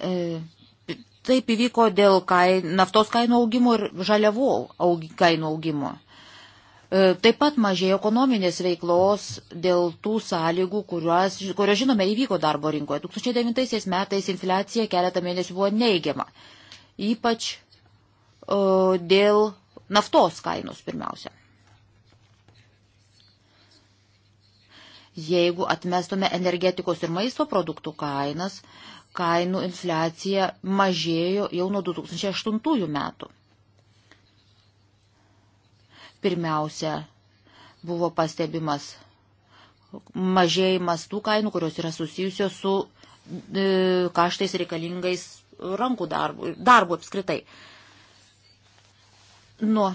E, taip įvyko dėl kain, naftos kainų augimo ir žaliavų aug, kainų augimo. E, taip pat mažėjo ekonominės veiklos dėl tų sąlygų, kurios, kurios žinome įvyko darbo rinkoje. 2009 metais infliacija keletą mėnesių buvo neigiama. Ypač o, e, dėl naftos kainos pirmiausia. Jeigu atmestume energetikos ir maisto produktų kainas, kainų infliacija mažėjo jau nuo 2008 metų. Pirmiausia, buvo pastebimas mažėjimas tų kainų, kurios yra susijusios su e, kaštais reikalingais rankų darbų, darbų apskritai. Nuo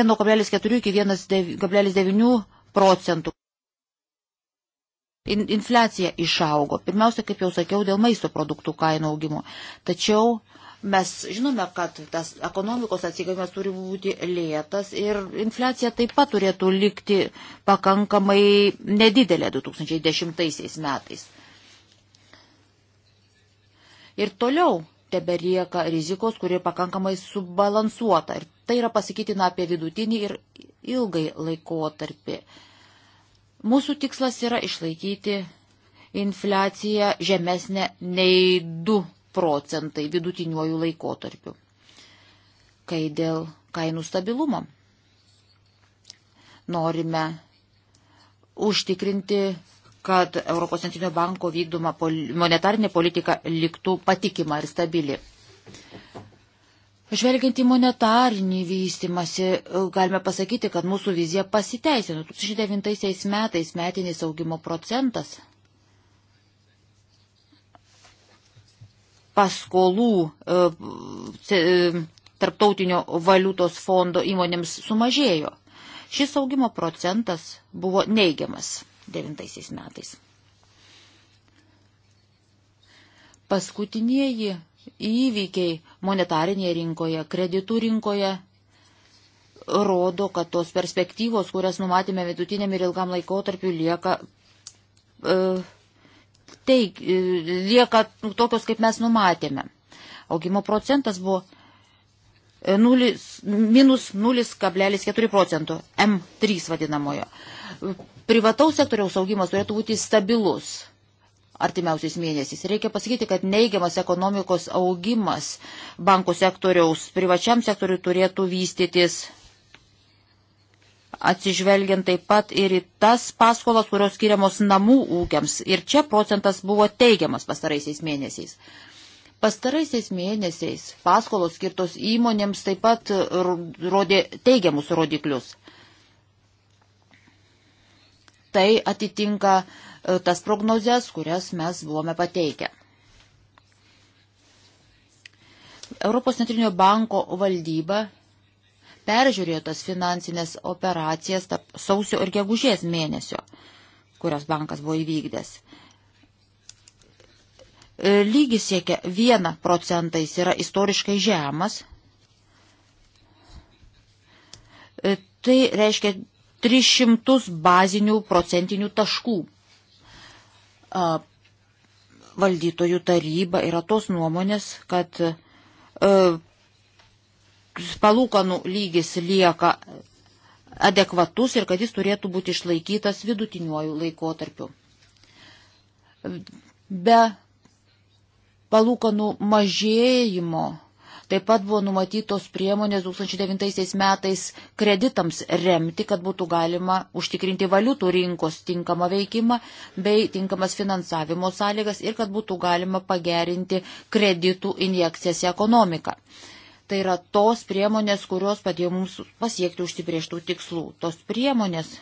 1,4 iki 1,9 procentų In, infliacija išaugo. Pirmiausia, kaip jau sakiau, dėl maisto produktų kainų augimo. Tačiau mes žinome, kad tas ekonomikos atsigavimas turi būti lėtas ir infliacija taip pat turėtų likti pakankamai nedidelė 2010 metais. Ir toliau tebelieka rizikos, kuri pakankamai subalansuota. Ir tai yra pasakytina apie vidutinį ir ilgai laikotarpį. tarpį Mūsų tikslas yra išlaikyti infliaciją žemesnę nei 2 procentai vidutiniuoju laikotarpiu, kai dėl kainų stabilumo norime užtikrinti, kad Europos centrinio banko vykdoma monetarinė politika liktų patikima ir stabili. Žvelgiant į monetarinį vystimąsi, galime pasakyti, kad mūsų vizija pasiteisino. 2009 metais metinis augimo procentas paskolų e, e, tarptautinio valiutos fondo įmonėms sumažėjo. Šis augimo procentas buvo neigiamas 2009 metais. Paskutinieji įvykiai monetarinėje rinkoje, kreditų rinkoje rodo, kad tos perspektyvos, kurias numatėme vidutiniam ir ilgam laikotarpiu, lieka, e, teik, e, lieka tokios, kaip mes numatėme. Augimo procentas buvo 0, e, minus 0,4 procentų, M3 vadinamojo. Privataus sektoriaus augimas turėtų būti stabilus artimiausiais mėnesiais. Reikia pasakyti, kad neigiamas ekonomikos augimas bankų sektoriaus privačiam sektoriui turėtų vystytis atsižvelgiant taip pat ir į tas paskolas, kurios skiriamos namų ūkiams. Ir čia procentas buvo teigiamas pastaraisiais mėnesiais. Pastaraisiais mėnesiais paskolos skirtos įmonėms taip pat rodė teigiamus rodiklius tai atitinka e, tas prognozes, kurias mes buvome pateikę. Europos centrinio banko valdyba peržiūrėjo tas finansinės operacijas tarp sausio ir gegužės mėnesio, kurios bankas buvo įvykdęs. E, lygis siekia 1 procentą, jis yra istoriškai žemas. E, tai reiškia 300 bazinių procentinių taškų. Valdytojų taryba yra tos nuomonės, kad palūkanų lygis lieka adekvatus ir kad jis turėtų būti išlaikytas vidutiniuoju laikotarpiu. Be palūkanų mažėjimo Taip pat buvo numatytos priemonės 2009 metais kreditams remti, kad būtų galima užtikrinti valiutų rinkos tinkamą veikimą bei tinkamas finansavimo sąlygas ir kad būtų galima pagerinti kreditų injekcijas į ekonomiką. Tai yra tos priemonės, kurios padėjo mums pasiekti užsibrieštų tikslų. Tos priemonės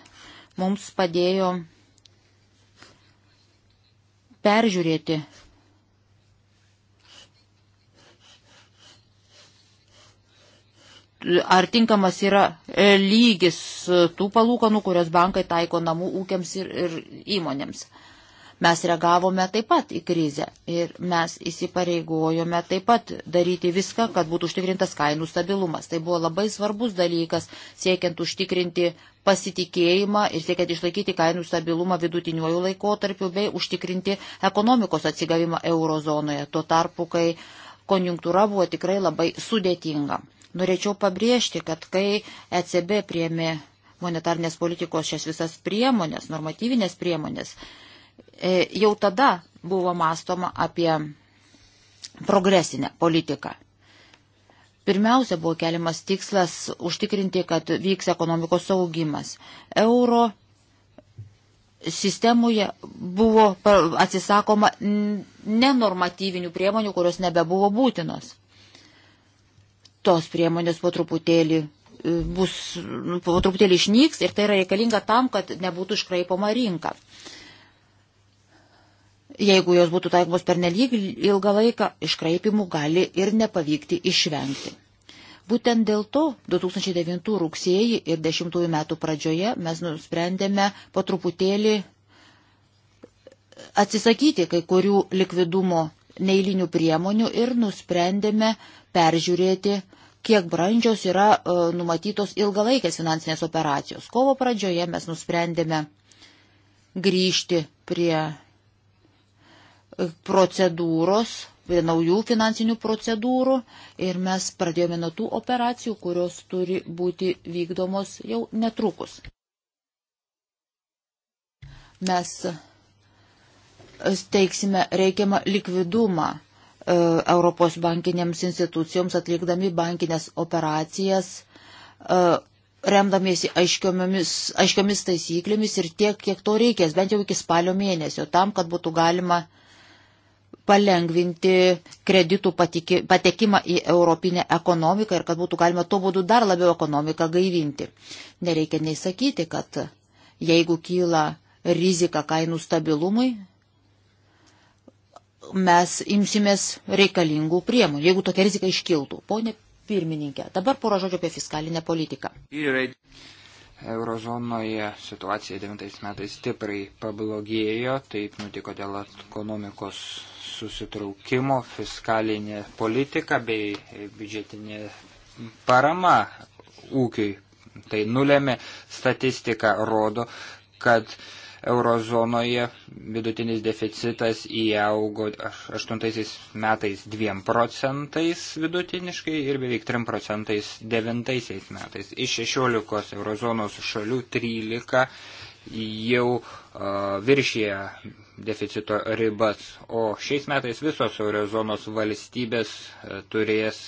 mums padėjo peržiūrėti ar tinkamas yra e, lygis e, tų palūkanų, kurios bankai taiko namų ūkiams ir, ir įmonėms. Mes reagavome taip pat į krizę ir mes įsipareigojome taip pat daryti viską, kad būtų užtikrintas kainų stabilumas. Tai buvo labai svarbus dalykas, siekiant užtikrinti pasitikėjimą ir siekiant išlaikyti kainų stabilumą vidutiniuoju laikotarpiu bei užtikrinti ekonomikos atsigavimą eurozonoje, tuo tarpu, kai konjunktūra buvo tikrai labai sudėtinga. Norėčiau pabrėžti, kad kai ECB priemi monetarnės politikos šias visas priemonės, normatyvinės priemonės, e, jau tada buvo mąstoma apie progresinę politiką. Pirmiausia buvo keliamas tikslas užtikrinti, kad vyks ekonomikos augimas. Euro sistemoje buvo atsisakoma nenormatyvinių priemonių, kurios nebebuvo būtinos tos priemonės po truputėlį e, bus, nu, po truputėlį išnyks ir tai yra reikalinga tam, kad nebūtų iškraipoma rinka. Jeigu jos būtų taikomos per nelyg ilgą laiką, iškraipimų gali ir nepavykti išvengti. Būtent dėl to 2009 rugsėjį ir 10 metų pradžioje mes nusprendėme po truputėlį atsisakyti kai kurių likvidumo neįlinių priemonių ir nusprendėme peržiūrėti, kiek brandžios yra e, numatytos ilgalaikės finansinės operacijos. Kovo pradžioje mes nusprendėme grįžti prie e, procedūros, prie naujų finansinių procedūrų ir mes pradėjome nuo tų operacijų, kurios turi būti vykdomos jau netrukus. Mes steiksime reikiamą likvidumą e, Europos bankinėms institucijoms atlikdami bankinės operacijas, e, remdamiesi aiškiomis, aiškiomis taisyklėmis ir tiek, kiek to reikės, bent jau iki spalio mėnesio, tam, kad būtų galima palengvinti kreditų patiki, patekimą į europinę ekonomiką ir kad būtų galima tuo būdu dar labiau ekonomiką gaivinti. Nereikia nei sakyti, kad jeigu kyla rizika kainų stabilumui, mes imsimės reikalingų priemonių, jeigu tokia rizika iškiltų. Pone pirmininkė, dabar porą žodžių apie fiskalinę politiką. Eurozonoje situacija 9 metais stipriai pablogėjo, taip nutiko dėl ekonomikos susitraukimo, fiskalinė politika bei biudžetinė parama ūkiui. Tai nulėmė statistika rodo, kad uh, Eurozonoje vidutinis deficitas įaugo 8 metais 2 procentais vidutiniškai ir beveik 3 procentais 9 metais. Iš 16 eurozonos šalių 13 jau uh, viršyje deficito ribas, o šiais metais visos eurozonos valstybės turės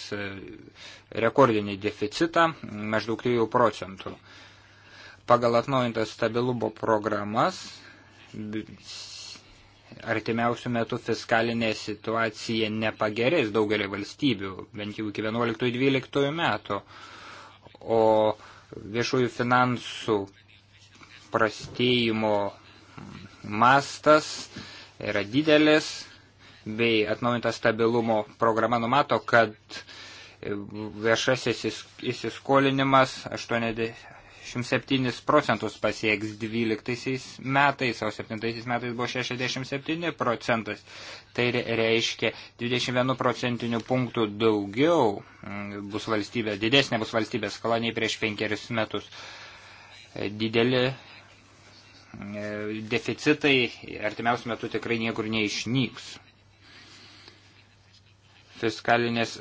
rekordinį deficitą maždaug 3 procentų pagal atnaujintas stabilumo programas artimiausių metų fiskalinė situacija nepagerės daugelį valstybių, bent jau iki 11-12 metų, o viešųjų finansų prastėjimo mastas yra didelis, bei atnaujinta stabilumo programa numato, kad viešasis įsiskolinimas 80 67 procentus pasieks 12 metais, o 7 metais buvo 67 procentas. Tai reiškia 21 procentinių punktų daugiau mm, bus valstybė, didesnė bus valstybės skola nei prieš penkerius metus. Dideli mm, deficitai artimiausių metų tikrai niekur neišnyks. Fiskalinės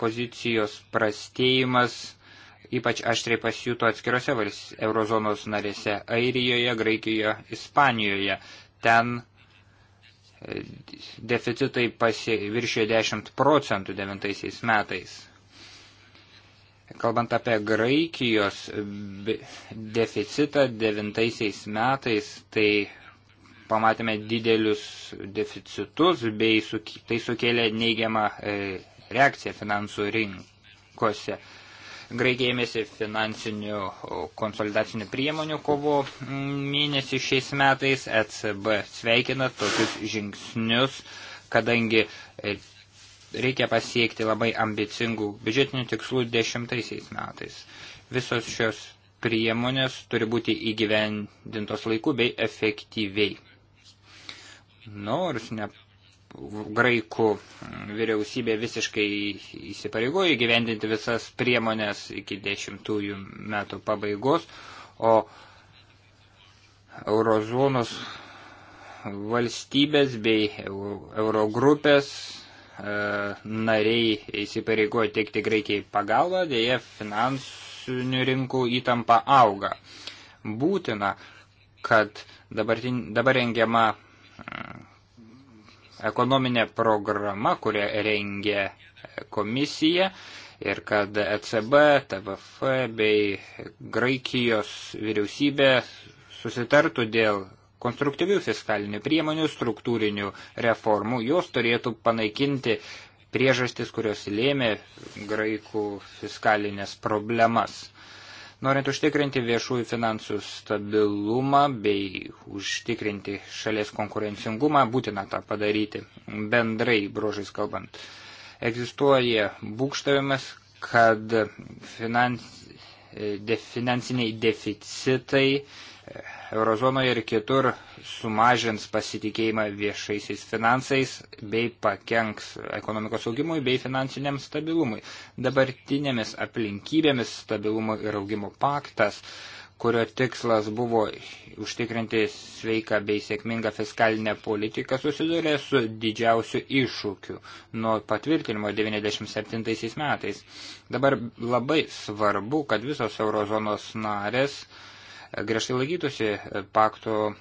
pozicijos prastėjimas ypač aštriai pasijuto atskirose eurozonos narėse – Airijoje, Graikijoje, Ispanijoje. Ten e, deficitai viršė 10 procentų devintaisiais metais. Kalbant apie Graikijos deficitą devintaisiais metais, tai pamatėme didelius deficitus, bei tai sukėlė neigiamą e, reakciją finansų rinkose. Graikija ėmėsi finansinių konsolidacinių priemonių kovo mm, mėnesį šiais metais. ECB sveikina tokius žingsnius, kadangi e, reikia pasiekti labai ambicingų biudžetinių tikslų dešimtaisiais metais. Visos šios priemonės turi būti įgyvendintos laiku bei efektyviai. Nors ne graikų vyriausybė visiškai įsipareigojo įgyvendinti visas priemonės iki dešimtųjų metų pabaigos, o eurozonos valstybės bei eurogrupės e, nariai įsipareigojo teikti Graikijai pagalbą, dėje finansinių rinkų įtampa auga. Būtina, kad dabar, dabar rengiama ekonominė programa, kurią rengė komisija ir kad ECB, TVF bei Graikijos vyriausybė susitartų dėl konstruktyvių fiskalinių priemonių, struktūrinių reformų, jos turėtų panaikinti priežastis, kurios lėmė graikų fiskalinės problemas. Norint užtikrinti viešųjų finansų stabilumą bei užtikrinti šalies konkurencingumą, būtina tą padaryti bendrai, brožais kalbant. Egzistuoja būkštavimas, kad finans, e, de, finansiniai deficitai e, eurozonoje ir kitur sumažins pasitikėjimą viešaisiais finansais bei pakenks ekonomikos augimui bei finansiniam stabilumui. Dabartinėmis aplinkybėmis stabilumo ir augimo paktas kurio tikslas buvo užtikrinti sveiką bei sėkmingą fiskalinę politiką, susidūrė su didžiausiu iššūkiu nuo patvirtinimo 1997 metais. Dabar labai svarbu, kad visos eurozonos narės uh, griežtai laikytųsi pakto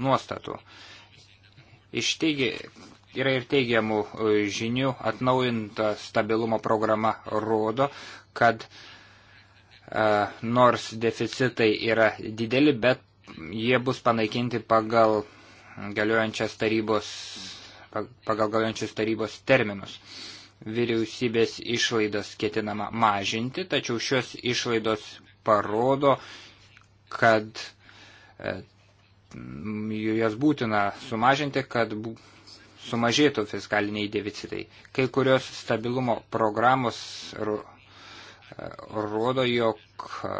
nuostatų. Išteigi, yra ir teigiamų e, žinių, atnaujinta stabilumo programa rodo, kad e, nors deficitai yra dideli, bet jie bus panaikinti pagal galiojančias tarybos, pagal galiojančius tarybos terminus. Vyriausybės išlaidas ketinama mažinti, tačiau šios išlaidos parodo, kad e, jas būtina sumažinti, kad sumažėtų fiskaliniai deficitai. Kai kurios stabilumo programos e, rodo, jog e,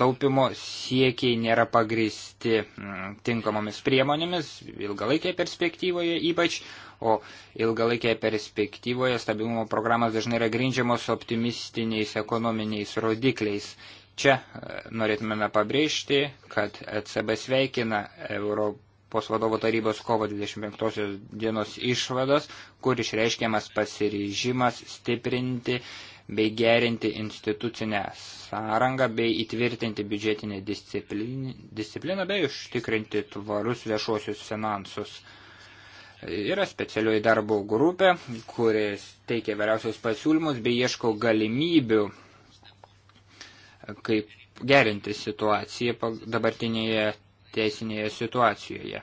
taupimo siekiai nėra pagristi mm, tinkamomis priemonėmis ilgalaikėje perspektyvoje ypač, o ilgalaikėje perspektyvoje stabilumo programas dažnai yra grindžiamos optimistiniais ekonominiais rodikliais. Čia e, norėtumėme pabrėžti, kad ECB sveikina Europos vadovo tarybos kovo 25 dienos išvados, kur išreiškiamas pasiryžimas stiprinti bei gerinti institucinę sąrangą bei įtvirtinti biudžetinę discipliną, discipliną bei užtikrinti tvarus viešuosius finansus. Yra specialioji darbo grupė, kuris teikia vėliausius pasiūlymus bei ieško galimybių kaip gerinti situaciją dabartinėje teisinėje situacijoje.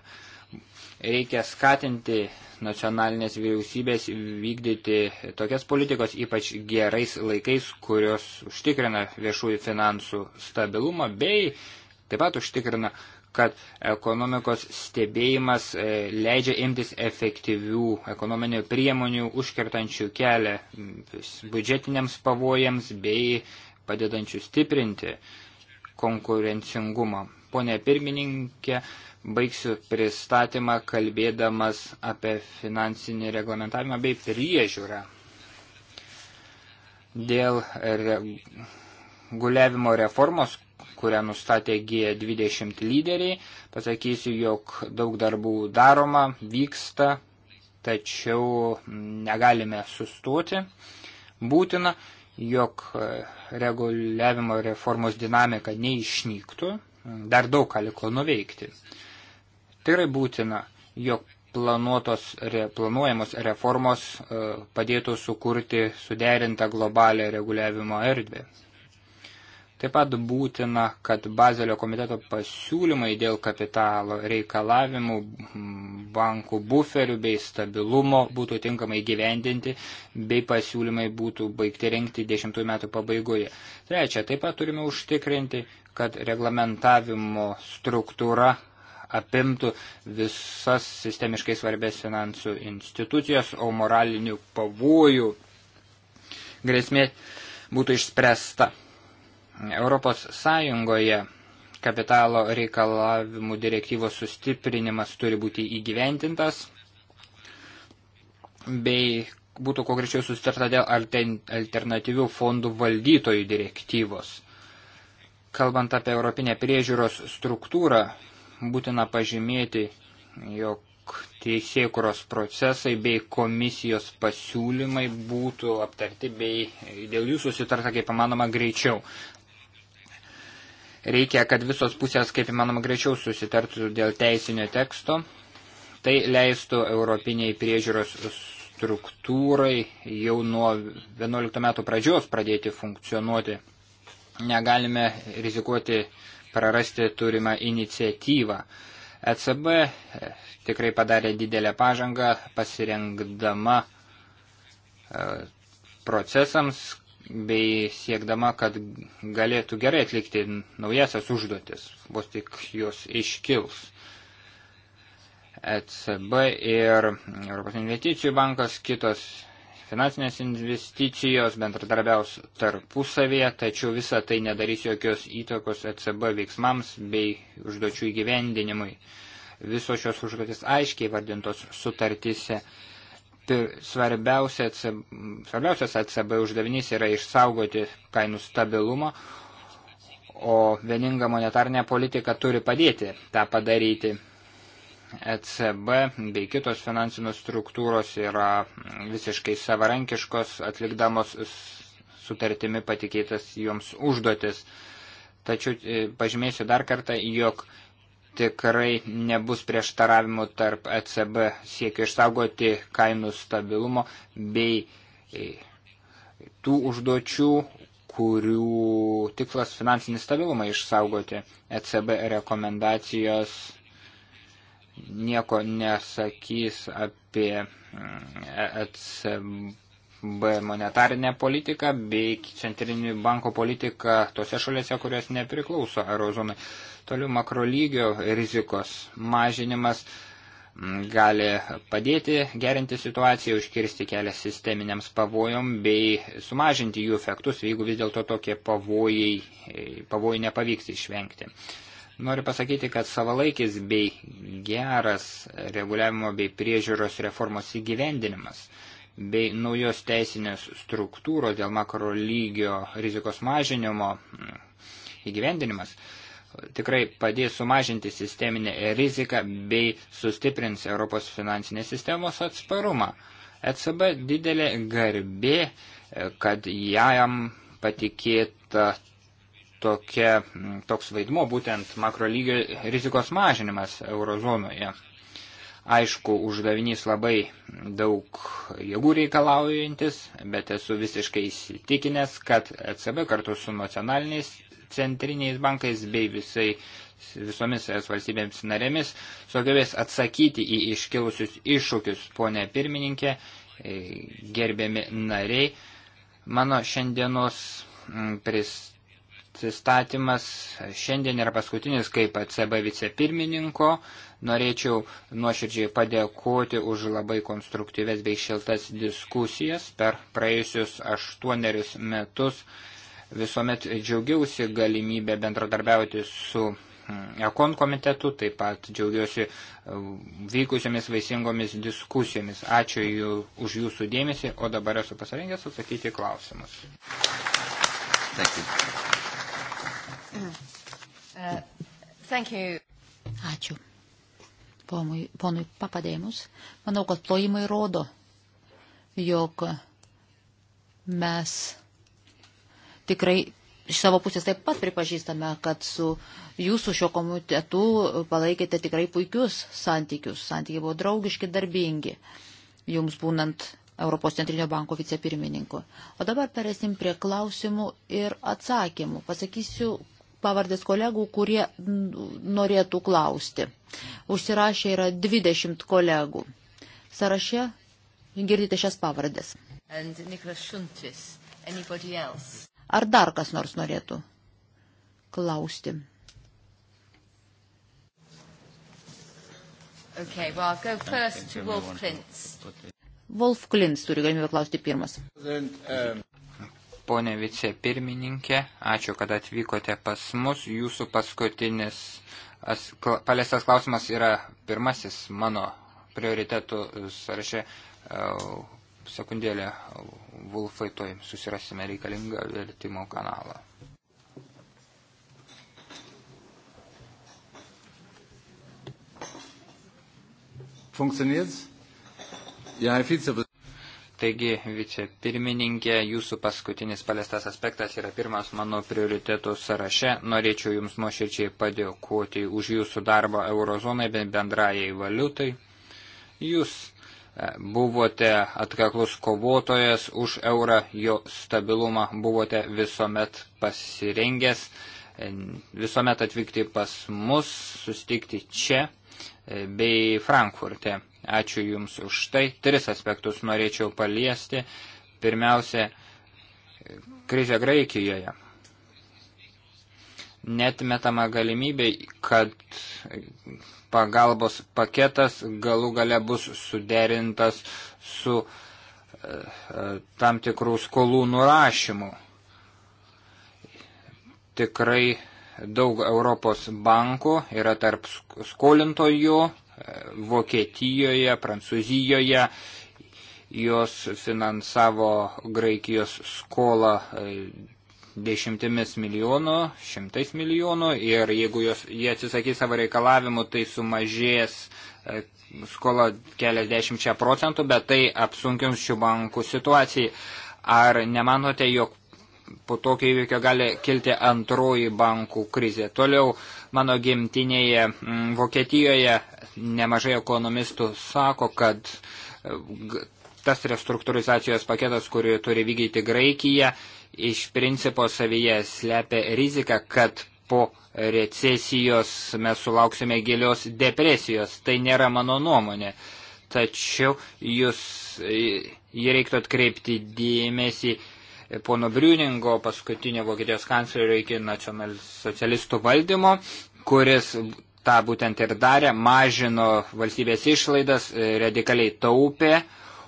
Reikia skatinti nacionalinės vyriausybės vykdyti tokias politikos ypač gerais laikais, kurios užtikrina viešųjų finansų stabilumą bei taip pat užtikrina, kad ekonomikos stebėjimas e, leidžia imtis efektyvių ekonominių priemonių užkertančių kelią biudžetiniams pavojams bei padedančių stiprinti konkurencingumą. Pone pirmininkė, baigsiu pristatymą kalbėdamas apie finansinį reglamentavimą bei priežiūrą. Dėl reguliavimo reformos, kurią nustatė G20 lyderiai, pasakysiu, jog daug darbų daroma, vyksta, tačiau negalime sustoti. Būtina jog e, reguliavimo reformos dinamika neišnyktų, dar daug ką liko nuveikti. Tai yra būtina, jog planuotos, re, planuojamos reformos e, padėtų sukurti suderintą globalią reguliavimo erdvę. Taip pat būtina, kad Bazelio komiteto pasiūlymai dėl kapitalo reikalavimų, bankų buferių bei stabilumo būtų tinkamai gyvendinti, bei pasiūlymai būtų baigti renkti dešimtųjų metų pabaigoje. Trečia, taip pat turime užtikrinti, kad reglamentavimo struktūra apimtų visas sistemiškai svarbės finansų institucijas, o moralinių pavojų grėsmė būtų išspręsta. Europos Sąjungoje kapitalo reikalavimų direktyvos sustiprinimas turi būti įgyventintas, bei būtų kuo greičiau sustarta dėl alternatyvių fondų valdytojų direktyvos. Kalbant apie Europinę priežiūros struktūrą, būtina pažymėti, jog teisėkuros procesai bei komisijos pasiūlymai būtų aptarti bei dėl jų susitarta kaip įmanoma greičiau. Reikia, kad visos pusės kaip įmanoma greičiau susitartų dėl teisinio teksto. Tai leistų Europiniai priežiūros struktūrai jau nuo 11 metų pradžios pradėti funkcionuoti. Negalime rizikuoti prarasti turimą iniciatyvą. ECB tikrai padarė didelę pažangą pasirengdama e, procesams, bei siekdama, kad galėtų gerai atlikti naujasias užduotis, vos tik jos iškils. ECB ir Europos investicijų bankas, kitos finansinės investicijos bendradarbiaus tarpusavėje, tačiau visa tai nedarys jokios įtakos ECB veiksmams bei užduočių įgyvendinimui. Visos šios užduotis aiškiai vardintos sutartise svarbiausia ECB, svarbiausias ECB uždavinys yra išsaugoti kainų stabilumą, o vieninga monetarinė politika turi padėti tą padaryti. ECB bei kitos finansinės struktūros yra visiškai savarankiškos, atlikdamos sutartimi patikėtas joms užduotis. Tačiau e, pažymėsiu dar kartą, jog tikrai nebus prieštaravimų tarp ECB siekio išsaugoti kainų stabilumo bei e, tų užduočių, kurių tikslas finansinį stabilumą išsaugoti. ECB rekomendacijos nieko nesakys apie mm, ECB B monetarinę politiką bei centrinį banko politiką tose šalėse, kurios nepriklauso eurozonai. Toliau makrolygio rizikos mažinimas mm, gali padėti gerinti situaciją, užkirsti kelią sisteminiams pavojom bei sumažinti jų efektus, jeigu vis dėlto tokie pavojai, pavojai nepavyks išvengti. Noriu pasakyti, kad savalaikis bei geras reguliavimo bei priežiūros reformos įgyvendinimas – bei naujos teisinės struktūros dėl makro lygio rizikos mažinimo mm, įgyvendinimas tikrai padės sumažinti sisteminę riziką bei sustiprins Europos finansinės sistemos atsparumą. ECB didelė garbė, e, kad jam patikėta tokia, mm, toks vaidmo būtent makro lygio rizikos mažinimas eurozonoje. Aišku, uždavinys labai daug jėgų reikalaujantis, bet esu visiškai įsitikinęs, kad ECB kartu su nacionaliniais centriniais bankais bei visai, visomis es valstybėms narėmis sugebės atsakyti į iškilusius iššūkius, ponė pirmininkė, e, gerbiami nariai. Mano šiandienos pristatymą atsistatymas šiandien yra paskutinis kaip ACB vicepirmininko, Norėčiau nuoširdžiai padėkoti už labai konstruktyves bei šiltas diskusijas per praėjusius aštuonerius metus. Visuomet džiaugiausi galimybę bendradarbiauti su mm, Ekon komitetu, taip pat džiaugiuosi mm, vykusiomis vaisingomis diskusijomis. Ačiū jų, už jūsų dėmesį, o dabar esu pasirengęs atsakyti klausimus. Thank you. Uh, thank you. Ačiū ponui, ponui papadėjimus. Manau, kad plojimai rodo, jog mes tikrai iš savo pusės taip pat pripažįstame, kad su jūsų šio komitetu palaikėte tikrai puikius santykius. Santykiai buvo draugiški, darbingi, jums būnant Europos centrinio banko vicepirmininku. O dabar perėsim prie klausimų ir atsakymų. Pasakysiu pavardės kolegų, kurie norėtų klausti. Užsirašė yra 20 kolegų. Saraše girdite šias pavardės. Šuntis, Ar dar kas nors norėtų klausti? Okay, well, I'll go first to Wolf Klintz. Wolf Klintz turi galimybę klausti pirmas. And, um ponė vicepirmininkė, ačiū, kad atvykote pas mus. Jūsų paskutinis paliestas klausimas yra pirmasis mano prioritetų sąraše. Sekundėlė, Vulfai, toj susirasime reikalingą vertimo kanalą. Funkcioniert's? Ja, Herr Vize. Taigi, vicepirmininkė, jūsų paskutinis paliestas aspektas yra pirmas mano prioritetų sąraše. Norėčiau Jums nuoširčiai padėkoti už Jūsų darbą eurozonai bei bendrajai valiutai. Jūs e, buvote atkaklus kovotojas už eurą, jo stabilumą buvote visuomet pasirengęs, e, visuomet atvykti pas mus, sustikti čia e, bei Frankfurte. Ačiū Jums už tai. Tris aspektus norėčiau paliesti. Pirmiausia, krizė Graikijoje. Netmetama galimybė, kad pagalbos paketas galų gale bus suderintas su e, e, tam tikrų skolų nurašymų. Tikrai daug Europos bankų yra tarp skolintojų Vokietijoje, Prancūzijoje, jos finansavo Graikijos skolą e, dešimtimis milijonų, šimtais milijonų ir jeigu jos, jie atsisakys savo reikalavimų, tai sumažės e, skola keliasdešimčia procentų, bet tai apsunkins šių bankų situacijai. Ar nemanote, jog po tokio įvykio gali kilti antroji bankų krizė? Toliau uh, Mano gimtinėje mm, Vokietijoje nemažai ekonomistų sako, kad e, tas restruktūrizacijos paketas, kurį turi vykdyti Graikija, iš principo savyje slepia riziką, kad po recesijos mes sulauksime gilios depresijos. Tai nėra mano nuomonė. Tačiau jūs, e, jį reiktų atkreipti dėmesį pono Briuningo, paskutinio Vokietijos kanclerio iki nacionalsocialistų valdymo, kuris tą būtent ir darė, mažino valstybės išlaidas, e, radikaliai taupė,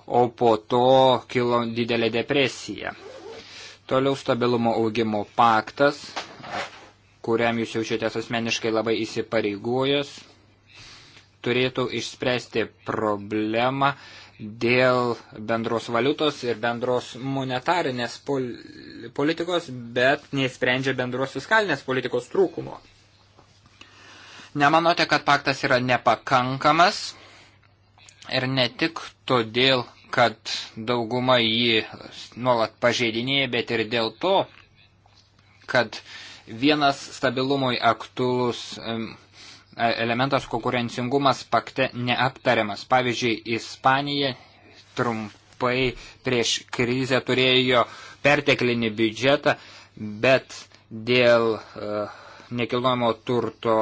o po to kilo didelė depresija. Toliau stabilumo augimo paktas, kuriam jūs jaučiatės asmeniškai labai įsipareigojęs, turėtų išspręsti problemą, dėl bendros valiutos ir bendros monetarinės pol politikos, bet neįsprendžia bendros fiskalinės politikos trūkumo. Nemanote, kad paktas yra nepakankamas ir ne tik todėl, kad dauguma jį nuolat pažeidinėja, bet ir dėl to, kad vienas stabilumui aktuolus E, elementas konkurencingumas pakte neaptariamas. Pavyzdžiui, Ispanija trumpai prieš krizę turėjo perteklinį biudžetą, bet dėl e, nekilnojamo turto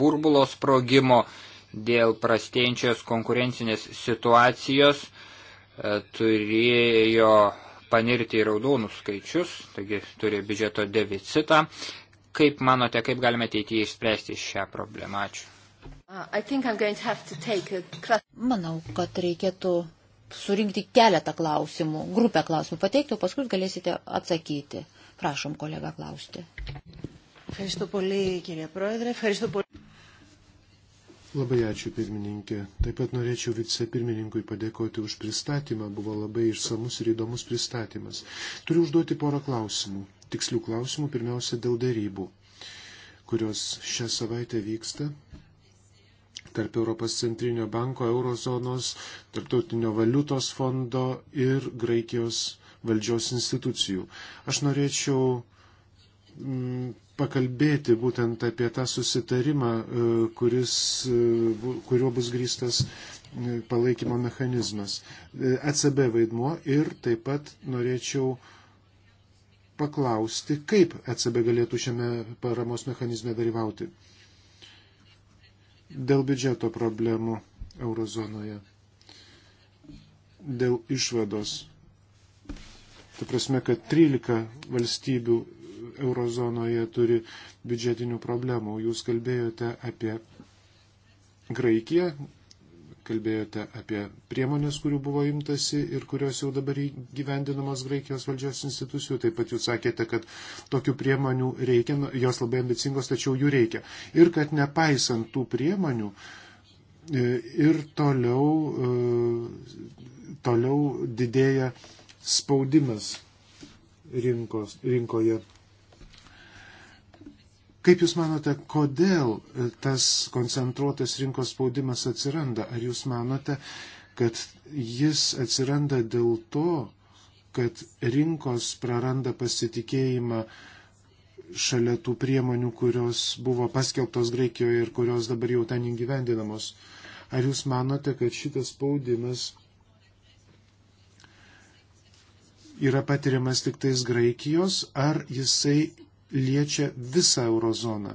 burbulo sprogimo, dėl prastėjančios konkurencinės situacijos e, turėjo panirti į raudonus skaičius, taigi turi biudžeto deficitą. Kaip manote, kaip galime ateityje išspręsti šią problemą? Ačiū. Uh, a... Manau, kad reikėtų surinkti keletą klausimų, grupę klausimų pateikti, o paskui galėsite atsakyti. Prašom, kolega, klausti. Labai ačiū pirmininkė. Taip pat norėčiau vicepirmininkui padėkoti už pristatymą. Buvo labai išsamus ir įdomus pristatymas. Turiu užduoti porą klausimų tikslių klausimų, pirmiausia dėl darybų, kurios šią savaitę vyksta tarp Europos centrinio banko, eurozonos, tarptautinio valiutos fondo ir Graikijos valdžios institucijų. Aš norėčiau mm, pakalbėti būtent apie tą susitarimą, e, kuris, e, kuriuo bus grįstas e, palaikymo mechanizmas. ECB vaidmuo ir taip pat norėčiau paklausti, kaip ECB galėtų šiame paramos mechanizme dalyvauti dėl biudžeto problemų eurozonoje, dėl išvados. Tai prasme, kad 13 valstybių eurozonoje turi biudžetinių problemų. Jūs kalbėjote apie Graikiją, kalbėjote apie priemonės, kurių buvo imtasi ir kurios jau dabar įgyvendinamos Graikijos valdžios institucijų. Taip pat jūs sakėte, kad tokių priemonių reikia, jos labai ambicingos, tačiau jų reikia. Ir kad nepaisant tų priemonių e, ir toliau, e, toliau didėja spaudimas rinkos, rinkoje Kaip Jūs manote, kodėl e, tas koncentruotas rinkos spaudimas atsiranda? Ar Jūs manote, kad jis atsiranda dėl to, kad rinkos praranda pasitikėjimą šalia tų priemonių, kurios buvo paskelbtos Graikijoje ir kurios dabar jau ten įgyvendinamos. Ar jūs manote, kad šitas spaudimas yra patiriamas tik tais Graikijos, ar jisai liečia visą eurozoną.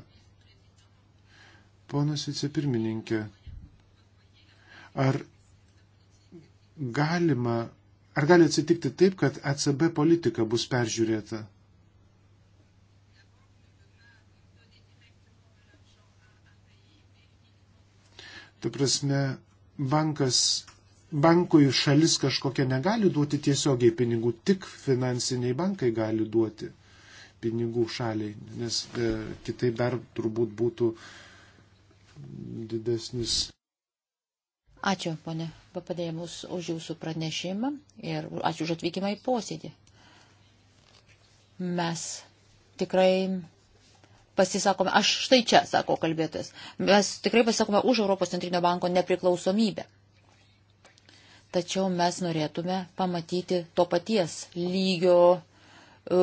Ponas vicepirmininkė, ar galima, ar gali atsitikti taip, kad ECB politika bus peržiūrėta? Ta prasme, bankas bankui šalis kažkokia negali duoti tiesiogiai pinigų, tik finansiniai bankai gali duoti pinigų šaliai, nes e, kitaip dar turbūt būtų didesnis. Ačiū, ponė Papadėjimus, už jūsų pranešimą ir ačiū už atvykimą į posėdį. Mes tikrai pasisakome, aš štai čia, sako kalbėtojas, mes tikrai pasisakome už Europos centrinio banko nepriklausomybę. Tačiau mes norėtume pamatyti to paties lygio e,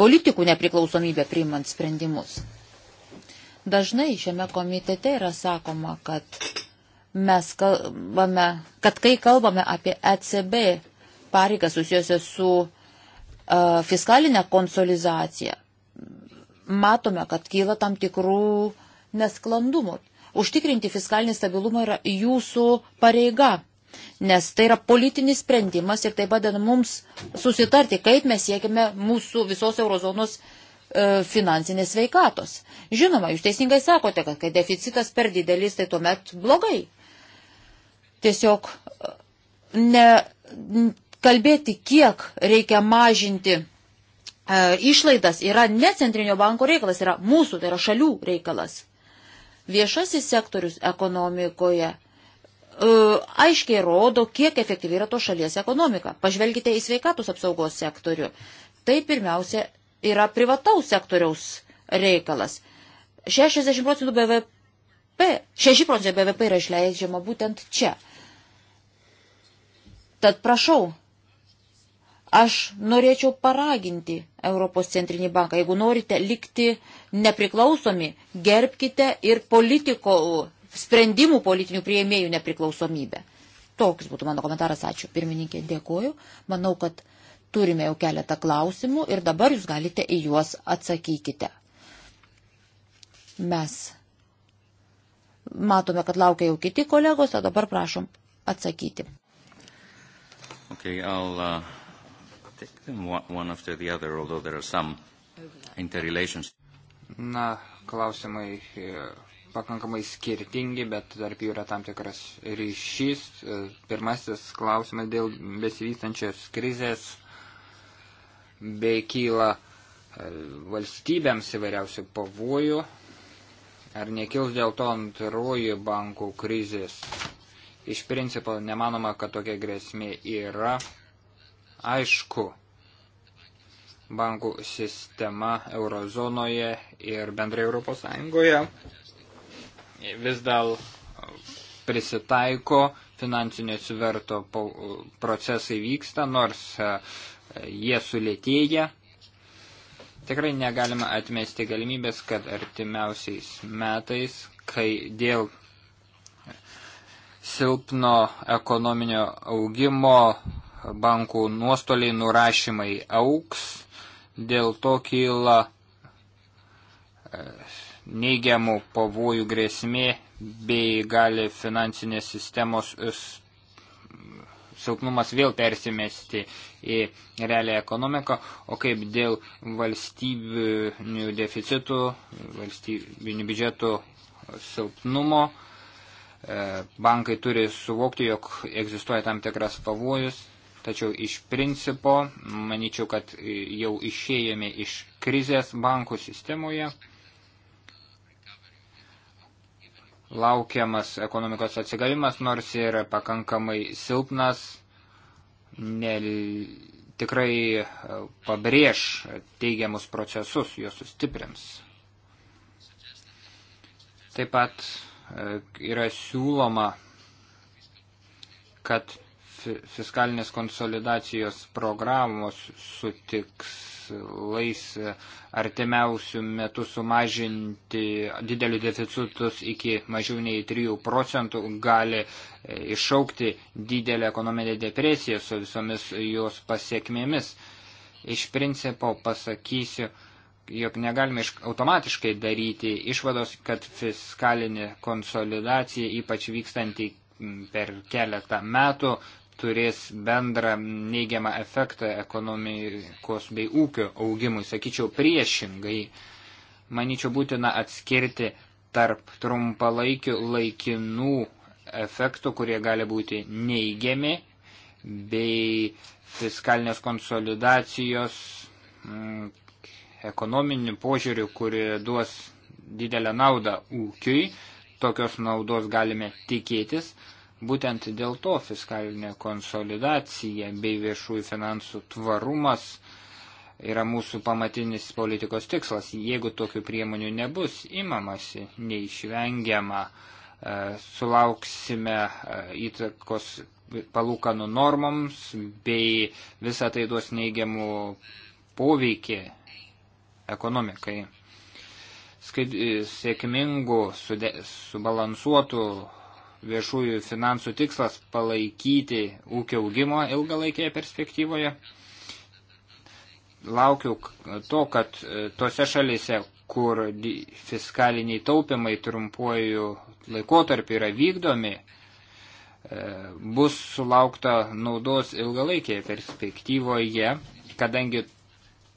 politikų nepriklausomybę priimant sprendimus. Dažnai šiame komitete yra sakoma, kad mes kalbame, kad kai kalbame apie ECB pareigas susijusią su uh, fiskalinė konsolizacija, matome, kad kyla tam tikrų nesklandumų. Užtikrinti fiskalinį stabilumą yra jūsų pareiga nes tai yra politinis sprendimas ir tai padeda mums susitarti, kaip mes siekime mūsų visos eurozonos e, finansinės veikatos. Žinoma, jūs teisingai sakote, kad kai deficitas per didelis, tai tuomet blogai. Tiesiog e, ne, kalbėti, kiek reikia mažinti e, išlaidas, yra ne centrinio banko reikalas, yra mūsų, tai yra šalių reikalas. Viešasis sektorius ekonomikoje E, aiškiai rodo, kiek efektyvi yra to šalies ekonomika. Pažvelkite į sveikatos apsaugos sektorių. Tai pirmiausia yra privataus sektoriaus reikalas. 60 procentų BVP, 6 procentų BVP yra išleidžiama būtent čia. Tad prašau, aš norėčiau paraginti Europos centrinį banką, jeigu norite likti nepriklausomi, gerbkite ir politiko sprendimų politinių prieimėjų nepriklausomybę. Toks būtų mano komentaras. Ačiū. Pirmininkė, dėkoju. Manau, kad turime jau keletą klausimų ir dabar jūs galite į juos atsakykite. Mes matome, kad laukia jau kiti kolegos, o dabar prašom atsakyti. Okay, I'll, uh, take them one after the other, although there are some interrelations. Na, klausimai e, pakankamai skirtingi, bet tarp jų yra tam tikras ryšys. E, pirmasis klausimas dėl besivystančios krizės bei kyla e, valstybėms įvairiausių pavojų. Ar nekils dėl to antroji bankų krizės? Iš principo nemanoma, kad tokia grėsmė yra. Aišku, bankų sistema eurozonoje ir bendrai Europos Sąjungoje vis dar prisitaiko, finansinio sverto procesai vyksta, nors e, jie sulėtėja. Tikrai negalima atmesti galimybės, kad artimiausiais metais, kai dėl silpno ekonominio augimo bankų nuostoliai nurašymai auks, dėl to kyla e, neigiamų pavojų grėsmė bei gali finansinės sistemos silpnumas vėl persimesti į realią ekonomiką, o kaip dėl valstybinių deficitų, valstybinių biudžetų silpnumo, e, bankai turi suvokti, jog egzistuoja tam tikras pavojus, tačiau iš principo, manyčiau, kad jau išėjome iš krizės bankų sistemoje. laukiamas ekonomikos atsigavimas, nors ir pakankamai silpnas, ne, tikrai e, pabrėž teigiamus procesus, juos sustiprins. Taip pat e, yra siūloma, kad fiskalinės konsolidacijos programos su tikslais artimiausių metų sumažinti didelių deficitus iki mažiau nei 3 procentų gali e, iššaukti didelę ekonominę depresiją su visomis jos pasiekmėmis. Iš principo pasakysiu, jog negalime iš, automatiškai daryti išvados, kad fiskalinė konsolidacija, ypač vykstanti per keletą metų, turės bendrą neigiamą efektą ekonomikos bei ūkio augimui, sakyčiau priešingai. Maničiau būtina atskirti tarp trumpalaikių laikinų efektų, kurie gali būti neigiami, bei fiskalinės konsolidacijos m, mm, ekonominių požiūrių, kurie duos didelę naudą ūkiui. Tokios naudos galime tikėtis, Būtent dėl to fiskalinė konsolidacija bei viešųjų finansų tvarumas yra mūsų pamatinis politikos tikslas. Jeigu tokių priemonių nebus imamasi, neišvengiama, e, sulauksime e, įtakos palūkanų normoms bei visą tai duos neigiamų poveikį ekonomikai. Skaid, e, sėkmingų, sude, subalansuotų viešųjų finansų tikslas palaikyti ūkio augimo ilgalaikėje perspektyvoje. Laukiu to, kad e, tose šalise, kur fiskaliniai taupimai trumpuoju laikotarpį yra vykdomi, e, bus sulaukta naudos ilgalaikėje perspektyvoje, kadangi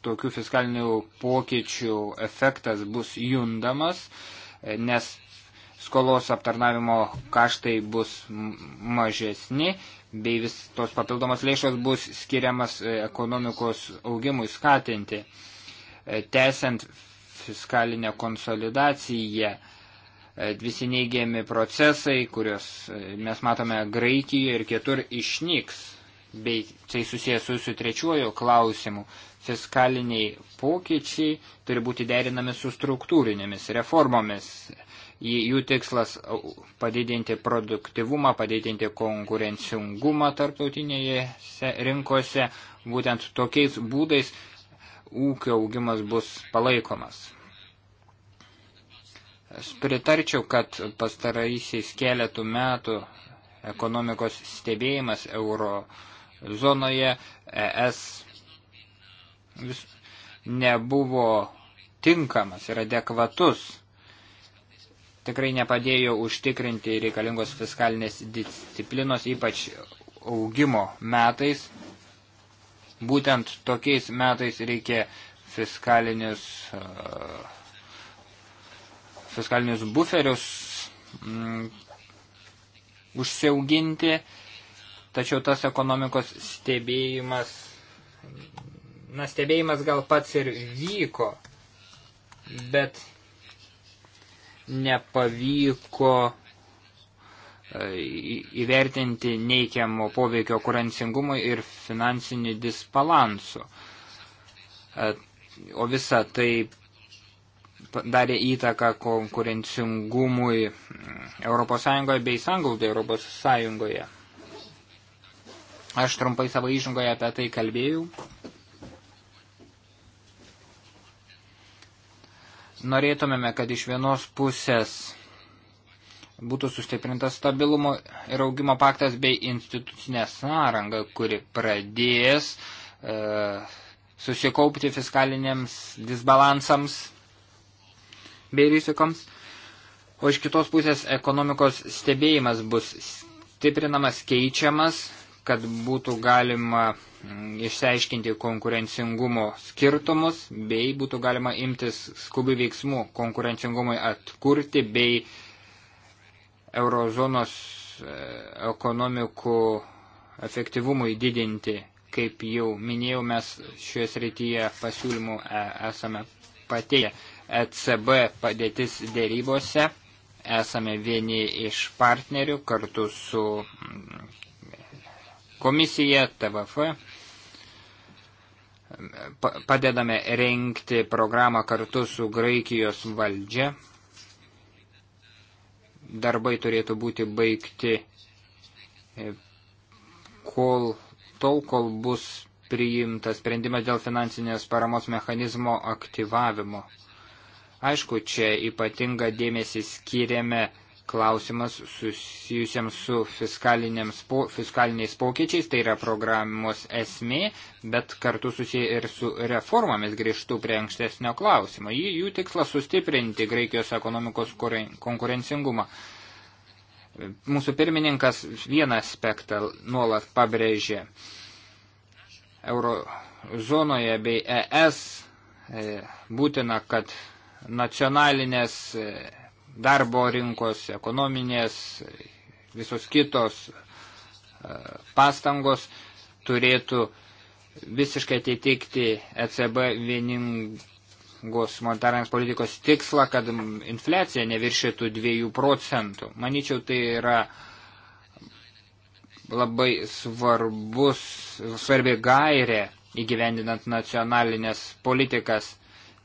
tokių fiskalinių pokyčių efektas bus jundamas, e, nes skolos aptarnavimo kaštai bus mažesni, bei vis tos papildomos lėšos bus skiriamas e, ekonomikos augimui skatinti. E, tęsiant fiskalinę konsolidaciją, e, visi neigiami procesai, kuriuos mes matome Graikijoje ir kitur, išnyks, bei tai susijęs su jūsų trečiuoju klausimu. Fiskaliniai pokyčiai turi būti derinami su struktūrinėmis reformomis. Jų tikslas padidinti produktivumą, padidinti konkurencingumą tarptautinėse rinkose. Būtent tokiais būdais ūkio augimas bus palaikomas. Aš pritarčiau, kad pastaraisiais keletų metų ekonomikos stebėjimas euro zonoje ES vis nebuvo tinkamas ir adekvatus tikrai nepadėjo užtikrinti reikalingos fiskalinės disciplinos, ypač augimo metais. Būtent tokiais metais reikia fiskalinius, e, fiskalinius buferius mm, užsiauginti, tačiau tas ekonomikos stebėjimas, na stebėjimas gal pats ir vyko, bet nepavyko e, įvertinti neikiamo poveikio kurancingumui ir finansinį disbalansų. E, o visa tai darė įtaką konkurencingumui mm, ES bei sangaudai ES. Aš trumpai savo įžangoje apie tai kalbėjau. norėtumėme, kad iš vienos pusės būtų sustiprintas stabilumo ir augimo paktas bei institucinė sąranga, kuri pradės e, susikaupti fiskaliniams disbalansams bei rizikoms, o iš kitos pusės ekonomikos stebėjimas bus stiprinamas, keičiamas kad būtų galima mm, išsiaiškinti konkurencingumo skirtumus, bei būtų galima imtis skubių veiksmų konkurencingumui atkurti, bei eurozonos e, ekonomikų efektyvumui didinti. Kaip jau minėjau, mes šioje srityje pasiūlymų e, esame pateikę. ECB padėtis dėrybose esame vieni iš partnerių kartu su mm, komisija, TVF. Padedame rengti programą kartu su Graikijos valdžia. Darbai turėtų būti baigti e, kol, tol, kol bus priimtas sprendimas dėl finansinės paramos mechanizmo aktyvavimo. Aišku, čia ypatingą dėmesį skiriame klausimas susijusiams su po, fiskaliniais pokyčiais, tai yra programos esmė, bet kartu susiję ir su reformomis grįžtų prie ankstesnio klausimo. Jų, jų tikslas sustiprinti Graikijos ekonomikos konkurencingumą. Mūsų pirmininkas vieną aspektą nuolat pabrėžė. Eurozonoje bei ES e, būtina, kad nacionalinės e, darbo rinkos, ekonominės, visos kitos e, pastangos turėtų visiškai atitikti ECB vieningos monetarinės politikos tikslą, kad infliacija neviršytų 2 procentų. Maničiau, tai yra labai svarbus, svarbi gairė įgyvendinant nacionalinės politikas.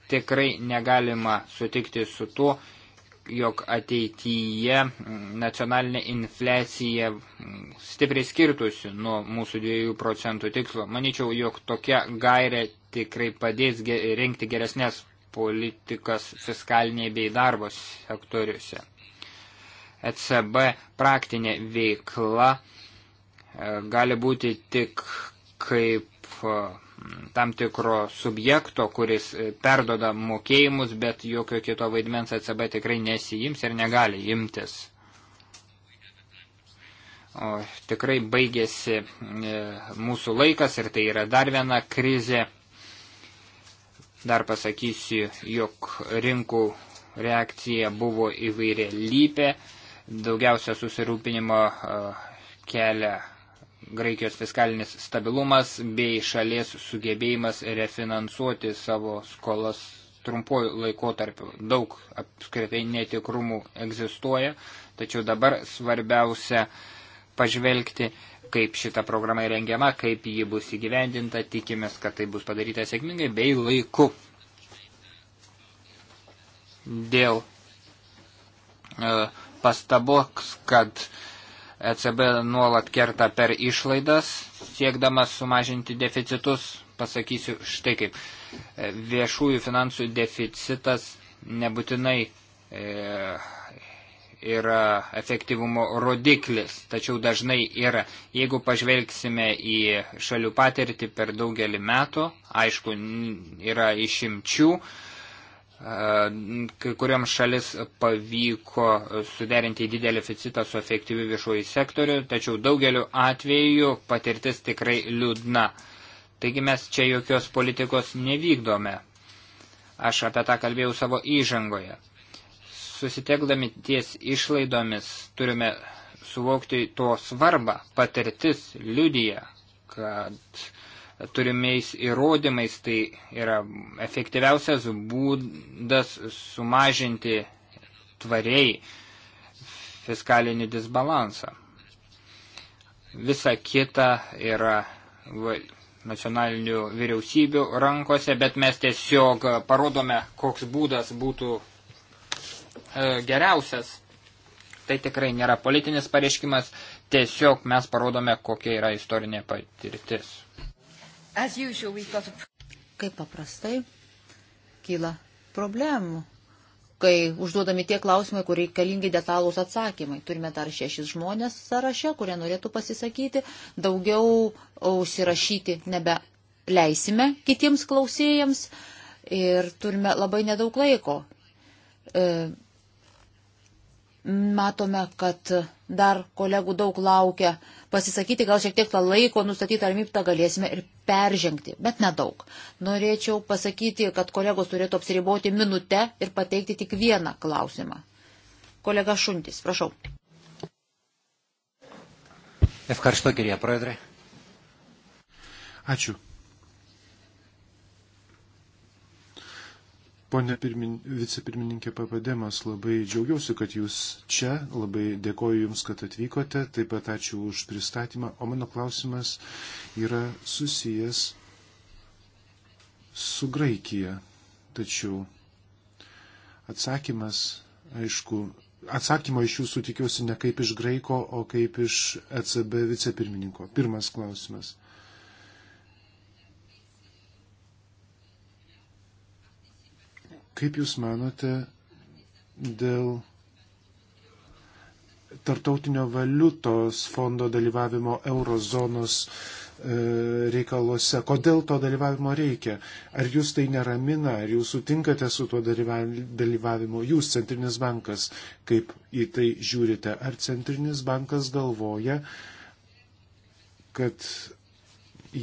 Tikrai negalima sutikti su tuo, jog ateityje nacionalinė inflecija stipriai skirtusi nuo mūsų 2 procentų tikslo. Manyčiau, jog tokia gairė tikrai padės rinkti geresnės politikas fiskaliniai bei darbos sektoriuose. ECB praktinė veikla e, gali būti tik kaip e, tam tikro subjekto, kuris e, perdoda mokėjimus, bet jokio kito vaidmens ECB tikrai nesijims ir negali imtis. O tikrai baigėsi e, mūsų laikas ir tai yra dar viena krizė. Dar pasakysiu, jog rinkų reakcija buvo įvairialypė. Daugiausia susirūpinimo e, kelia Graikijos fiskalinis stabilumas bei šalies sugebėjimas refinansuoti savo skolas trumpuoju laikotarpiu. Daug apskritai netikrumų egzistuoja, tačiau dabar svarbiausia pažvelgti, kaip šita programa įrengiama, kaip ji bus įgyvendinta, tikimės, kad tai bus padaryta sėkmingai bei laiku. Dėl e, pastabos, kad e, ECB nuolat kerta per išlaidas, siekdamas sumažinti deficitus. Pasakysiu štai kaip. E, viešųjų finansų deficitas nebūtinai e, yra efektyvumo rodiklis, tačiau dažnai yra. Jeigu pažvelgsime į šalių patirtį per daugelį metų, aišku, yra išimčių, kai kuriam šalis pavyko suderinti didelį deficitą su efektyviu viešuoju sektoriu, tačiau daugeliu atveju patirtis tikrai liūdna. Taigi mes čia jokios politikos nevykdome. Aš apie tą kalbėjau savo įžangoje. Susitekdami ties išlaidomis turime suvokti to svarbą. Patirtis liudyja, kad uh, turimiais įrodymais, tai yra efektyviausias būdas sumažinti tvariai fiskalinį disbalansą. Visa kita yra nacionalinių vyriausybių rankose, bet mes tiesiog parodome, koks būdas būtų e, geriausias. Tai tikrai nėra politinis pareiškimas, tiesiog mes parodome, kokia yra istorinė patirtis. Usual, got... Kaip paprastai kyla problemų, kai užduodami tie klausimai, kur reikalingi detalūs atsakymai. Turime dar šešis žmonės sąraše, kurie norėtų pasisakyti, daugiau užsirašyti nebeleisime kitiems klausėjams ir turime labai nedaug laiko. E, matome, kad dar kolegų daug laukia pasisakyti, gal šiek tiek tą laiko nustatytą limitą galėsime ir peržengti, bet nedaug. Norėčiau pasakyti, kad kolegos turėtų apsiriboti minutę ir pateikti tik vieną klausimą. Kolega Šuntis, prašau. Ačiū, Pone pirmin, vicepirmininkė Papademas, labai džiaugiausi, kad jūs čia, labai dėkoju Jums, kad atvykote, taip pat ačiū už pristatymą, o mano klausimas yra susijęs su Graikija. Tačiau atsakymas, aišku, atsakymo iš jūsų tikiuosi ne kaip iš Graiko, o kaip iš ECB vicepirmininko. Pirmas klausimas. Kaip Jūs manote dėl tartautinio valiutos fondo dalyvavimo eurozonos e, reikaluose. Kodėl to dalyvavimo reikia? Ar jūs tai neramina, ar jūs sutinkate su tuo dalyvavimu? Jūs, Centrinis bankas, kaip į tai žiūrite? Ar Centrinis bankas galvoja, kad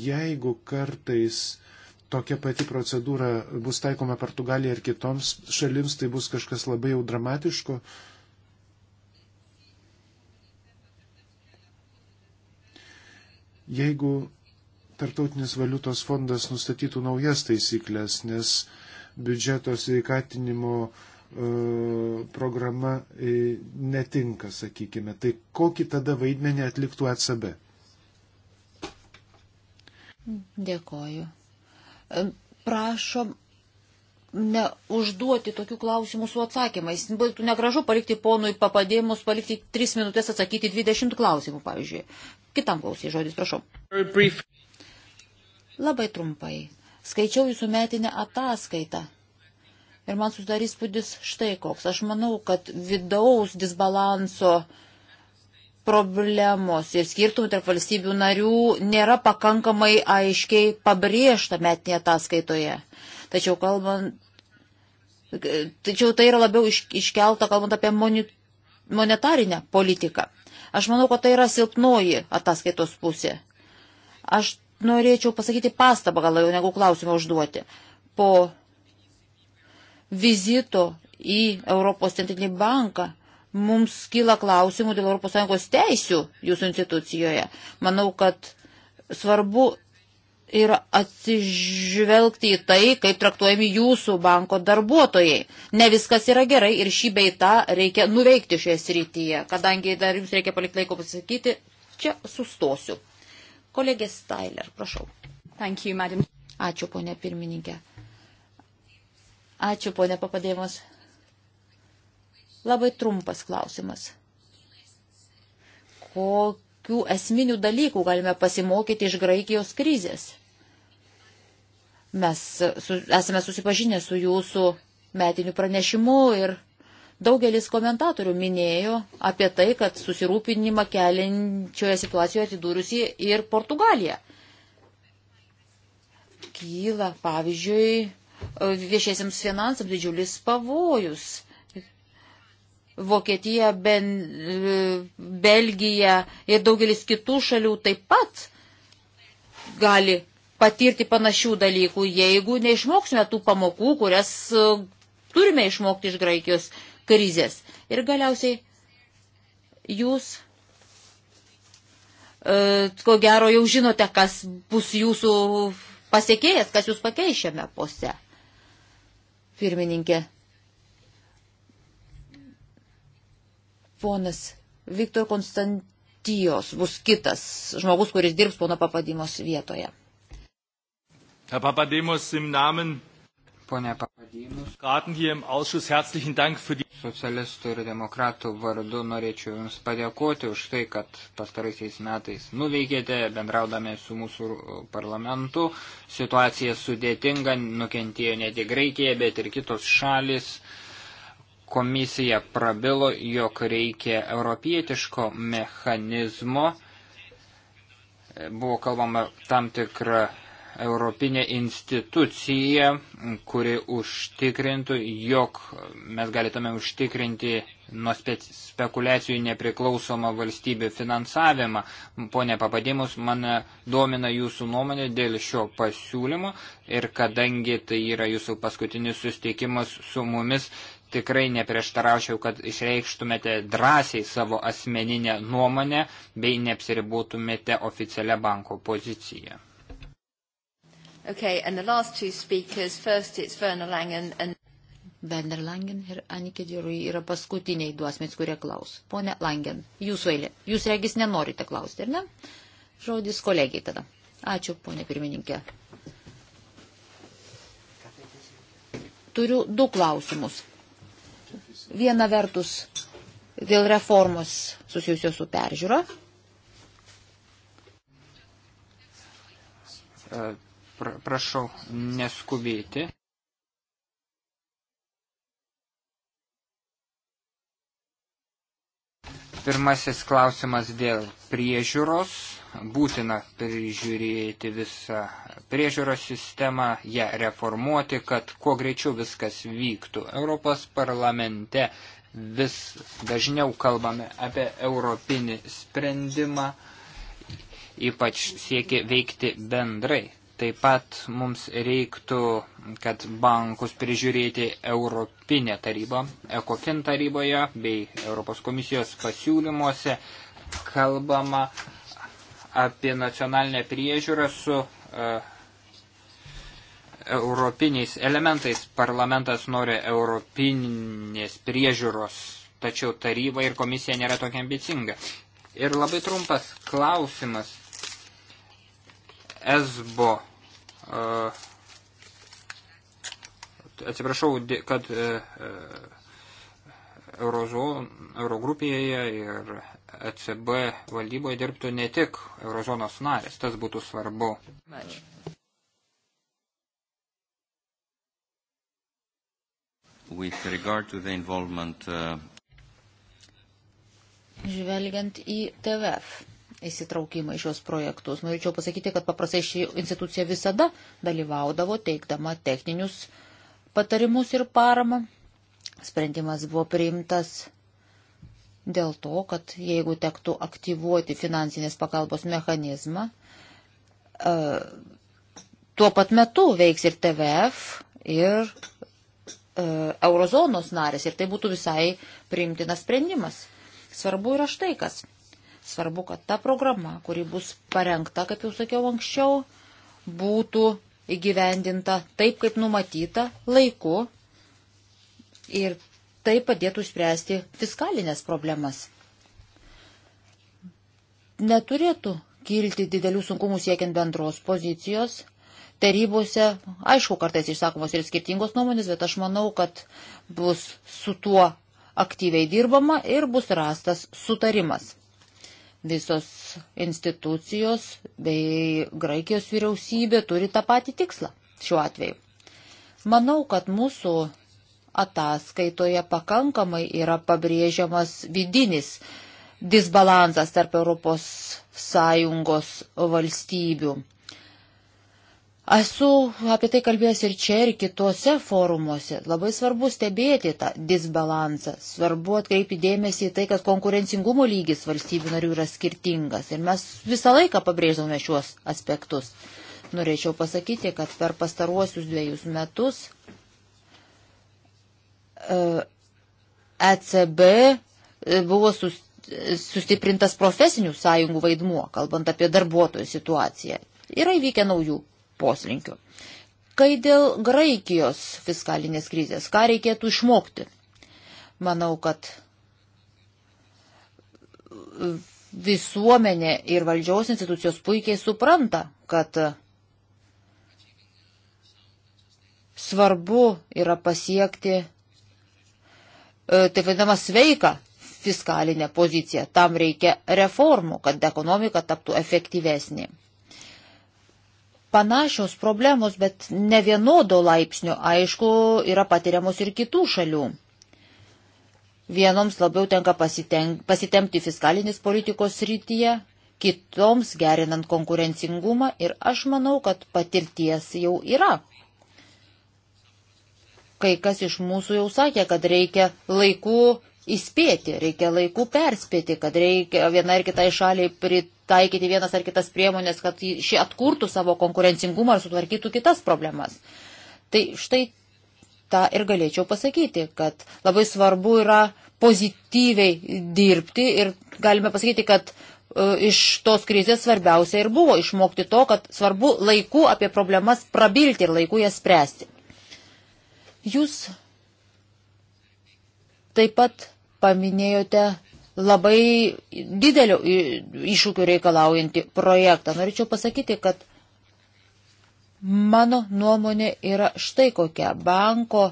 jeigu kartais tokia pati procedūra bus taikoma Portugalijai ir kitoms šalims, tai bus kažkas labai jau dramatiško. Jeigu Tartautinis valiutos fondas nustatytų naujas taisyklės, nes biudžeto sveikatinimo e, programa e, netinka, sakykime, tai kokį tada vaidmenį atliktų ECB? Dėkoju prašom neužduoti tokių klausimų su atsakymais. Būtų negražu palikti ponui papadėjimus, palikti 3 minutės atsakyti 20 klausimų, pavyzdžiui. Kitam klausiai žodis, prašau. Labai trumpai. Skaičiau jūsų metinę ataskaitą. Ir man susidarys spūdis štai koks. Aš manau, kad vidaus disbalanso uh, problemos ir skirtumų tarp valstybių narių nėra pakankamai aiškiai pabrėžta metinėje ataskaitoje. Tačiau, kalbant, tačiau tai yra labiau iš, iškelta, kalbant apie moni, monetarinę politiką. Aš manau, kad tai yra silpnoji ataskaitos pusė. Aš norėčiau pasakyti pastabą gal jau negu klausimą užduoti. Po vizito į Europos centrinį banką mums kyla klausimų dėl ES teisių jūsų institucijoje. Manau, kad svarbu yra atsižvelgti į tai, kaip traktuojami jūsų banko darbuotojai. Ne viskas yra gerai ir šį beitą reikia nuveikti šioje srityje. Kadangi dar jums reikia palikti laiko pasakyti, čia sustosiu. Kolegė Stailer, prašau. Thank you, madam. Ačiū, ponė pirmininkė. Ačiū, ponė papadėjimas Labai trumpas klausimas. Kokių esminių dalykų galime pasimokyti iš Graikijos krizės? Mes su, esame susipažinę su jūsų metiniu pranešimu ir daugelis komentatorių minėjo apie tai, kad susirūpinimą keliančioje situacijoje atsidūrusi ir Portugalija. Kyla, pavyzdžiui, viešiesiams finansams didžiulis pavojus Vokietija, ben, Belgija ir daugelis kitų šalių taip pat gali patirti panašių dalykų, jeigu neišmoksime tų pamokų, kurias e, turime išmokti iš Graikijos krizės. Ir galiausiai jūs, e, ko gero, jau žinote, kas bus jūsų pasiekėjas, kas jūs pakeišėme pose. Pirmininkė. Ponas Viktor Konstantijos bus kitas žmogus, kuris dirbs pono papadimos vietoje. Herr Papadimus, im Namen Pone Papadimus. Socialistų ir demokratų vardu norėčiau Jums padėkoti už tai, kad pastaraisiais metais nuveikėte, bendraudami su mūsų parlamentu. Situacija sudėtinga, nukentėjo ne tik Graikija, bet ir kitos šalis komisija prabilo, jog reikia europietiško mechanizmo, buvo kalbama tam tikrą europinę instituciją, kuri užtikrintų, jog mes galėtume užtikrinti nuo spekulacijų nepriklausomą valstybių finansavimą. Pone Papadimus, mane domina jūsų nuomonė dėl šio pasiūlymo ir kadangi tai yra jūsų paskutinis susitikimas su mumis, tikrai neprieštaraučiau, kad išreikštumėte drąsiai savo asmeninę nuomonę bei neapsiribotumėte oficialią banko poziciją. Okay, and the last two speakers, first it's Werner Langen and... Werner Langen ir Anikė Dėrui yra paskutiniai du asmenys, kurie klaus. Pone Langen, jūsų eilė. Jūs regis nenorite klausti, ar ne? Žodis kolegiai tada. Ačiū, ponė pirmininkė. Turiu du klausimus. Viena vertus dėl reformos susijusios su peržiūro. E, pra, prašau neskubėti. Pirmasis klausimas dėl priežiūros būtina prižiūrėti visą priežiūros sistemą, ją reformuoti, kad kuo greičiau viskas vyktų. Europos parlamente vis dažniau kalbame apie europinį sprendimą, ypač siekia veikti bendrai. Taip pat mums reiktų, kad bankus prižiūrėti Europinė taryba, ECOFIN taryboje bei Europos komisijos pasiūlymuose kalbama apie nacionalinę priežiūrą su uh, europiniais elementais. Parlamentas nori europinės priežiūros, tačiau taryba ir komisija nėra tokia ambicinga. Ir labai trumpas klausimas. Esbo. Uh, atsiprašau, kad uh, Eurogrupėje ir ECB valdyboje dirbtų ne tik eurozonos narės, tas būtų svarbu. With regard to the involvement, uh... Žvelgiant į TVF įsitraukimą į šios projektus, norėčiau pasakyti, kad paprastai ši institucija visada dalyvaudavo teikdama techninius patarimus ir paramą. Sprendimas buvo priimtas dėl to, kad jeigu tektų aktyvuoti finansinės pagalbos mechanizmą, e, tuo pat metu veiks ir TVF, ir e, eurozonos narės, ir tai būtų visai priimtinas sprendimas. Svarbu yra štai kas. Svarbu, kad ta programa, kuri bus parengta, kaip jau sakiau anksčiau, būtų įgyvendinta taip, kaip numatyta, laiku ir tai padėtų spręsti fiskalinės problemas. Neturėtų kilti didelių sunkumų siekiant bendros pozicijos. Tarybose, aišku, kartais išsakomos ir skirtingos nuomonės, bet aš manau, kad bus su tuo aktyviai dirbama ir bus rastas sutarimas. Visos institucijos bei Graikijos vyriausybė turi tą patį tikslą šiuo atveju. Manau, kad mūsų ataskaitoje pakankamai yra pabrėžiamas vidinis disbalansas tarp ES valstybių. Esu apie tai kalbėjęs ir čia, ir kitose forumuose. Labai svarbu stebėti tą disbalansą. Svarbu atkreipti dėmesį į tai, kad konkurencingumo lygis valstybių narių yra skirtingas. Ir mes visą laiką pabrėždavome šiuos aspektus. Norėčiau pasakyti, kad per pastaruosius dviejus metus ECB buvo sustiprintas profesinių sąjungų vaidmuo, kalbant apie darbuotojų situaciją. Yra įvykę naujų poslinkių. Kai dėl Graikijos fiskalinės krizės, ką reikėtų išmokti? Manau, kad visuomenė ir valdžiaus institucijos puikiai supranta, kad svarbu yra pasiekti E, taip vadinamą sveiką fiskalinę poziciją. Tam reikia reformų, kad ekonomika taptų efektyvesnė. Panašios problemos, bet ne vienodo laipsnio, aišku, yra patiriamos ir kitų šalių. Vienoms labiau tenka pasitemti fiskalinės politikos rytyje, kitoms gerinant konkurencingumą ir aš manau, kad patirties jau yra Kai kas iš mūsų jau sakė, kad reikia laiku įspėti, reikia laiku perspėti, kad reikia viena ar kitai šaliai pritaikyti vienas ar kitas priemonės, kad ši atkurtų savo konkurencingumą ar sutvarkytų kitas problemas. Tai štai tą ir galėčiau pasakyti, kad labai svarbu yra pozityviai dirbti ir galime pasakyti, kad e, iš tos krizės svarbiausia ir buvo išmokti to, kad svarbu laiku apie problemas prabilti ir laiku jas spręsti. Jūs taip pat paminėjote labai didelio iššūkio reikalaujantį projektą. Norėčiau pasakyti, kad mano nuomonė yra štai kokia. Banko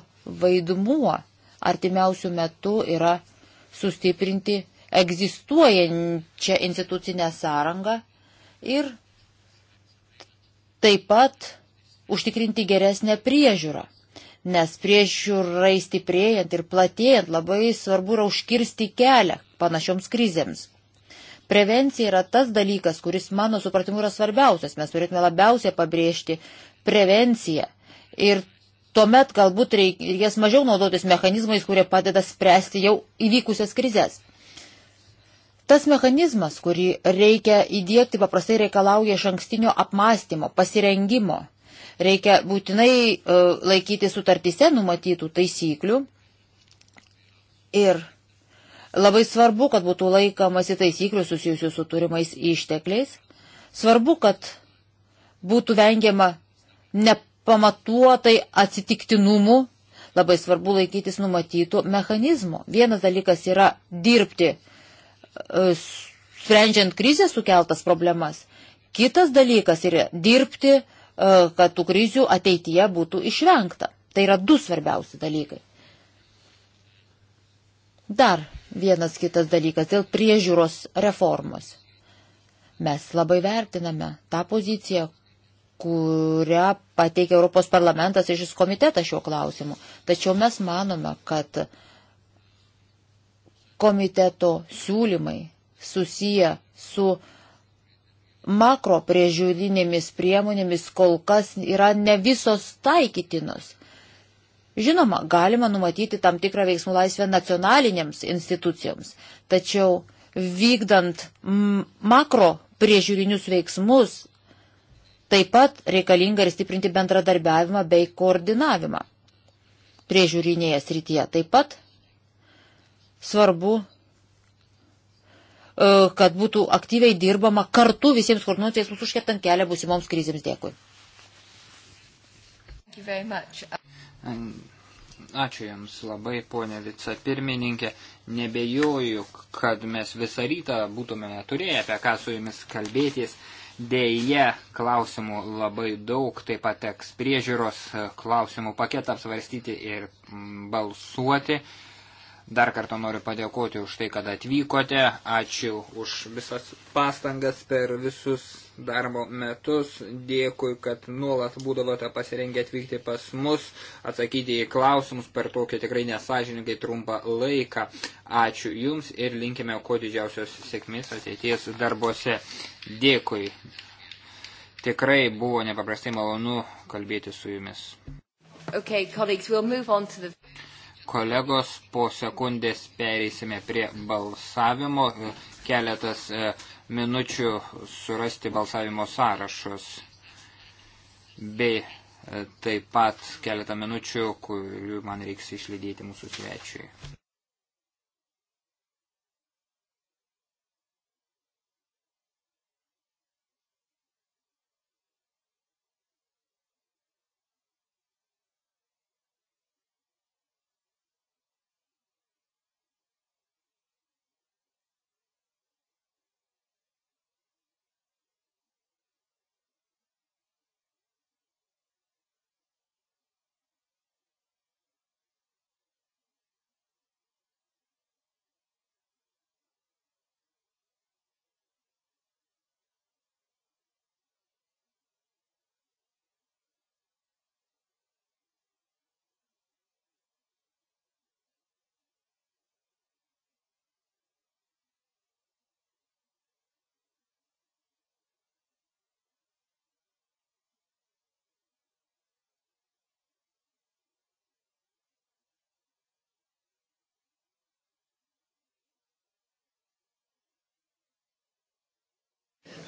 vaidmuo artimiausių metų yra sustiprinti egzistuojančią institucinę sąrangą ir taip pat užtikrinti geresnę priežiūrą nes priežiūrai stiprėjant ir platėjant labai svarbu yra užkirsti kelią panašioms krizėms. Prevencija yra tas dalykas, kuris mano supratimu yra svarbiausias. Mes turėtume labiausiai pabrėžti prevenciją. Ir tuomet galbūt reikės mažiau naudotis mechanizmais, kurie padeda spręsti jau įvykusias krizės. Tas mechanizmas, kurį reikia įdėkti, paprastai reikalauja iš ankstinio apmąstymo, pasirengimo Reikia būtinai e, laikyti sutartyse numatytų taisyklių ir labai svarbu, kad būtų laikomasi taisyklių susijusių su turimais ištekliais. Svarbu, kad būtų vengiama nepamatuotai atsitiktinumų, labai svarbu laikytis numatytų mechanizmų. Vienas dalykas yra dirbti, e, sprendžiant krizės sukeltas problemas. Kitas dalykas yra dirbti, E, kad tų krizių ateityje būtų išvengta. Tai yra du svarbiausi dalykai. Dar vienas kitas dalykas dėl priežiūros reformos. Mes labai vertiname tą poziciją, kurią pateikė Europos parlamentas ir šis komitetas šiuo klausimu. Tačiau mes manome, kad komiteto siūlymai susiję su uh, makro priežiūrinėmis priemonėmis kol kas yra ne visos taikytinos. Žinoma, galima numatyti tam tikrą veiksmų laisvę nacionalinėms institucijoms, tačiau vykdant makro priežiūrinius veiksmus taip pat reikalinga ir stiprinti bendradarbiavimą bei koordinavimą priežiūrinėje srityje. Taip pat svarbu E, kad būtų aktyviai dirbama kartu visiems koordinuoti veiksmus užkertant kelią būsimoms krizėms. Dėkui. Ačiū Jums labai, ponė vicepirmininkė. Nebejoju, kad mes visą rytą būtume turėję apie ką su Jumis kalbėtis. Deja, klausimų labai daug, taip pat teks priežiūros e, klausimų paketą apsvarstyti ir balsuoti. Dar kartą noriu padėkoti už tai, kad atvykote. Ačiū už visas pastangas per visus darbo metus. Dėkui, kad nuolat būdavote pasirengę atvykti pas mus, atsakyti į klausimus per tokį tikrai nesažininkai trumpą laiką. Ačiū Jums ir linkime kuo didžiausios sėkmės ateities darbose. Dėkui. Tikrai buvo nepaprastai malonu kalbėti su Jumis. Okay, colleagues, we'll move on to the... Kolegos, po sekundės pereisime prie balsavimo. Keletas e, minučių surasti balsavimo sąrašus. Bei e, taip pat keletą minučių, kurių man reiks išlydėti mūsų svečiui.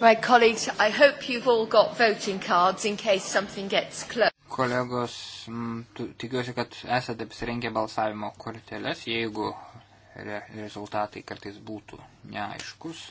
Right, colleagues, I hope you've all got voting cards in case something gets close. Kolegos, m, mm, tu, tikiuosi, kad esate apsirengę balsavimo korteles, jeigu re, rezultatai kartais būtų neaiškus.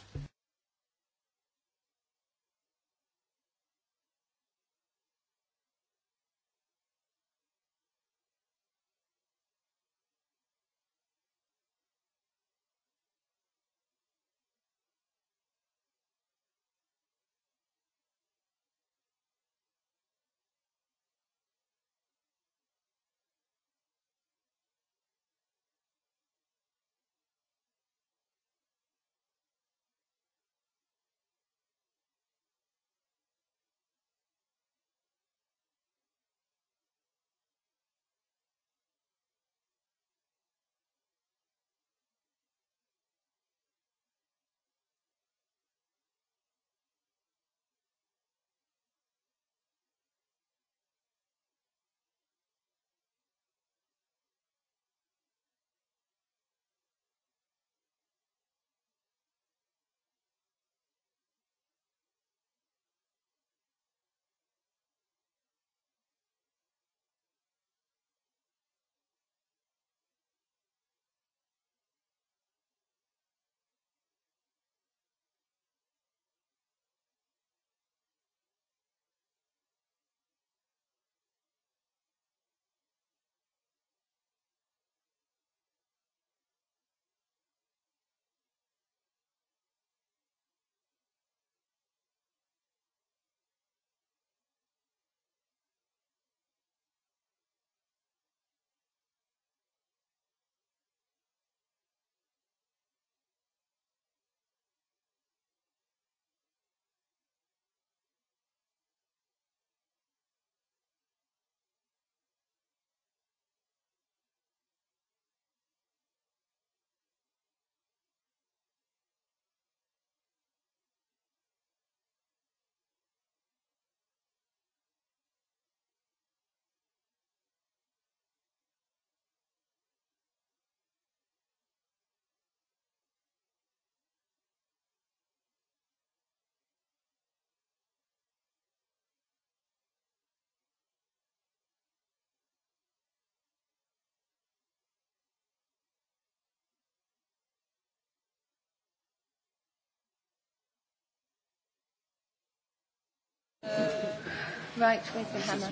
Right, with the hammer.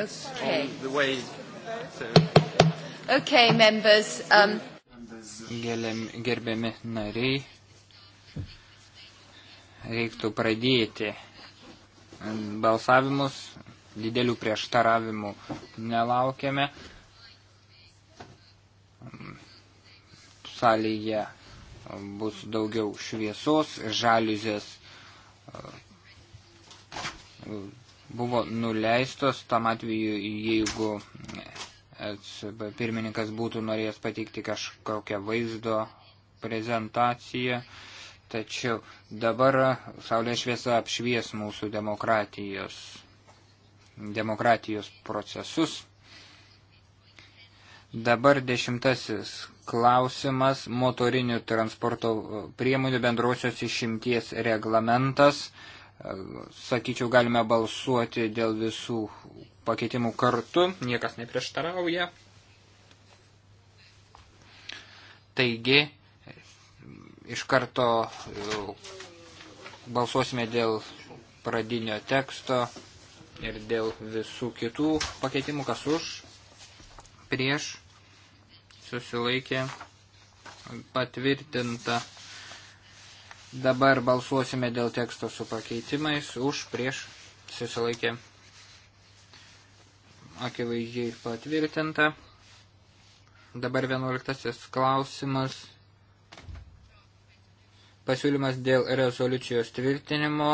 Okay. The way, so. Okay, members. Um, Gerbiami nariai, reiktų pradėti balsavimus, didelių prieštaravimų nelaukiame. Salėje bus daugiau šviesos, žaliuzės buvo nuleistos tam atveju, jeigu ECB pirmininkas būtų norėjęs pateikti kažkokią vaizdo prezentaciją. Tačiau dabar Saulės šviesa apšvies mūsų demokratijos, demokratijos procesus. Dabar dešimtasis klausimas - motorinių transporto priemonių bendrosios išimties reglamentas. Sakyčiau, galime balsuoti dėl visų pakeitimų kartu, niekas neprieštarauja. Taigi, iš karto e, balsuosime dėl pradinio teksto ir dėl visų kitų pakeitimų, kas už, prieš, susilaikė, patvirtinta. Dabar balsuosime dėl teksto su pakeitimais, už, prieš, susilaikė akivaizdžiai patvirtinta. Dabar vienuoliktasis klausimas. Pasiūlymas dėl rezoliucijos tvirtinimo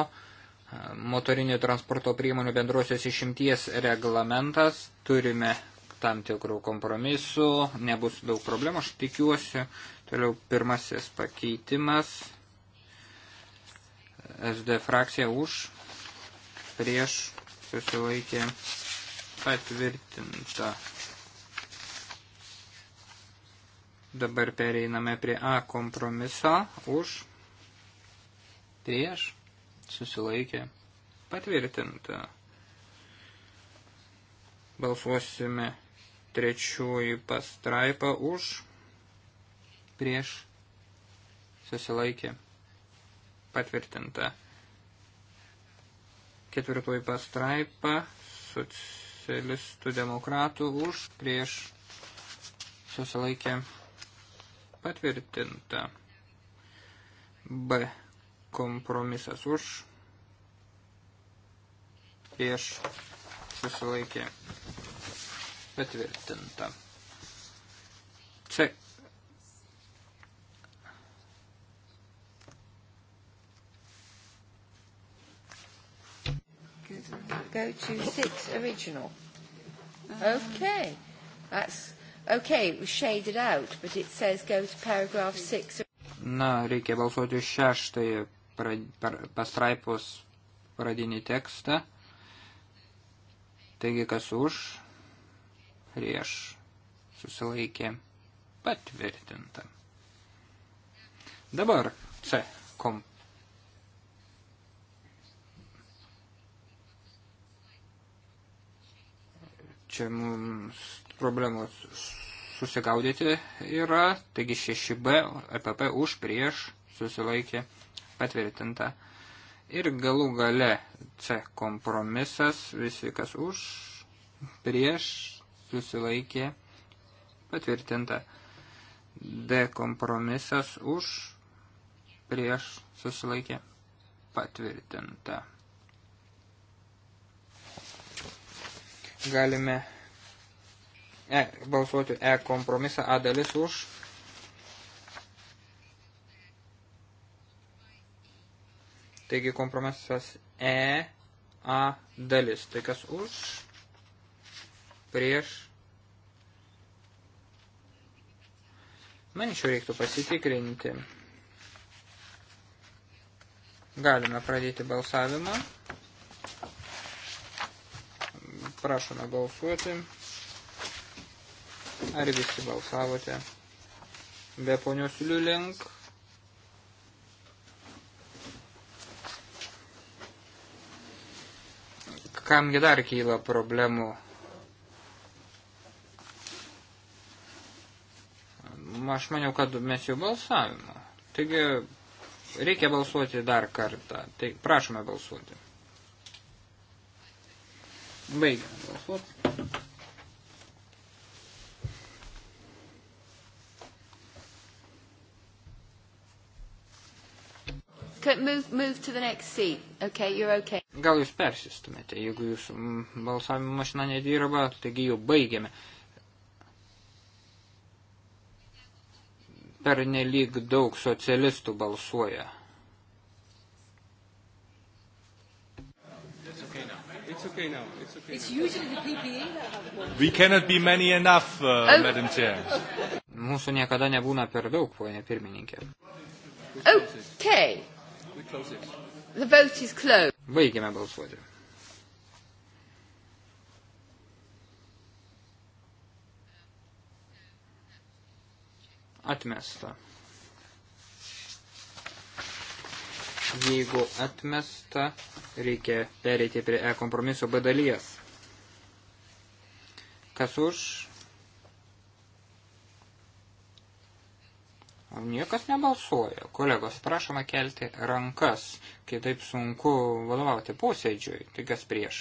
motorinio transporto priemonių bendrosios išimties reglamentas. Turime tam tikrų kompromisų, nebus daug problemų, aš tikiuosi. Toliau pirmasis pakeitimas. SD frakcija už, prieš susilaikė patvirtinta. Dabar pereiname prie A kompromiso už, prieš susilaikė patvirtinta. Balsuosime trečiųjų pastraipą už, prieš susilaikė patvirtinta patvirtinta. Ketvirtoji pastraipa socialistų demokratų už prieš susilaikė patvirtinta. B. Kompromisas už prieš susilaikė patvirtinta. C go to six, original. Okay. That's okay, it was shaded out, but it says go to paragraph six. Na, reikia balsuoti šeštąjį prad, par, pastraipos pradinį tekstą. Taigi, kas už, prieš, susilaikė, patvirtinta. Dabar C komp čia mums problemos susigaudyti yra, taigi 6b, EPP už, prieš, susilaikė, patvirtinta. Ir galų gale C kompromisas, visi kas už, prieš, susilaikė, patvirtinta. D kompromisas už, prieš, susilaikė, patvirtinta. Galime e, balsuoti E kompromisą A dalis už. Taigi kompromisas E, A dalis. Tai kas už, prieš. Manyčiau reiktų pasitikrinti. Galime pradėti balsavimą. Prašome balsuoti. Ar visi balsavote? Be ponios Liulink. Kamgi dar kyla problemų? Aš maniau, kad mes jau balsavimo. Taigi reikia balsuoti dar kartą. Tai prašome balsuoti. Baigiam balsuoti. Move, move to the next seat. Okay, you're okay. Gal jūs persistumėte, jeigu jūsų balsavimo mašina nedirba, taigi jau baigiame. Per nelik daug socialistų balsuoja. It's okay now. It's okay now. It's usually the PPE that have more. We cannot be many enough, uh, oh. Madam Chair. Mūsų niekada nebūna per daug, ponė pirmininkė. Okay. The vote is closed. Baigėme balsuoti. Atmesta. Jeigu atmesta, reikia pereiti prie E kompromiso B dalies. Kas už? Niekas nebalsuoja. Kolegos, prašoma kelti rankas, kitaip sunku vadovauti posėdžiui. Tai kas prieš?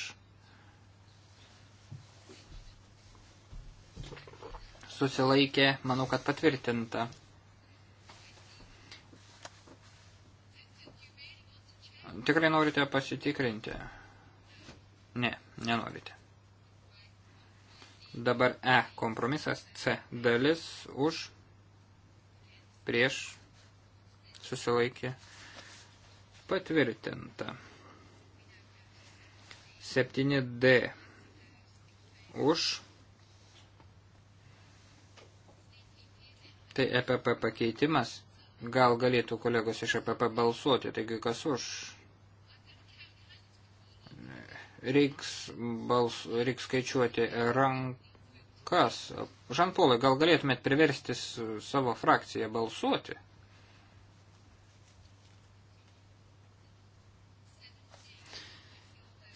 Susilaikė, manau, kad patvirtinta. Tikrai norite pasitikrinti? Ne, nenorite. Dabar E kompromisas, C dalis už, prieš, susilaikė, patvirtinta. 7D už. Tai EPP pakeitimas. Gal galėtų kolegos iš EPP balsuoti, taigi kas už? Reiks, bals, reiks skaičiuoti rank, Kas? Žanpolai, gal galėtumėt priversti savo frakciją balsuoti?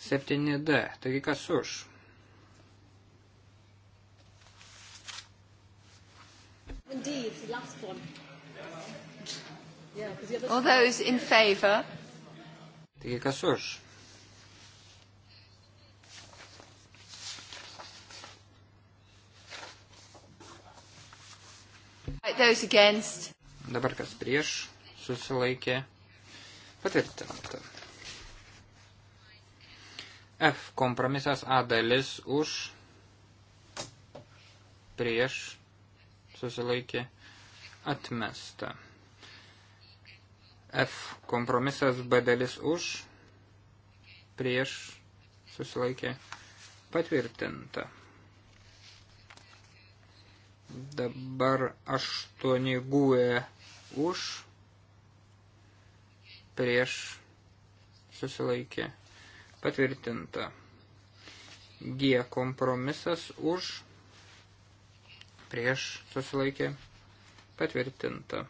Septyni D. Taigi kas už? Indeed, the last one. Yeah, All those in favour. Taigi kas už? Dabar kas prieš susilaikė patvirtinta. F kompromisas A dalis už prieš susilaikė atmesta. F kompromisas B dalis už prieš susilaikė patvirtinta. Dabar 8 guė už, prieš susilaikė patvirtinta. G kompromisas už, prieš susilaikė patvirtinta.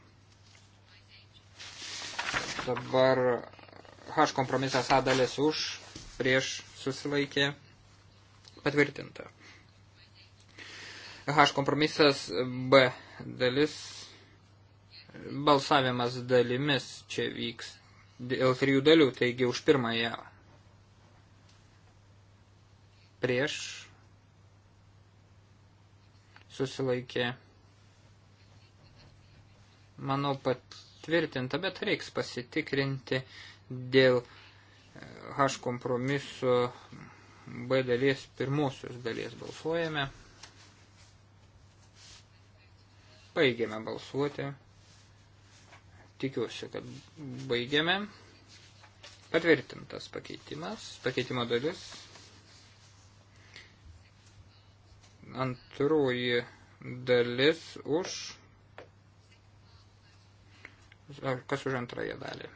Dabar H kompromisas A dalis už, prieš susilaikė patvirtinta. H kompromisas B dalis balsavimas dalimis čia vyks dėl trijų dalių, taigi už pirmąją prieš susilaikė manau, patvirtinta, bet reiks pasitikrinti dėl H kompromiso B dalies pirmosios dalies balsuojame. Baigėme balsuoti. Tikiuosi, kad baigėme. Patvirtintas pakeitimas, pakeitimo dalis. Antroji dalis už. Kas už antrąją dalį?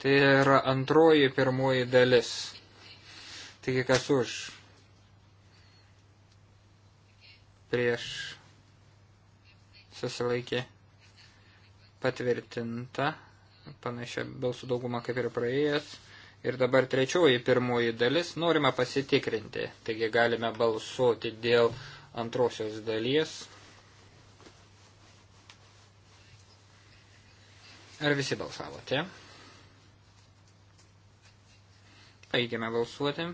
Tai yra antroji pirmoji dalis. Taigi kas už? prieš susilaikė patvirtinta, panašia balsų dauguma kaip ir praėjęs. Ir dabar trečioji pirmoji dalis norime pasitikrinti, taigi galime balsuoti dėl antrosios dalies. Ar visi balsavote? Baigėme balsuoti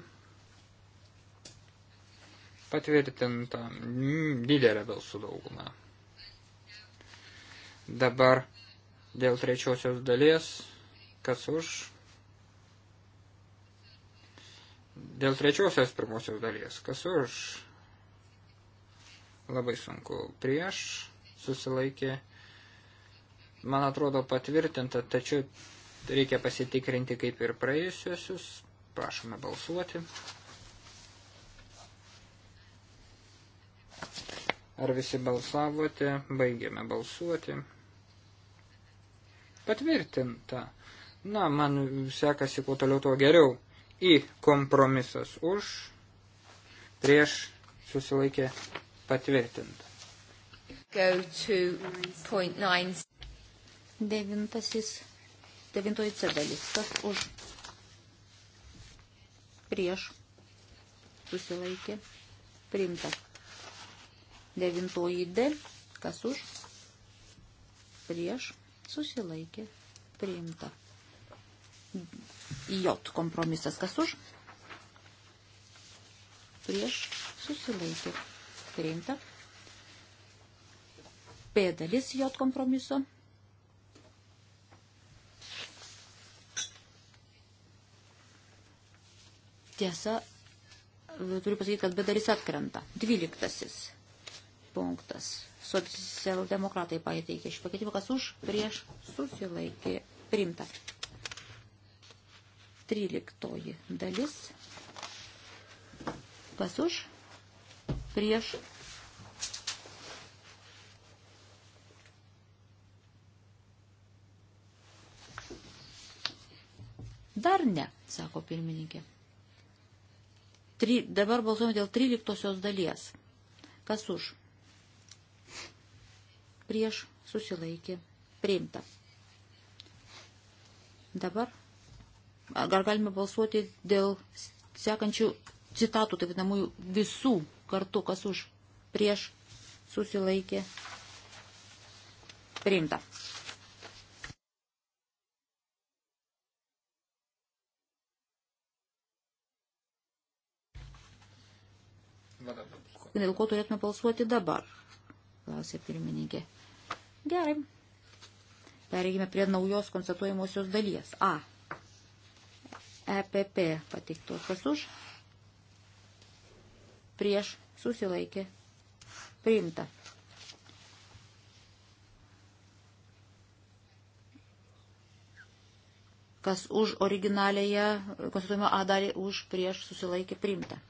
patvirtinta didelė balsų dauguma. Dabar dėl trečiosios dalies, kas už. Dėl trečiosios pirmosios dalies, kas už. Labai sunku prieš susilaikė. Man atrodo patvirtinta, tačiau reikia pasitikrinti kaip ir praėjusiosius. Prašome balsuoti. Ar visi balsavote? Baigėme balsuoti. Patvirtinta. Na, man sekasi kuo toliau tuo geriau. Į kompromisas už, prieš susilaikė patvirtinta. Go to point nine. Devintasis, devintoji C dalis, kas už, prieš, susilaikė, priimta. Devintoji D, kas už, prieš, susilaikė, priimta. J kompromisas, kas už, prieš, susilaikė, priimta. P dalis J kompromiso. Tiesa, turiu pasakyti, kad B dalis atkrenta. Dvyliktasis punktas. Socialdemokratai pateikė šį pakeitimą, kas už, prieš, susilaikė, primta. 13 dalis. Kas už, prieš, Dar ne, sako pirmininkė. Tri, dabar balsuojame dėl 13 dalies. Kas už? prieš susilaikė priimta. Dabar ar galime balsuoti dėl sekančių citatų, taip vadinamųjų visų kartu, kas už prieš susilaikė priimta. Dėl ko turėtume balsuoti dabar? klausė pirmininkė. Gerai. Pereigime prie naujos konstatuojamosios dalies. A. EPP pateiktos kas už. Prieš susilaikė. Priimta. Kas už originalėje konstatuojimo A dalį už prieš susilaikė priimta.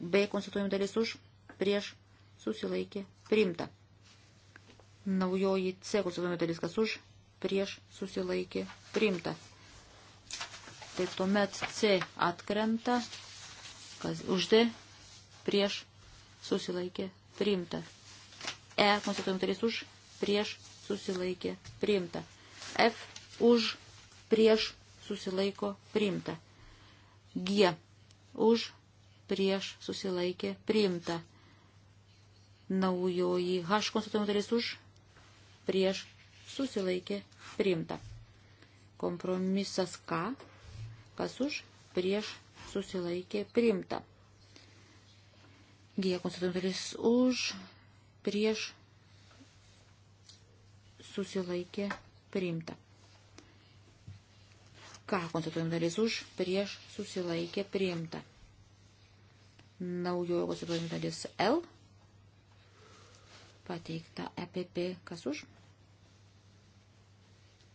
B konstatuojimo dalis už prieš susilaikė priimta. Naujoji C konstatuojama dalis kas už, prieš susilaikė priimta. Tai tuomet C atkrenta, kas už D, prieš susilaikė priimta. E konstatuojama dalis už, prieš susilaikė priimta. F už, prieš susilaiko priimta. G už, prieš susilaikė priimta naujoji H konstatuojama dalis už, prieš susilaikė priimta. Kompromisas K, kas už, prieš susilaikė priimta. G konstatuojantis už, prieš susilaikė priimta. K konstatuojantis už, prieš susilaikė priimta. Naujojo konstatuojantis L pateiktą EPP. Kas už?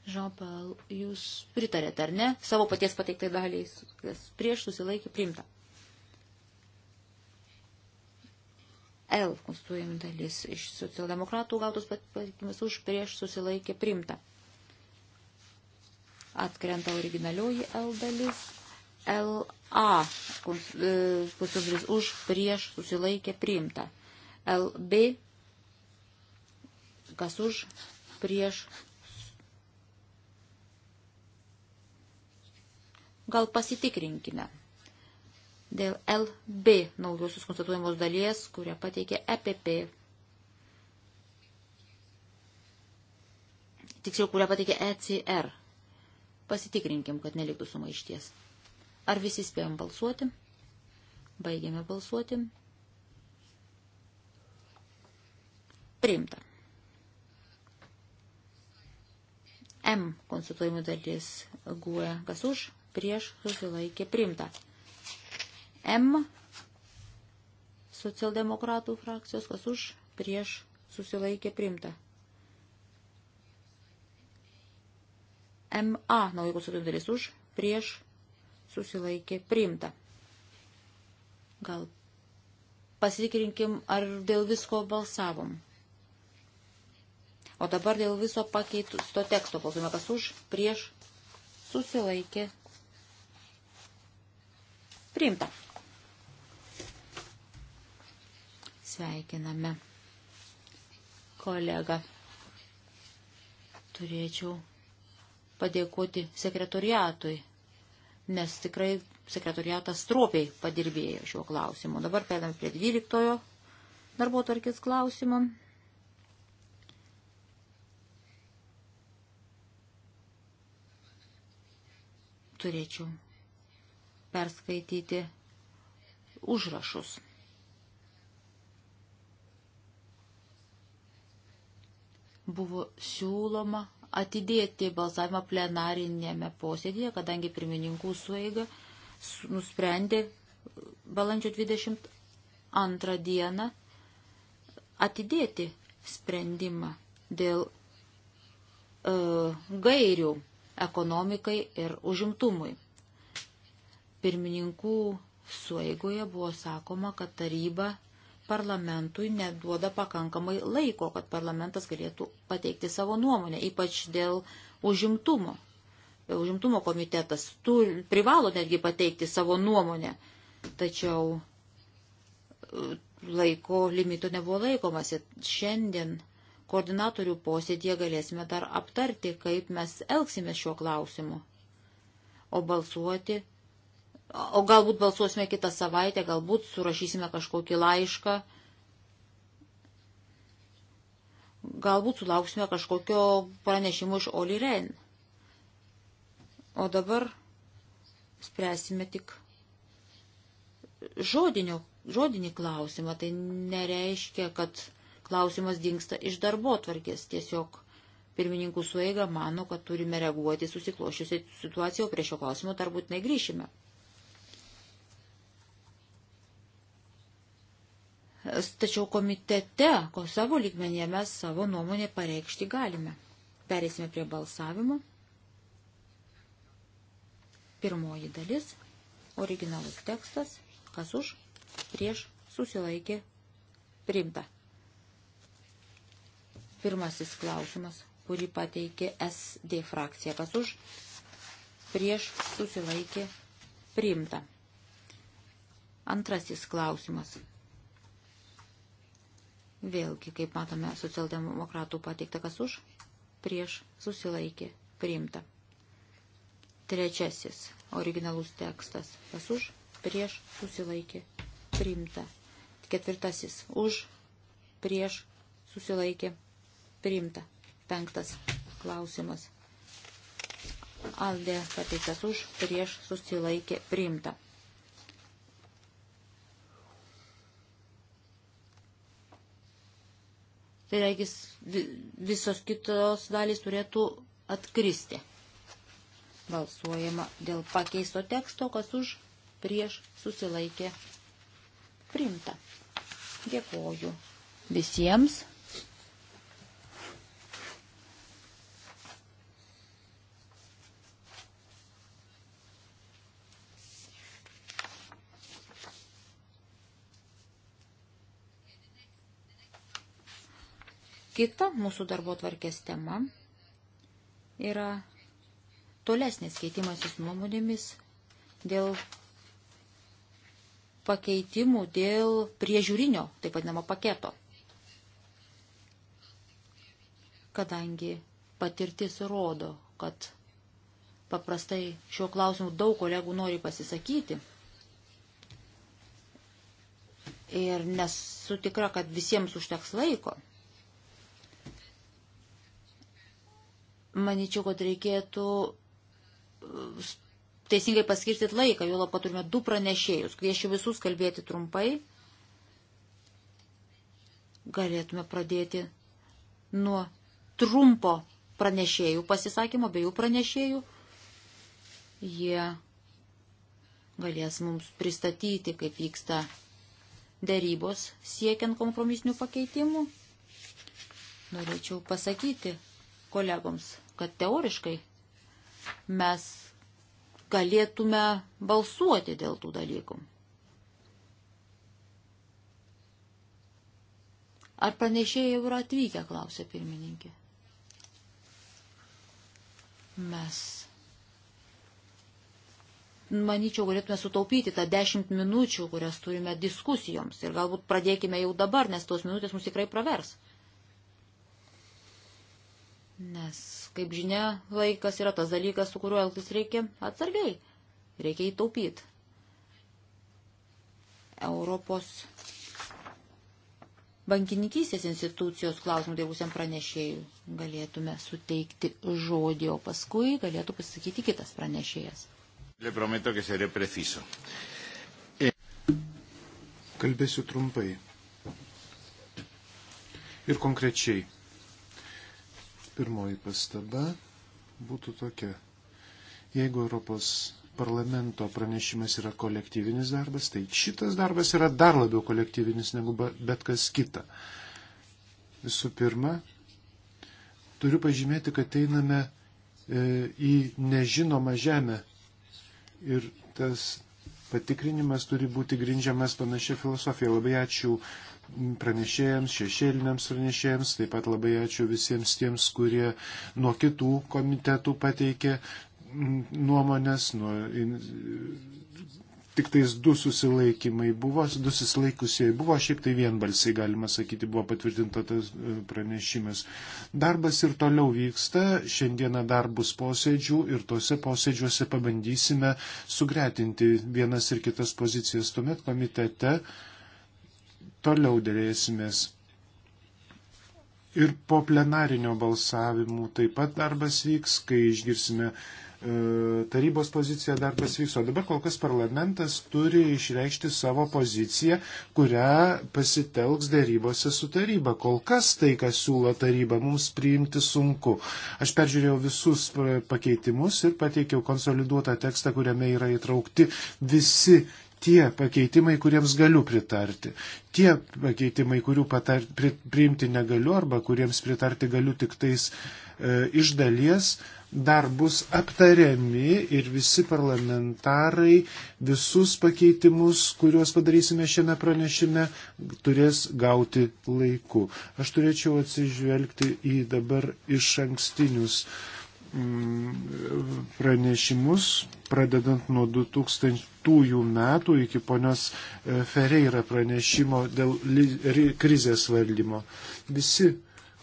Jean-Paul, jūs pritarėte, ar ne? Savo paties pateiktai daliai, kas prieš susilaikė priimta. L konstruojami dalis iš socialdemokratų gautus patikimas už prieš susilaikė primta. Atkrenta originalioji L dalis. LA konstruojami e, dalis už prieš susilaikė primta. LB Kas už, prieš. Gal pasitikrinkime. Dėl LB naujosios konstatuojamos dalies, kurią pateikė EPP. Tiksliau, kurią pateikė ECR. Pasitikrinkim, kad neliktų sumaišties. Ar visi spėjom balsuoti? Baigėme balsuoti. Priimta. M konstatuojimų dalis guoja, kas už, prieš susilaikė primta. M socialdemokratų frakcijos, kas už, prieš susilaikė primta. MA naujų konstatuojimų dalis už, prieš susilaikė primta. Gal pasitikrinkim, ar dėl visko balsavom. O dabar dėl viso pakeisto teksto balsuojame, kas už, prieš, susilaikė, priimta. Sveikiname kolegą. Turėčiau padėkoti sekretoriatui, nes tikrai sekretoriatas stropiai padirbėjo šiuo klausimu. Dabar pėdam prie 12 darbo tarkis klausimą. turėčiau perskaityti užrašus. Buvo siūloma atidėti balsavimą plenarinėme posėdėje, kadangi pirmininkų sueiga nusprendė balandžio 22 dieną atidėti sprendimą dėl uh, gairių ekonomikai ir užimtumui. Pirmininkų sueigoje buvo sakoma, kad taryba parlamentui neduoda pakankamai laiko, kad parlamentas galėtų pateikti savo nuomonę, ypač dėl užimtumo. Užimtumo komitetas tu, privalo netgi pateikti savo nuomonę, tačiau e, laiko limito nebuvo laikomasi. Šiandien Koordinatorių posėdėje galėsime dar aptarti, kaip mes elgsime šiuo klausimu. O balsuoti, o galbūt balsuosime kitą savaitę, galbūt surašysime kažkokį laišką, galbūt sulauksime kažkokio pranešimo iš Oli Ren. O dabar spręsime tik žodinio, žodinį klausimą. Tai nereiškia, kad klausimas dinksta iš darbo tvarkės. Tiesiog pirmininkų sueiga mano, kad turime reaguoti susiklošiusią situaciją, o prie šio klausimo dar būtinai grįšime. Tačiau komitete, ko savo lygmenyje mes savo nuomonę pareikšti galime. Perėsime prie balsavimo. Pirmoji dalis. Originalus tekstas. Kas už? Prieš susilaikė. Primta. Pirmasis klausimas, kurį pateikė SD frakcija. Kas už? Prieš susilaikė priimta. Antrasis klausimas. Vėlgi, kaip matome, socialdemokratų pateikta kas už, prieš susilaikė priimta. Trečiasis originalus tekstas. Kas už, prieš susilaikė priimta. Ketvirtasis už, prieš susilaikė priimta priimta. Penktas klausimas. Aldė pateiktas už, prieš susilaikė priimta. Tai reikis visos kitos dalys turėtų atkristi. Balsuojama dėl pakeisto teksto, kas už, prieš susilaikė priimta. Dėkoju visiems. Kita mūsų darbo tvarkės tema yra tolesnis keitimasis nuomonėmis dėl pakeitimų dėl priežiūrinio, taip vadinamo, paketo. Kadangi patirtis rodo, kad paprastai šiuo klausimu daug kolegų nori pasisakyti. Ir nesu tikra, kad visiems užteks laiko. Maničiau, kad reikėtų uh, teisingai paskirti laiką, jo lapą turime du pranešėjus. Kviešiu visus kalbėti trumpai. Galėtume pradėti nuo trumpo pranešėjų pasisakymo, bei jų pranešėjų. Jie galės mums pristatyti, kaip vyksta dėrybos siekiant kompromisinių pakeitimų. Norėčiau pasakyti kolegoms kad teoriškai mes galėtume balsuoti dėl tų dalykų. Ar pranešėjai jau yra atvykę, klausė pirmininkė. Mes, manyčiau, galėtume sutaupyti tą dešimt minučių, kurias turime diskusijoms. Ir galbūt pradėkime jau dabar, nes tos minutės mums tikrai pravers. Nes, kaip žinia, laikas yra tas dalykas, su kuriuo elgtis reikia atsargiai. Reikia įtaupyti. Europos bankininkystės institucijos klausimų dėvusiam pranešėjui galėtume suteikti žodį, o paskui galėtų pasakyti kitas pranešėjas. E- Kalbėsiu trumpai ir konkrečiai. Pirmoji pastaba būtų tokia. Jeigu Europos parlamento pranešimas yra kolektyvinis darbas, tai šitas darbas yra dar labiau kolektyvinis negu bet kas kita. Visų pirma, turiu pažymėti, kad einame e, į nežinomą žemę ir tas patikrinimas turi būti grindžiamas panašia filosofija. Labai ačiū pranešėjams, šešėliniams pranešėjams, taip pat labai ačiū visiems tiems, kurie nuo kitų komitetų pateikė nuomonės, nuo, tik tais du susilaikymai buvo, du susilaikusieji buvo, šiaip tai vienbalsiai galima sakyti buvo patvirtinta tas e, pranešimas. Darbas ir toliau vyksta, šiandieną dar bus posėdžių ir tuose posėdžiuose pabandysime sugretinti vienas ir kitas pozicijas. Tuomet komitete uh, toliau dėlėsimės. Ir po plenarinio balsavimų taip pat darbas vyks, kai išgirsime e, tarybos pozicija dar pasvyks, o dabar kol kas parlamentas turi išreikšti savo poziciją, kurią pasitelks dėrybose su taryba. Kol kas tai, kas siūlo taryba, mums priimti sunku. Aš peržiūrėjau visus e, pakeitimus ir pateikiau konsoliduotą tekstą, kuriame yra įtraukti visi tie pakeitimai, kuriems galiu pritarti. Tie pakeitimai, kurių patar, pri, priimti negaliu arba kuriems pritarti galiu tik tais e, iš dalies, dar bus aptariami ir visi parlamentarai visus pakeitimus, kuriuos padarysime šiame pranešime, turės gauti laiku. Aš turėčiau atsižvelgti į dabar iš ankstinius Mm, pranešimus, pradedant nuo 2000 metų iki ponios e, Ferreira pranešimo dėl krizės valdymo. Visi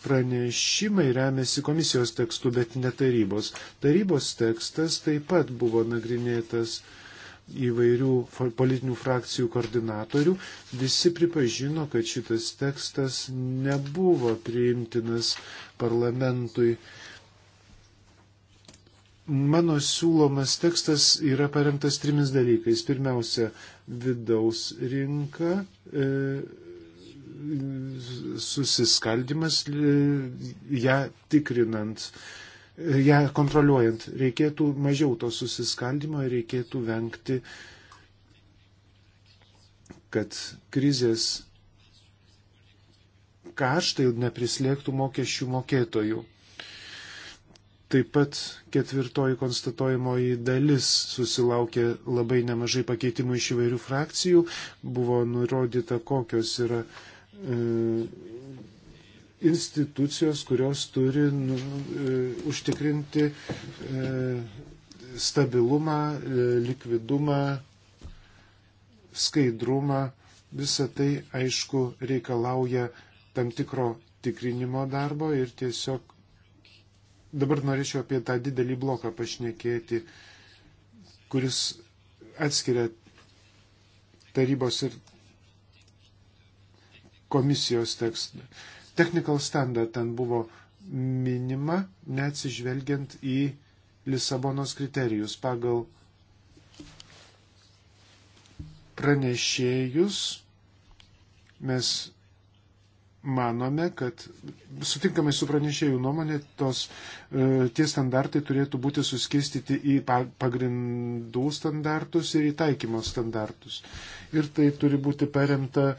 pranešimai remiasi komisijos tekstu, bet ne tarybos. Tarybos tekstas taip pat buvo nagrinėtas įvairių politinių frakcijų koordinatorių, visi pripažino, kad šitas tekstas nebuvo priimtinas parlamentui Mano siūlomas tekstas yra paremtas trimis dalykais. Pirmiausia, vidaus rinka, e, susiskaldimas, e, ją tikrinant, e, ją kontroliuojant. Reikėtų mažiau to susiskaldimo ir reikėtų vengti, kad krizės kaštai neprislėgtų mokesčių mokėtojų. Taip pat ketvirtoji konstatuojamoji dalis susilaukė labai nemažai pakeitimų iš įvairių frakcijų. Buvo nurodyta, kokios yra e, institucijos, kurios turi nu, e, užtikrinti e, stabilumą, e, likvidumą, skaidrumą. Visą tai, aišku, reikalauja tam tikro tikrinimo darbo ir tiesiog Dabar norėčiau apie tą didelį bloką pašnekėti, kuris atskiria tarybos ir komisijos tekstą. Technical standard ten buvo minima, neatsižvelgiant į Lisabonos kriterijus pagal pranešėjus mes manome, kad sutinkamai su pranešėjų nuomonė, tos, e, tie standartai turėtų būti suskistyti į pagrindų standartus ir į taikymo standartus. Ir tai turi būti paremta e,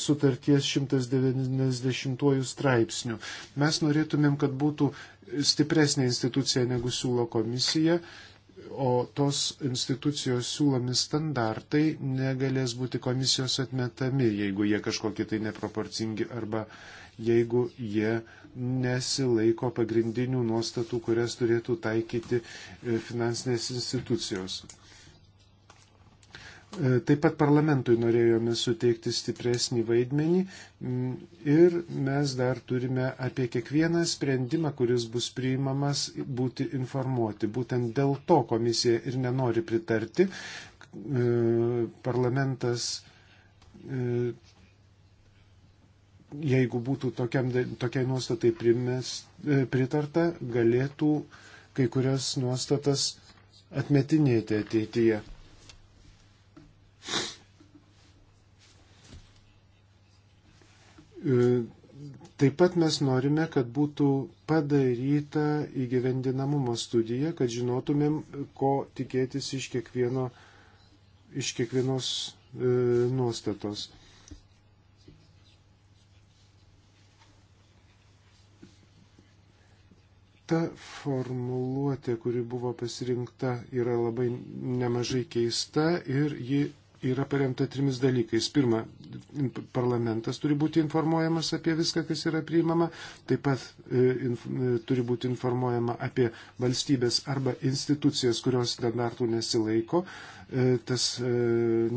sutarties 190 straipsnių. Mes norėtumėm, kad būtų stipresnė institucija negu siūlo komisija o tos institucijos siūlomi standartai negalės būti komisijos atmetami, jeigu jie kažkokie tai neproporcingi arba jeigu jie nesilaiko pagrindinių nuostatų, kurias turėtų taikyti e, finansinės institucijos. E, taip pat parlamentui norėjome suteikti stipresnį vaidmenį ir mes dar turime apie kiekvieną sprendimą, kuris bus priimamas, būti informuoti. Būtent dėl to komisija ir nenori pritarti. E, parlamentas, e, jeigu būtų tokiam, tokiai nuostatai primes, pritarta, galėtų kai kurias nuostatas atmetinėti ateityje. E, taip pat mes norime, kad būtų padaryta įgyvendinamumo studija, kad žinotumėm, ko tikėtis iš, kiekvieno, iš kiekvienos e, nuostatos. Ta formuluotė, kuri buvo pasirinkta, yra labai nemažai keista ir ji yra paremta trimis dalykais. Pirma, parlamentas turi būti informuojamas apie viską, kas yra priimama, taip pat e, inf, e, turi būti informuojama apie valstybės arba institucijas, kurios standartų nesilaiko. E, tas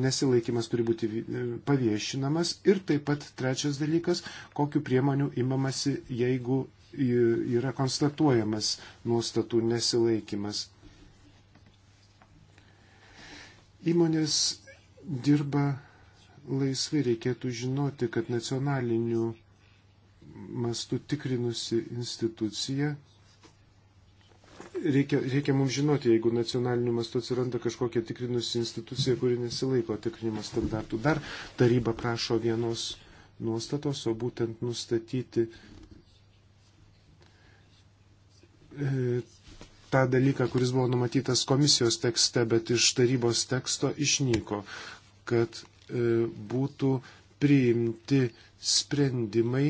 nesilaikimas turi būti paviešinamas. Ir taip pat trečias dalykas, kokiu priemonių imamasi, jeigu yra konstatuojamas nuostatų nesilaikimas. Įmonės dirba laisvai. Reikėtų žinoti, kad nacionaliniu mastu tikrinusi institucija. Reikia, reikia mums žinoti, jeigu nacionaliniu mastu atsiranda kažkokia tikrinusi institucija, kuri nesilaiko tikrinimo standartų. Dar taryba prašo vienos nuostatos, o būtent nustatyti e, tą dalyką, kuris buvo numatytas komisijos tekste, bet iš tarybos teksto išnyko kad e, būtų priimti sprendimai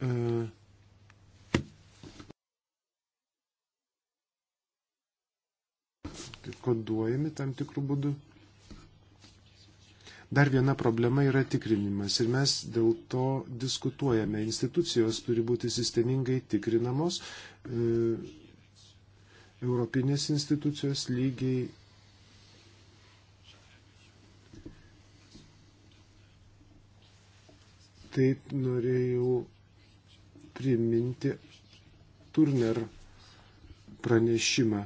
e, koduojami tam tikrų būdų. Dar viena problema yra tikrinimas ir mes dėl to diskutuojame. Institucijos turi būti sistemingai tikrinamos, e, europinės institucijos lygiai tai norėjau priminti Turner pranešimą.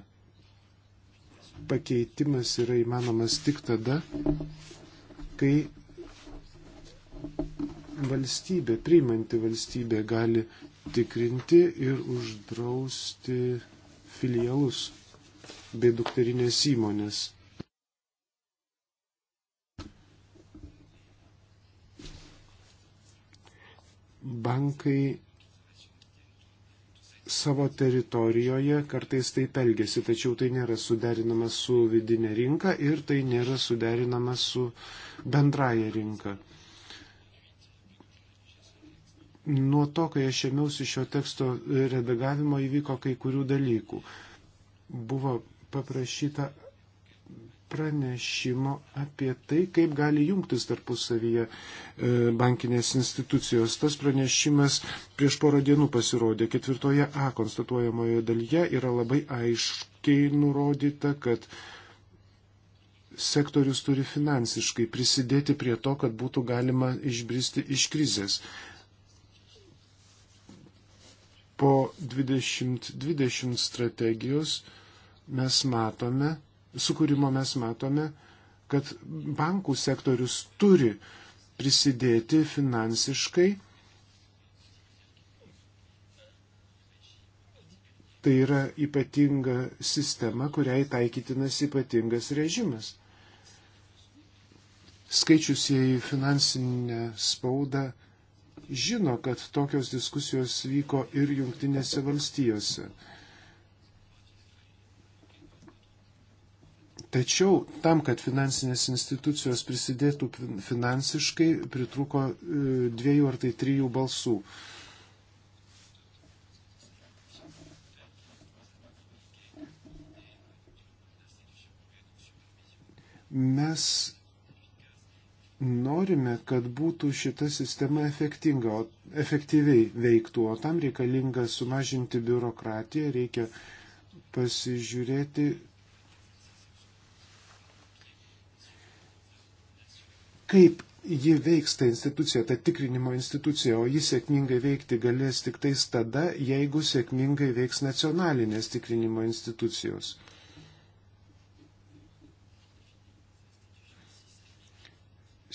Pakeitimas yra įmanomas tik tada, kai valstybė, priimanti valstybė gali tikrinti ir uždrausti filialus bei dukterinės įmonės. bankai savo teritorijoje kartais taip elgesi, tačiau tai nėra suderinama su vidinė rinka ir tai nėra suderinama su bendraja rinka. Nuo to, kai aš ėmiausi šio teksto redagavimo, įvyko kai kurių dalykų. Buvo paprašyta pranešimo apie tai, kaip gali jungtis tarpusavyje e, bankinės institucijos. Tas pranešimas prieš porą dienų pasirodė. Ketvirtoje A konstatuojamoje dalyje yra labai aiškiai nurodyta, kad sektorius turi finansiškai prisidėti prie to, kad būtų galima išbristi iš krizės. Po 2020 strategijos mes matome, sukūrimo mes matome, kad bankų sektorius turi prisidėti finansiškai. Tai yra ypatinga sistema, kuriai taikytinas ypatingas režimas. Skaičius į finansinę spaudą žino, kad tokios diskusijos vyko ir jungtinėse valstijose. Tačiau tam, kad finansinės institucijos prisidėtų finansiškai, pritruko e, dviejų ar tai trijų balsų. Mes norime, kad būtų šita sistema efektinga, o, efektyviai veiktų, o tam reikalinga sumažinti biurokratiją, reikia pasižiūrėti, kaip ji veiks ta institucija, ta tikrinimo institucija, o ji sėkmingai veikti galės tik tais tada, jeigu sėkmingai veiks nacionalinės tikrinimo institucijos.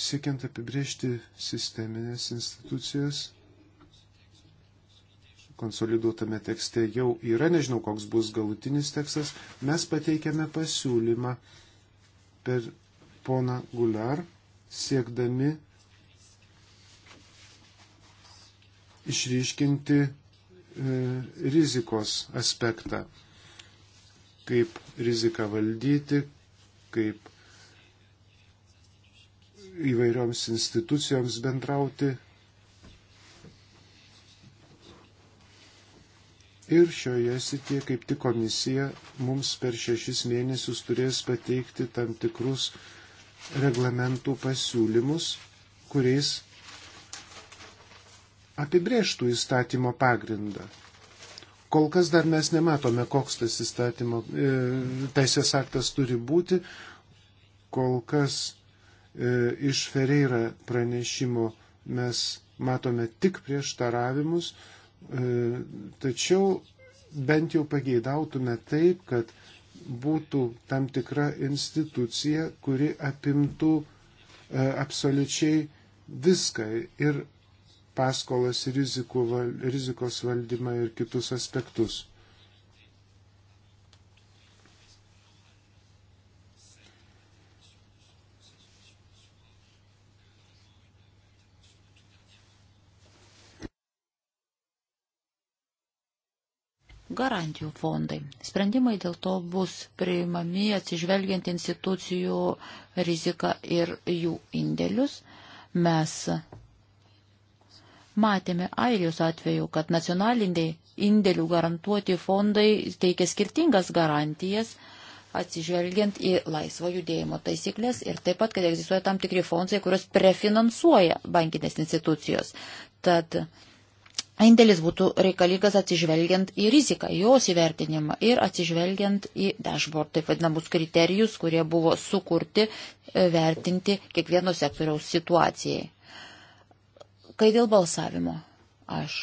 Siekiant apibriežti sisteminės institucijas, konsoliduotame tekste jau yra, nežinau, koks bus galutinis tekstas, mes pateikėme pasiūlymą per poną Gular siekdami išryškinti e, rizikos aspektą, kaip riziką valdyti, kaip įvairioms institucijoms bendrauti. Ir šioje sitie, kaip tik komisija, mums per šešis mėnesius turės pateikti tam tikrus e, reglamentų pasiūlymus, kuriais apibrėžtų įstatymo pagrindą. Kol kas dar mes nematome, koks tas įstatymo e, teisės aktas turi būti. Kol kas e, iš Ferreira pranešimo mes matome tik prieštaravimus, e, tačiau bent jau pageidautume taip, kad būtų tam tikra institucija, kuri apimtų e, absoliučiai viską ir paskolas, rizikų, rizikos valdymą ir kitus aspektus. garantijų fondai. Sprendimai dėl to bus priimami atsižvelgiant institucijų riziką ir jų indėlius. Mes matėme Airijos atveju, kad nacionaliniai indėlių garantuoti fondai teikia skirtingas garantijas atsižvelgiant į laisvo judėjimo taisyklės ir taip pat, kad egzistuoja tam tikri fondai, kurios prefinansuoja bankinės institucijos. Tad uh, indėlis būtų reikalingas atsižvelgiant į riziką, jos įvertinimą ir atsižvelgiant į dashboard, taip vadinamus kriterijus, kurie buvo sukurti e, vertinti kiekvieno sektoriaus situacijai. Kai dėl balsavimo aš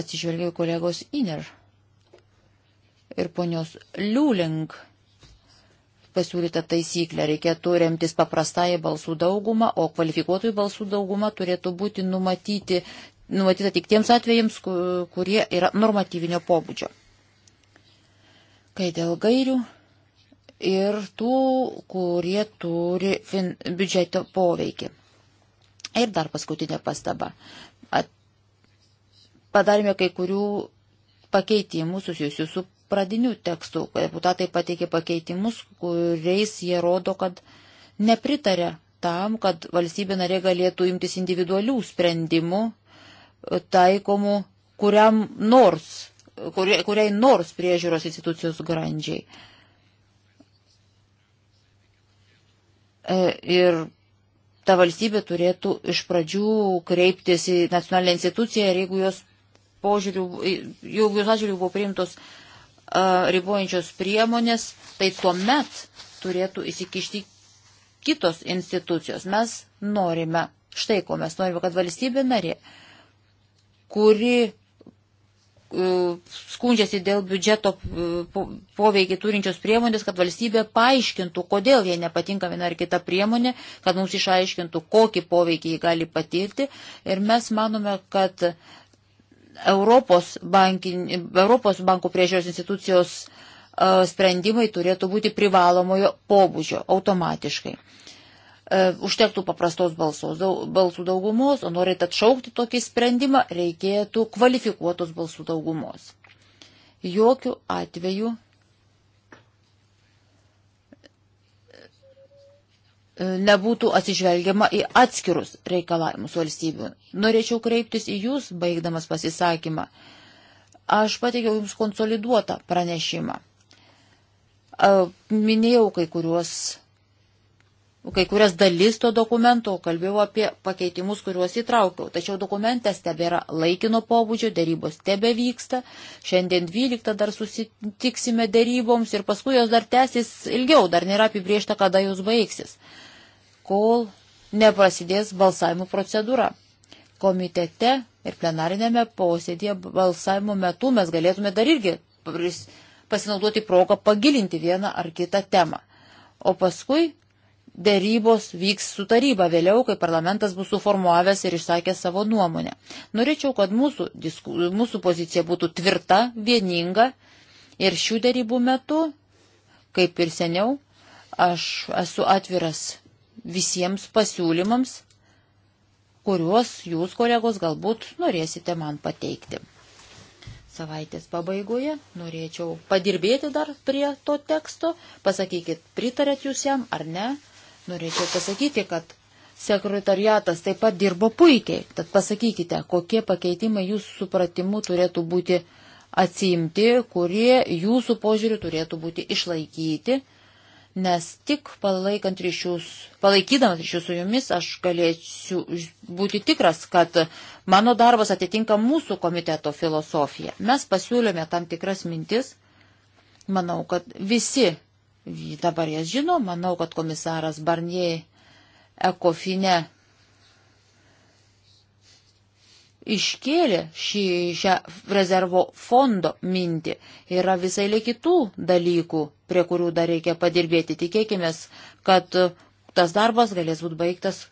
atsižvelgiau kolegos Iner ir ponios Liulink pasiūlyta taisyklė reikėtų remtis paprastąją balsų daugumą, o kvalifikuotųjų balsų daugumą turėtų būti numatyti numatyta tik tiems atvejams, kurie yra normatyvinio pobūdžio. Kai dėl gairių ir tų, kurie turi fin, biudžeto poveikį. Ir dar paskutinė pastaba. At, padarėme kai kurių pakeitimų susijusių su pradiniu tekstu. Deputatai pateikė pakeitimus, kuriais jie rodo, kad nepritarė tam, kad valstybė narė galėtų imtis individualių sprendimų taikomų kuriam nors, kurie, kuriai nors priežiūros institucijos grandžiai. E, ir ta valstybė turėtų iš pradžių kreiptis į nacionalinę instituciją ir jeigu jos požiūrių, jau jos atžiūrių buvo priimtos uh, ribojančios priemonės, tai tuomet turėtų įsikišti kitos institucijos. Mes norime, štai ko mes norime, kad valstybė narė uh, kuri e, skundžiasi dėl biudžeto e, poveikį turinčios priemonės, kad valstybė paaiškintų, kodėl jie nepatinka viena ar kita priemonė, kad mums išaiškintų, kokį poveikį jį gali patirti. Ir mes manome, kad Europos, bankin, Europos bankų priežiūros institucijos e, sprendimai turėtų būti privalomojo pobūdžio automatiškai. E, užtektų paprastos balsos, balsų daugumos, o norint atšaukti tokį sprendimą, reikėtų kvalifikuotos balsų daugumos. Jokių atvejų e, nebūtų atsižvelgiama į atskirus reikalavimus valstybių. Norėčiau kreiptis į Jūs, baigdamas pasisakymą. Aš pateikiau Jums konsoliduotą pranešimą. E, minėjau kai kuriuos kai kurias dalis to dokumento, kalbėjau apie pakeitimus, kuriuos įtraukiau. Tačiau dokumentas tebėra laikino pobūdžio, dėrybos tebe vyksta. Šiandien 12 dar susitiksime dėryboms ir paskui jos dar tęsis ilgiau, dar nėra apibriešta, kada jos baigsis, kol neprasidės balsavimo procedūra. Komitete ir plenarinėme posėdėje balsavimo metu mes galėtume dar irgi pasinaudoti progą pagilinti vieną ar kitą temą. O paskui Dėrybos vyks su taryba vėliau, kai parlamentas bus suformuovęs ir išsakė savo nuomonę. Norėčiau, kad mūsų, disku, mūsų pozicija būtų tvirta, vieninga ir šių dėrybų metu, kaip ir seniau, aš esu atviras visiems pasiūlymams, kuriuos jūs, kolegos, galbūt norėsite man pateikti. Savaitės pabaigoje norėčiau padirbėti dar prie to teksto, pasakykit, pritarėt jūs jam ar ne Norėčiau pasakyti, kad sekretariatas taip pat dirbo puikiai. Tad pasakykite, kokie pakeitimai jūsų supratimu turėtų būti atsiimti, kurie jūsų požiūriu turėtų būti išlaikyti, nes tik palaikant ryšius, palaikydamas ryšius su jumis, aš galėsiu būti tikras, kad mano darbas atitinka mūsų komiteto filosofiją. Mes pasiūlėme tam tikras mintis. Manau, kad visi Dabar jas žino, manau, kad komisaras Barnie Ekofine iškėlė šį, šią rezervo fondo mintį. Yra visai kitų dalykų, prie kurių dar reikia padirbėti. Tikėkime, kad tas darbas galės būti baigtas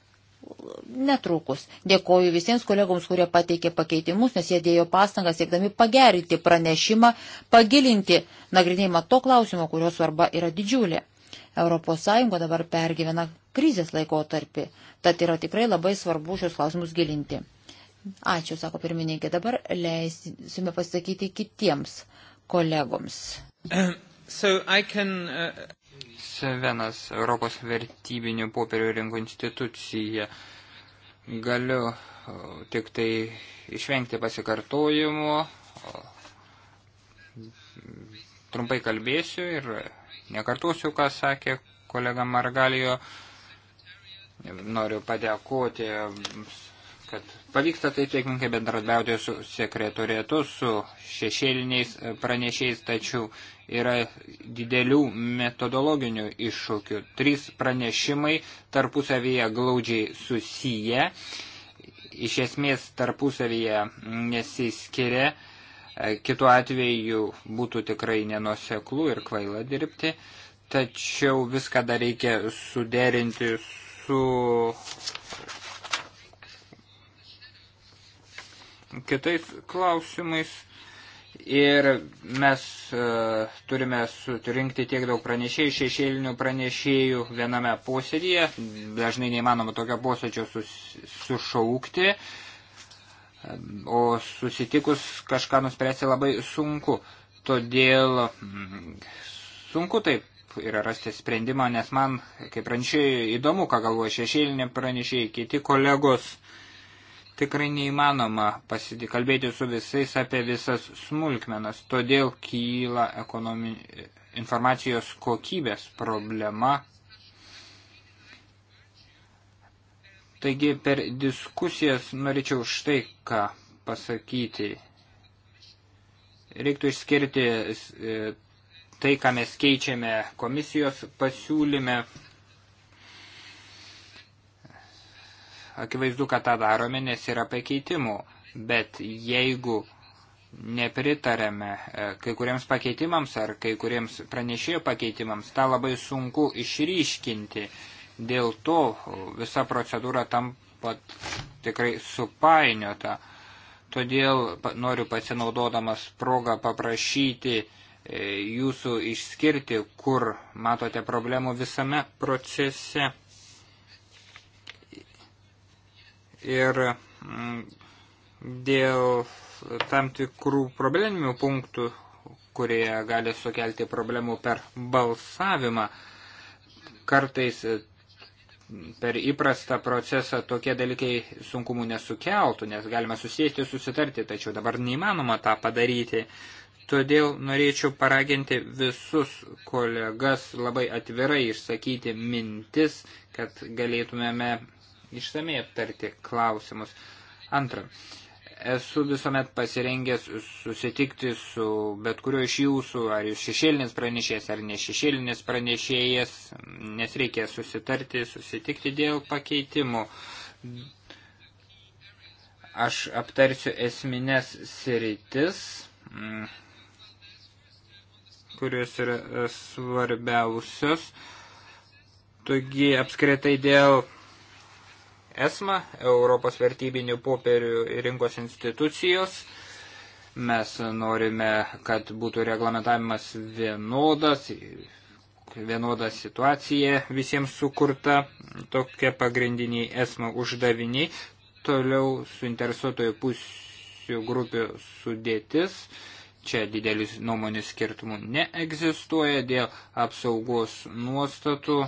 netrukus. Dėkoju visiems kolegoms, kurie pateikė pakeitimus, nes jie dėjo pastangas siekdami pagerinti pranešimą, pagilinti nagrinėjimą to klausimo, kurio svarba yra didžiulė. ES dabar pergyvena krizės laikotarpį, tad yra tikrai labai svarbu šios klausimus gilinti. Ačiū, sako pirmininkė. Dabar leisime pasakyti kitiems kolegoms. So I can, uh... Venas, Europos vertybinių popierių rinkų institucija. Galiu tik tai išvengti pasikartojimo, trumpai kalbėsiu ir nekartosiu, ką sakė kolega Margalijo. Noriu padėkoti, kad Pavyksta tai sėkmingai bendradarbiauti su sekretorietu, su šešėliniais pranešiais, tačiau yra didelių metodologinių iššūkių. Trys pranešimai tarpusavyje glaudžiai susiję, iš esmės tarpusavyje nesiskiria, kitu atveju būtų tikrai nenoseklų ir kvaila dirbti, tačiau viską dar reikia suderinti su kitais klausimais. Ir mes uh, turime surinkti tiek daug pranešėjų, šešėlinių pranešėjų viename posėdėje. Dažnai neįmanoma tokio posėdžio sus, sušaukti, o susitikus kažką nuspręsti labai sunku. Todėl mm, sunku taip yra rasti sprendimą, nes man, kaip pranešėjai, įdomu, ką galvoja šešėlinė pranešėjai, kiti kolegos. Uh, Tikrai neįmanoma pasikalbėti su visais apie visas smulkmenas, todėl kyla ekonomi... informacijos kokybės problema. Taigi per diskusijas norėčiau štai ką pasakyti. Reiktų išskirti e, tai, ką mes keičiame komisijos pasiūlyme akivaizdu, kad tą darome, nes yra pakeitimų, bet jeigu nepritarėme e, kai kuriems pakeitimams ar kai kuriems pranešėjo pakeitimams, tą labai sunku išryškinti. Dėl to visa procedūra tampa tikrai supainiota. Todėl noriu pasinaudodamas progą paprašyti e, jūsų išskirti, kur matote problemų visame procese. ir mm, dėl tam tikrų probleminių punktų, kurie gali sukelti problemų per balsavimą. Kartais mm, per įprastą procesą tokie dalykai sunkumų nesukeltų, nes galime susėsti susitarti, tačiau dabar neįmanoma tą padaryti. Todėl norėčiau paraginti visus kolegas labai atvirai išsakyti mintis, kad galėtumėme išsamei aptarti klausimus. Antra, esu visuomet pasirengęs susitikti su bet kuriuo iš jūsų, ar jūs šešėlinis pranešėjas ar ne šešėlinis pranešėjas, nes reikia susitarti, susitikti dėl pakeitimų. Aš aptarsiu esminės sritis, mm, kurios yra e, svarbiausios. Taigi apskritai dėl ESMA, Europos vertybinių popierių rinkos institucijos. Mes norime, kad būtų reglamentavimas vienodas, vienoda situacija visiems sukurta, tokie pagrindiniai ESMA uždaviniai. Toliau suinteresuotojų pusių grupių sudėtis. Čia didelis nuomonių skirtumų neegzistuoja dėl apsaugos nuostatų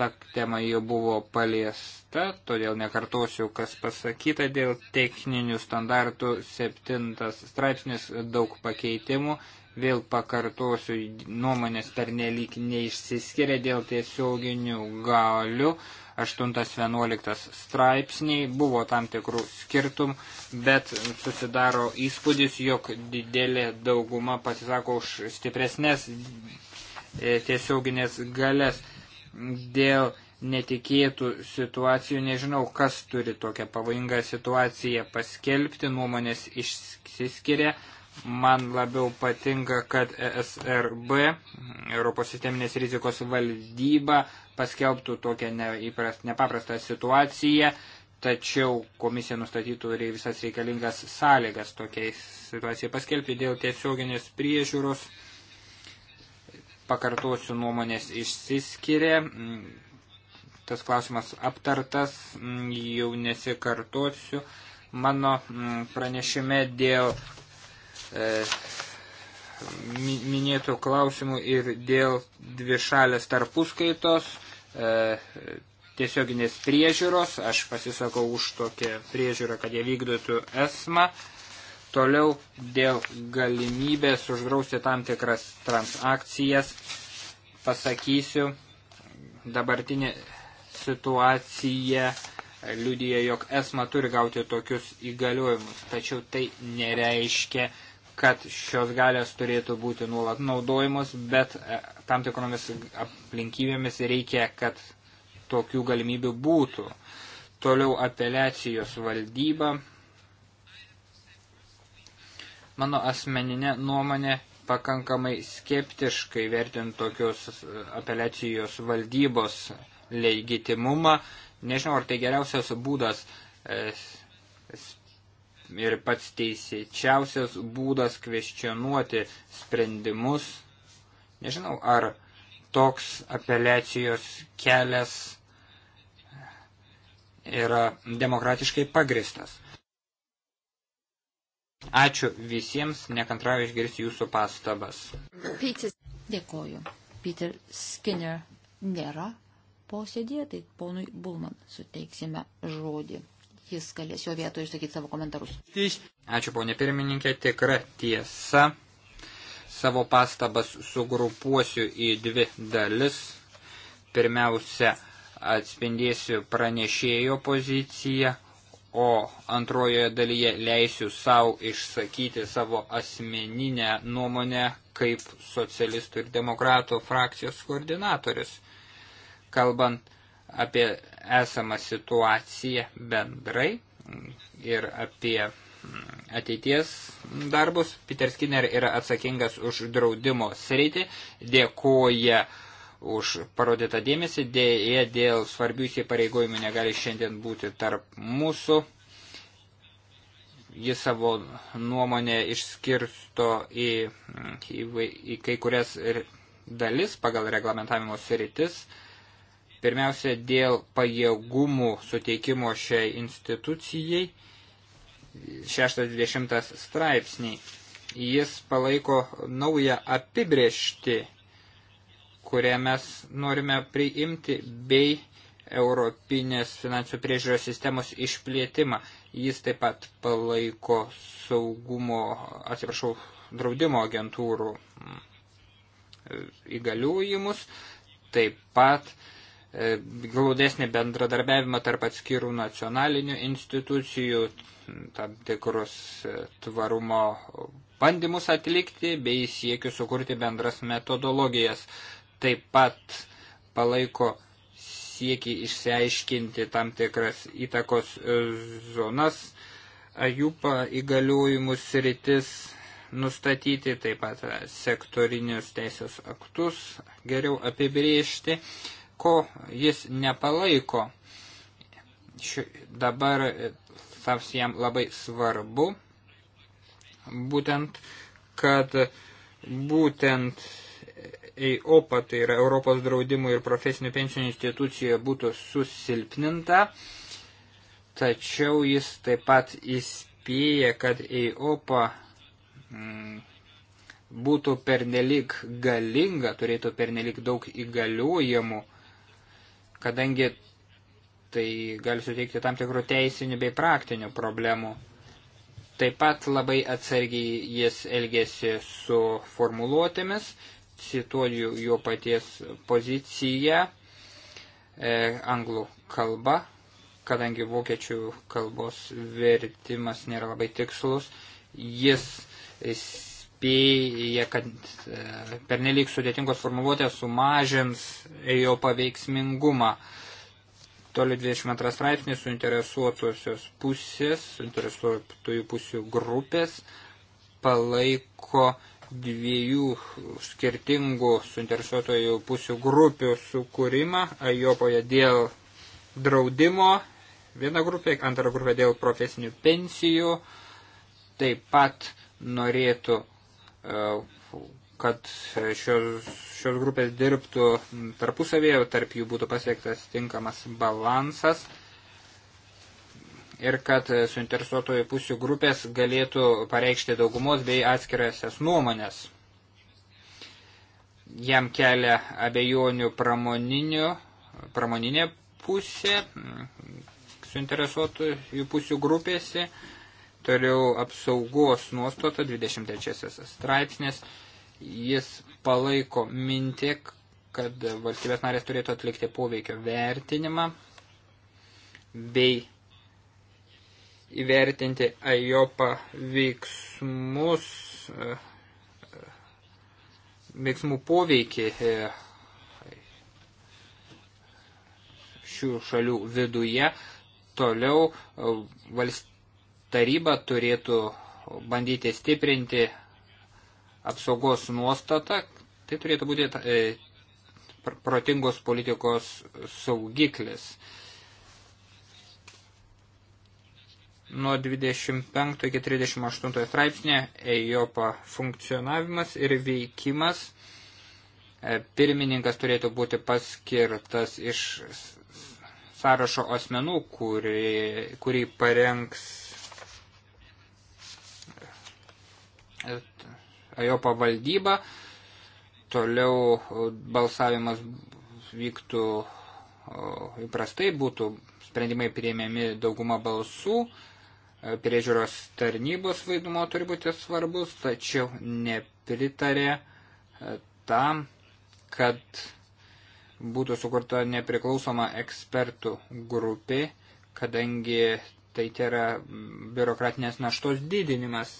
ta tema jau buvo paliesta, todėl nekartosiu, kas pasakyta dėl techninių standartų. Septintas straipsnis daug pakeitimų. Vėl pakartosiu, nuomonės pernelyg neišsiskiria dėl tiesioginių galių. 8-11 straipsniai buvo tam tikrų skirtum, bet susidaro įspūdis, jog didelė dauguma pasisako už stipresnės e, tiesioginės galės. Dėl netikėtų situacijų nežinau, kas turi tokią pavojingą situaciją paskelbti, nuomonės išsiskiria. Man labiau patinka, kad ESRB, Europos sisteminės rizikos valdyba, paskelbtų tokią neįprast, nepaprastą situaciją, tačiau komisija nustatytų ir visas reikalingas sąlygas tokiai situacijai paskelbti dėl tiesioginės priežiūros pakartosiu, nuomonės išsiskiria. Mm, tas klausimas aptartas, mm, jau nesikartosiu. Mano mm, pranešime dėl e, minėtų klausimų ir dėl dvišalės tarpuskaitos e, tiesioginės priežiūros. Aš pasisakau už tokią priežiūrą, kad jie vykdytų esmą. E, Toliau dėl galimybės uždrausti tam tikras transakcijas pasakysiu, dabartinė situacija liudyja, jog esma turi gauti tokius įgaliojimus, tačiau tai nereiškia, kad šios galės turėtų būti nuolat naudojamos, bet e, tam tikromis aplinkybėmis reikia, kad tokių galimybių būtų. Toliau apeliacijos valdyba mano asmeninė nuomonė, pakankamai skeptiškai vertint tokios e, apeliacijos valdybos legitimumą. Nežinau, ar tai geriausias būdas e, ir pats teisėčiausias būdas kvestionuoti sprendimus. Nežinau, ar toks apeliacijos kelias yra demokratiškai pagristas. Ačiū visiems, nekantrauju išgirsti jūsų pastabas. Pytis. Dėkoju. Peter Skinner nėra posėdėje, tai ponui Bulman suteiksime žodį. Jis galės jo vietoje išsakyti savo komentarus. Ačiū, ponė pirmininkė, tikra tiesa. Savo pastabas sugrupuosiu į dvi dalis. Pirmiausia, atspindėsiu pranešėjo poziciją o antrojoje dalyje leisiu savo išsakyti savo asmeninę nuomonę kaip socialistų ir demokratų frakcijos koordinatorius. Kalbant apie esamą situaciją bendrai ir apie ateities darbus, Peter Skinner yra atsakingas už draudimo sritį, dėkoja uh, už parodytą dėmesį. Dėje dėl svarbių įsipareigojimų negali šiandien būti tarp mūsų. Jis savo nuomonę išskirsto į, į, į kai kurias dalis pagal reglamentavimo sritis. Pirmiausia, dėl pajėgumų suteikimo šiai institucijai. 620 straipsniai. Jis palaiko naują apibriešti kurią mes norime priimti, bei Europinės finansų priežiūros sistemos išplėtimą. Jis taip pat palaiko saugumo, atsiprašau, draudimo agentūrų mm, įgaliuojimus, taip pat e, glaudesnį bendradarbiavimą tarp atskirų nacionalinių institucijų, tam tikrus e, tvarumo bandymus atlikti bei siekius sukurti bendras metodologijas taip pat palaiko siekį išsiaiškinti tam tikras įtakos e, zonas, jų įgaliojimus rytis nustatyti, taip pat e, sektorinius teisės aktus geriau apibriežti, ko jis nepalaiko. Ši, dabar e, taps jam labai svarbu, būtent, kad būtent EIOPA, tai yra Europos draudimų ir profesinių pensinių institucija, būtų susilpninta, tačiau jis taip pat įspėja, kad EIOPA mm, būtų pernelik galinga, turėtų pernelik daug įgaliojimų, kadangi tai gali suteikti tam tikrų teisinių bei praktinių problemų. Taip pat labai atsargiai jis elgėsi su formuluotėmis, cituoju jo paties poziciją e, anglų kalba, kadangi vokiečių kalbos vertimas nėra labai tikslus, jis spėja, kad e, pernelyg sudėtingos formuluotės sumažins jo paveiksmingumą. Toliau 22 straipsnis suinteresuotosios pusės, suinteresuotųjų pusių grupės palaiko dviejų skirtingų suinteresuotojų pusių grupių sukūrimą Ajopoje dėl draudimo, viena grupė, antra grupė dėl profesinių pensijų, taip pat norėtų, e, kad šios, šios grupės dirbtų tarpusavėje, tarp jų būtų pasiektas tinkamas balansas – ir kad suinteresuotojų pusių grupės galėtų pareikšti daugumos bei atskirasias nuomonės. Jam kelia abejonių pramoninė pusė suinteresuotųjų pusių grupėse, toliau apsaugos nuostata 23 straipsnis, jis palaiko mintį, kad valstybės narės turėtų atlikti poveikio vertinimą bei įvertinti AJOPA veiksmus, e, e, veiksmų poveikį e, šių šalių viduje. Toliau taryba turėtų bandyti stiprinti apsaugos nuostatą. Tai turėtų būti protingos politikos saugiklis. nuo 25 iki 38 straipsnė EIOPA funkcionavimas ir veikimas. E, pirmininkas turėtų būti paskirtas iš sąrašo asmenų, kurį, kurį parengs EIOPA valdyba. Toliau e, balsavimas vyktų įprastai, būtų sprendimai priėmiami dauguma balsų priežiūros tarnybos vaidmuo turi būti svarbus, tačiau nepritarė e, tam, kad būtų sukurta nepriklausoma ekspertų grupė, kadangi tai yra biurokratinės naštos didinimas.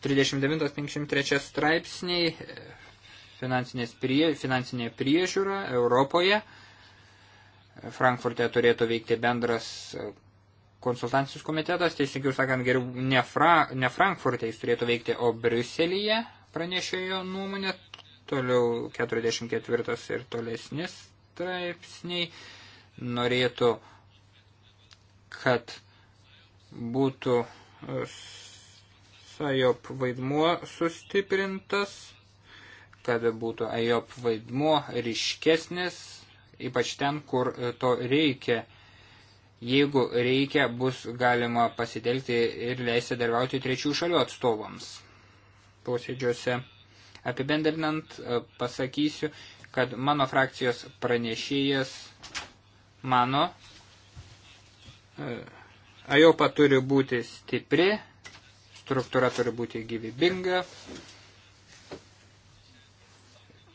Trisdešimt devintas, penkišimt trečias straipsniai, e, prie, finansinė priežiūra Europoje – Frankfurte turėtų veikti bendras e, konsultancinis komitetas, teisingiau sakant, geriau ne, Fra, ne Frankfurte jis turėtų veikti, o Briuselyje pranešėjo nuomonė, toliau 44 ir tolesnis straipsniai norėtų, kad būtų e, sajop vaidmuo sustiprintas, kad būtų ajop vaidmuo ryškesnis, ypač ten, kur e, to reikia. Jeigu reikia, bus galima pasitelkti ir leisti dalyvauti trečių šalių atstovams posėdžiuose. Apibendrinant, e, pasakysiu, kad mano frakcijos pranešėjas mano, e, ajopa turi būti stipri, struktūra turi būti gyvybinga,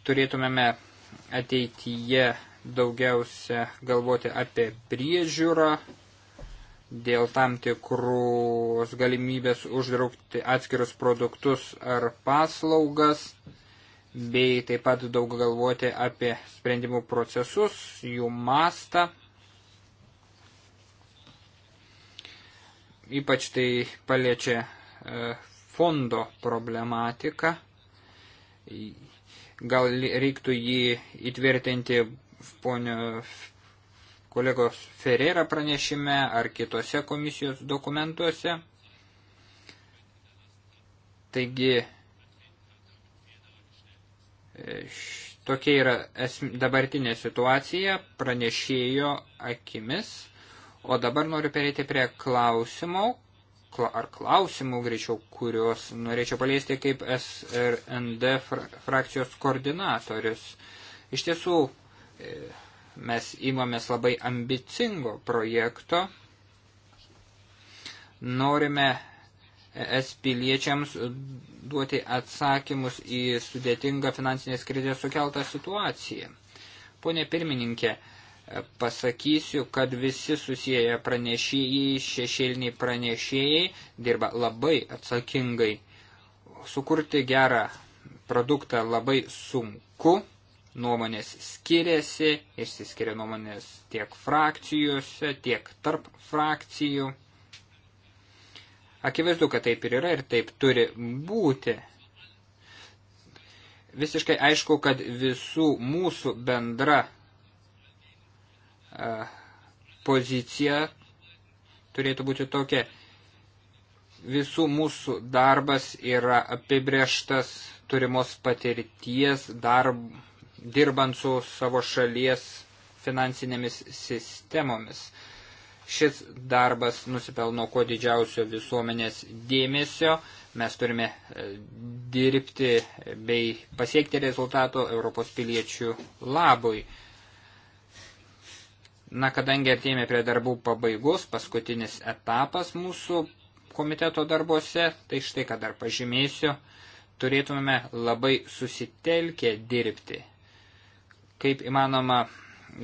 turėtumėme ateityje daugiausia galvoti apie priežiūrą, dėl tam tikrus galimybės uždraukti atskirus produktus ar paslaugas, bei taip pat daug galvoti apie sprendimų procesus, jų mastą. Ypač tai paliečia e, fondo problematiką. Gal reiktų jį įtvirtinti ponio kolegos Ferreira pranešime ar kitose komisijos dokumentuose. Taigi, e, tokia yra dabartinė situacija pranešėjo akimis. O dabar noriu perėti prie klausimo, ar klausimų greičiau, kuriuos norėčiau paliesti kaip SRND frakcijos koordinatorius. Iš tiesų, mes įmamės labai ambicingo projekto. Norime es piliečiams duoti atsakymus į sudėtingą finansinės krizės sukeltą situaciją. Pone pirmininkė, pasakysiu, kad visi susiję pranešėjai, šešėliniai pranešėjai dirba labai atsakingai. Sukurti gerą produktą labai sunku, nuomonės skiriasi, išsiskiria nuomonės tiek frakcijose, tiek tarp frakcijų. Akivaizdu, kad taip ir yra ir taip turi būti. Visiškai aišku, kad visų mūsų bendra uh, pozicija turėtų būti tokia. Visų mūsų darbas yra apibrieštas turimos patirties, darb, dirbant su savo šalies finansinėmis sistemomis. Šis darbas nusipelno kuo didžiausio visuomenės dėmesio. Mes turime e, dirbti bei pasiekti rezultato Europos piliečių labui. Na, kadangi atėjome prie darbų pabaigos, paskutinis etapas mūsų komiteto darbuose, tai štai ką dar pažymėsiu, turėtume labai susitelkę dirbti kaip įmanoma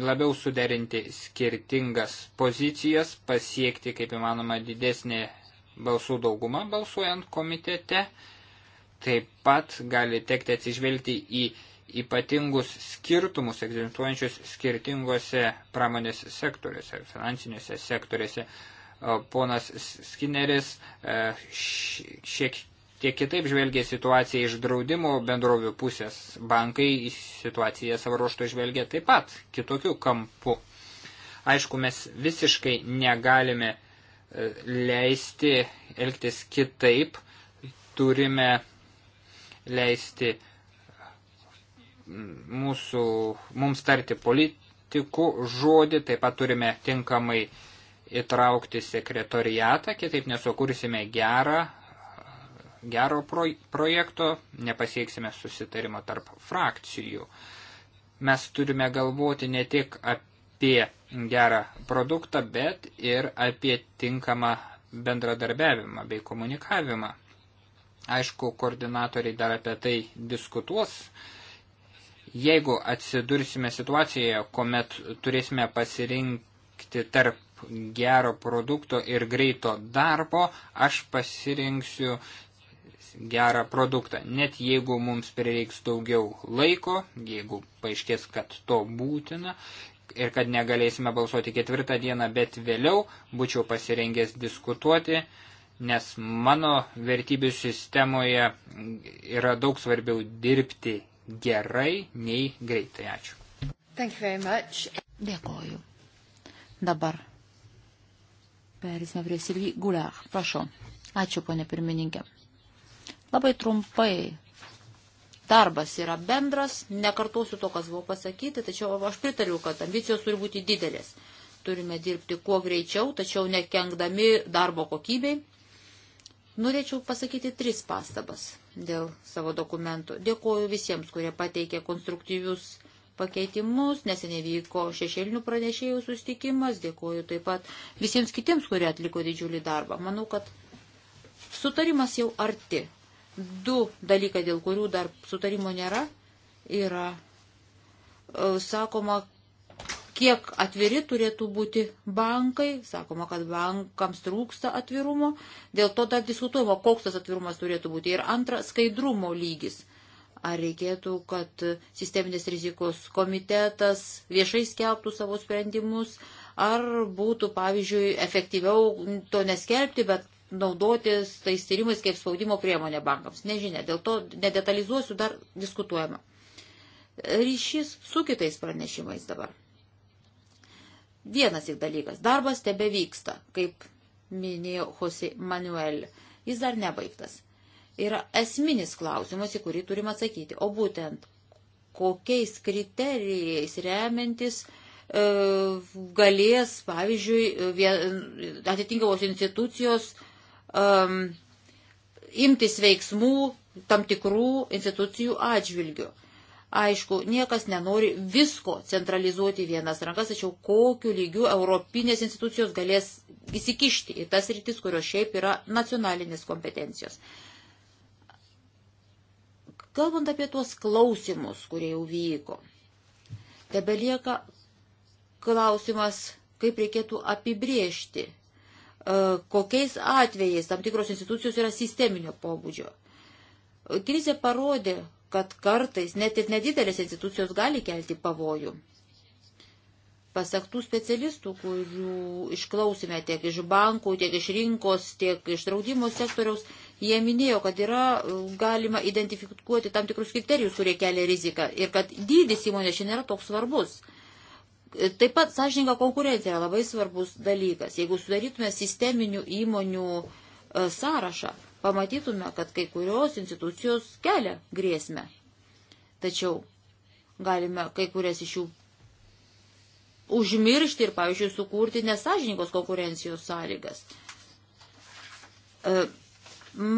labiau suderinti skirtingas pozicijas, pasiekti kaip įmanoma didesnį balsų daugumą balsuojant komitete. Taip pat gali tekti atsižvelgti į ypatingus skirtumus egzistuojančius skirtingose pramonės sektoriuose, finansiniuose sektoriuose. Ponas Skinneris e, šiek tiek kitaip žvelgia situaciją iš draudimo bendrovių pusės. Bankai į situaciją savo ruoštų žvelgia taip pat kitokių kampų. Aišku, mes visiškai negalime e, leisti elgtis kitaip, turime leisti mūsų, mums tarti politikų žodį, taip pat turime tinkamai įtraukti sekretoriatą, kitaip nesukursime gerą gero projekto, nepasieksime susitarimo tarp frakcijų. Mes turime galvoti ne tik apie gerą produktą, bet ir apie tinkamą bendradarbiavimą bei komunikavimą. Aišku, koordinatoriai dar apie tai diskutuos. Jeigu atsidursime situacijoje, kuomet turėsime pasirinkti tarp gero produkto ir greito darbo, aš pasirinksiu gerą produktą. Net jeigu mums prireiks daugiau laiko, jeigu paaiškės, kad to būtina ir kad negalėsime balsuoti ketvirtą dieną, bet vėliau būčiau pasirengęs diskutuoti, nes mano vertybių sistemoje yra daug svarbiau dirbti gerai nei greitai. Ačiū. Dėkoju. Dabar perėsime prie Silvi Gular. Prašau. Ačiū, ponė pirmininkė. Labai trumpai. Darbas yra bendras, nekartosiu to, kas buvo pasakyti, tačiau aš pritariu, kad ambicijos turi būti didelės. Turime dirbti kuo greičiau, tačiau nekenkdami darbo kokybei. Norėčiau pasakyti tris pastabas dėl savo dokumentų. Dėkuoju visiems, kurie pateikė konstruktyvius pakeitimus, neseniai vyko šešėlinių pranešėjų sustikimas, dėkuoju taip pat visiems kitiems, kurie atliko didžiulį darbą. Manau, kad sutarimas jau arti. Du dalykai, dėl kurių dar sutarimo nėra, yra e, sakoma, kiek atviri turėtų būti bankai, sakoma, kad bankams trūksta atvirumo, dėl to dar diskutuojama, koks tas atvirumas turėtų būti. Ir antra, skaidrumo lygis. Ar reikėtų, kad sisteminės rizikos komitetas viešai skelbtų savo sprendimus, ar būtų, pavyzdžiui, efektyviau to neskelbti, bet naudotis tais tyrimais kaip spaudimo priemonė bankams. Nežinia, dėl to nedetalizuosiu, dar diskutuojama. Ryšys su kitais pranešimais dabar. Vienas tik dalykas. Darbas tebe vyksta, kaip minėjo Jose Manuel. Jis dar nebaigtas. Yra esminis klausimas, į kurį turim atsakyti. O būtent, kokiais kriterijais remiantis e, galės, pavyzdžiui, vien, atitinkamos institucijos e, um, imtis veiksmų tam tikrų institucijų atžvilgių. Aišku, niekas nenori visko centralizuoti vienas rankas, tačiau kokiu lygiu europinės institucijos galės įsikišti į tas rytis, kurios šiaip yra nacionalinės kompetencijos. Kalbant apie tuos klausimus, kurie jau vyko, tebelieka klausimas, kaip reikėtų apibriežti E, kokiais atvejais tam tikros institucijos yra sisteminio pobūdžio. Krizė parodė, kad kartais net ir nedidelės institucijos gali kelti pavojų. Pasaktų specialistų, kurių išklausime tiek iš bankų, tiek iš rinkos, tiek iš draudimo sektoriaus, jie minėjo, kad yra e, galima identifikuoti tam tikrus kriterijus, kurie kelia riziką ir kad dydis įmonės šiandien yra toks svarbus. Taip pat sąžininga konkurencija yra labai svarbus dalykas. Jeigu sudarytume sisteminių įmonių e, sąrašą, pamatytume, kad kai kurios institucijos kelia grėsmę. Tačiau galime kai kurias iš jų užmiršti ir, pavyzdžiui, sukurti nesažiningos konkurencijos sąlygas. E,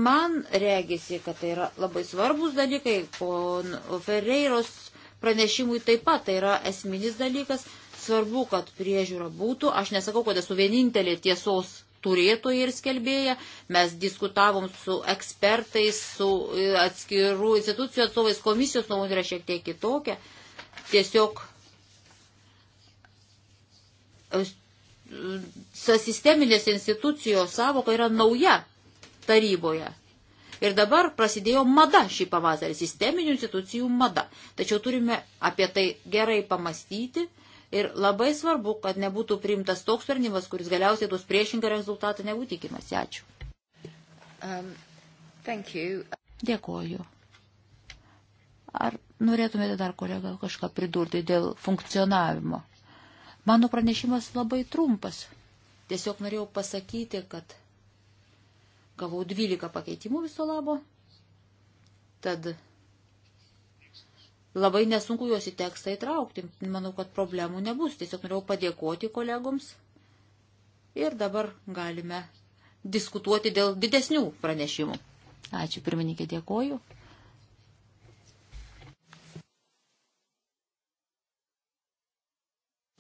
man regisi, kad tai yra labai svarbus dalykai, po Ferreiros pranešimui taip pat tai yra esminis dalykas, svarbu, kad priežiūra būtų. Aš nesakau, kad esu vienintelė tiesos turėtojai ir skelbėja. Mes diskutavom su ekspertais, su e, atskirų institucijų atstovais, komisijos nuomonė yra šiek tiek kitokia. Tiesiog e, e, sisteminės institucijos savoka yra nauja taryboje. Ir dabar prasidėjo mada šį pavasarį, sisteminių institucijų mada. Tačiau turime apie tai gerai pamastyti Ir labai svarbu, kad nebūtų priimtas toks sprendimas, kuris galiausiai tuos priešingą rezultatą nebūtų tikimasi. Ačiū. Um, thank you. Dėkoju. Ar norėtumėte dar, kolega, kažką pridurti dėl funkcionavimo? Mano pranešimas labai trumpas. Tiesiog norėjau pasakyti, kad gavau 12 pakeitimų viso labo. Tad labai nesunku juos į tekstą įtraukti. Manau, kad problemų nebus. Tiesiog norėjau padėkoti kolegoms. Ir dabar galime diskutuoti dėl didesnių pranešimų. Ačiū, pirmininkė, dėkoju.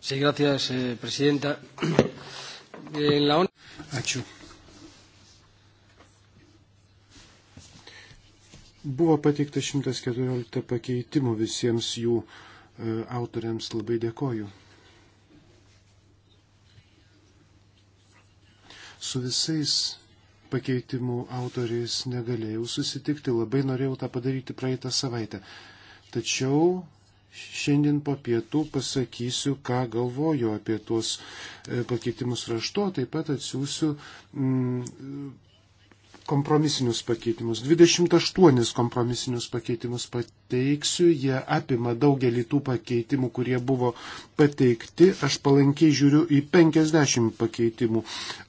Sí, gracias, eh, presidenta. En la ONU... Ačiū, Buvo pateikta 114 pakeitimų visiems jų e, autoriams labai dėkoju. Su visais pakeitimų autoriais negalėjau susitikti, labai norėjau tą padaryti praeitą savaitę. Tačiau šiandien po pietų pasakysiu, ką galvoju apie tuos e, pakeitimus raštu, taip pat atsiųsiu mm, kompromisinius pakeitimus. 28 kompromisinius pakeitimus pateiksiu. Jie apima daugelį tų pakeitimų, kurie buvo pateikti. Aš palankiai žiūriu į 50 pakeitimų.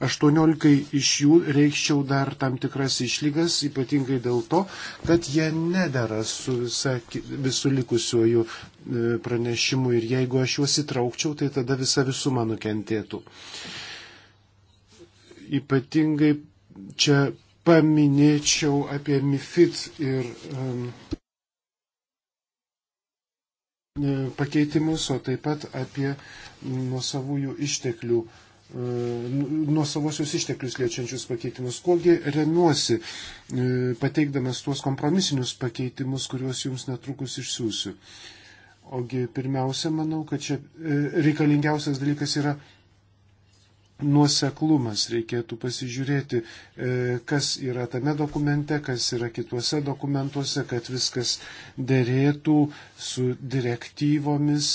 18 iš jų reikščiau dar tam tikras išlygas, ypatingai dėl to, kad jie nedara su visa, visu likusiuoju e, pranešimu ir jeigu aš juos įtraukčiau, tai tada visa visuma nukentėtų. Ypatingai čia paminėčiau apie MIFID ir um, pakeitimus, o taip pat apie nuosavųjų išteklių, e, nu, nuosavosius išteklius liečiančius pakeitimus. Kogi remiuosi, e, pateikdamas tuos kompromisinius pakeitimus, kuriuos jums netrukus išsiųsiu. Ogi pirmiausia, manau, kad čia reikalingiausias dalykas yra nuoseklumas. Reikėtų pasižiūrėti, e, kas yra tame dokumente, kas yra kituose dokumentuose, kad viskas dėrėtų su direktyvomis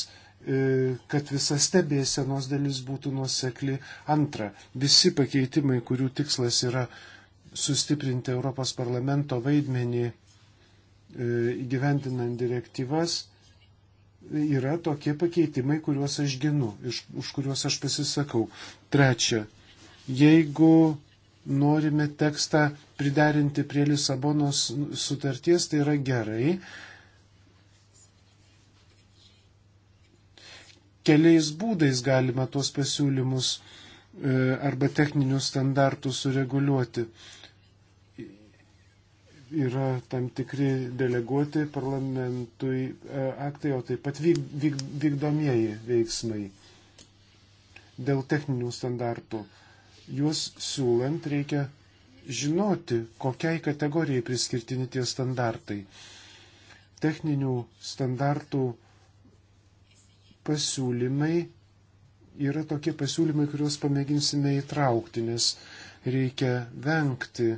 e, kad visa stebėsenos dalis būtų nuosekli. Antra, visi pakeitimai, kurių tikslas yra sustiprinti Europos parlamento vaidmenį e, įgyvendinant direktyvas, yra tokie pakeitimai, kuriuos aš ginu, iš, už kuriuos aš pasisakau. Trečia, jeigu norime tekstą priderinti prie Lisabonos sutarties, tai yra gerai. Keliais būdais galima tuos pasiūlymus e, arba techninius standartus sureguliuoti yra tam tikri deleguoti parlamentui e, aktai, o taip pat vyk, vyk, vykdomieji veiksmai dėl techninių standartų. Juos siūlant reikia žinoti, kokiai kategorijai priskirtini tie standartai. Techninių standartų pasiūlymai yra tokie pasiūlymai, kuriuos pamėginsime įtraukti, nes reikia vengti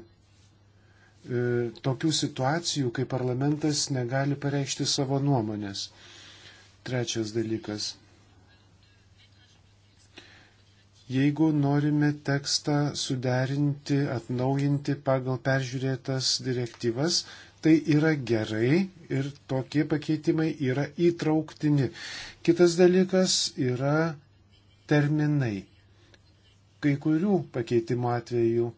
E, tokių situacijų, kai parlamentas negali pareikšti savo nuomonės. Trečias dalykas. Jeigu norime tekstą suderinti, atnaujinti pagal peržiūrėtas direktyvas, tai yra gerai ir tokie pakeitimai yra įtrauktini. Kitas dalykas yra terminai. Kai kurių pakeitimų atveju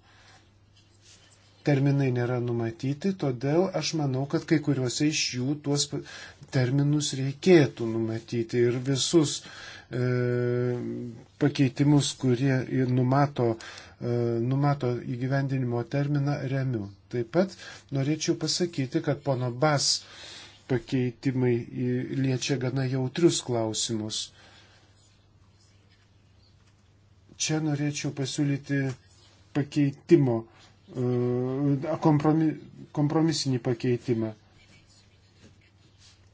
terminai nėra numatyti, todėl aš manau, kad kai kuriuose iš jų tuos terminus reikėtų numatyti ir visus e, pakeitimus, kurie numato, e, numato įgyvendinimo terminą, remiu. Taip pat norėčiau pasakyti, kad pono Bas pakeitimai liečia gana jautrius klausimus. Čia norėčiau pasiūlyti pakeitimo E, kompromisinį pakeitimą.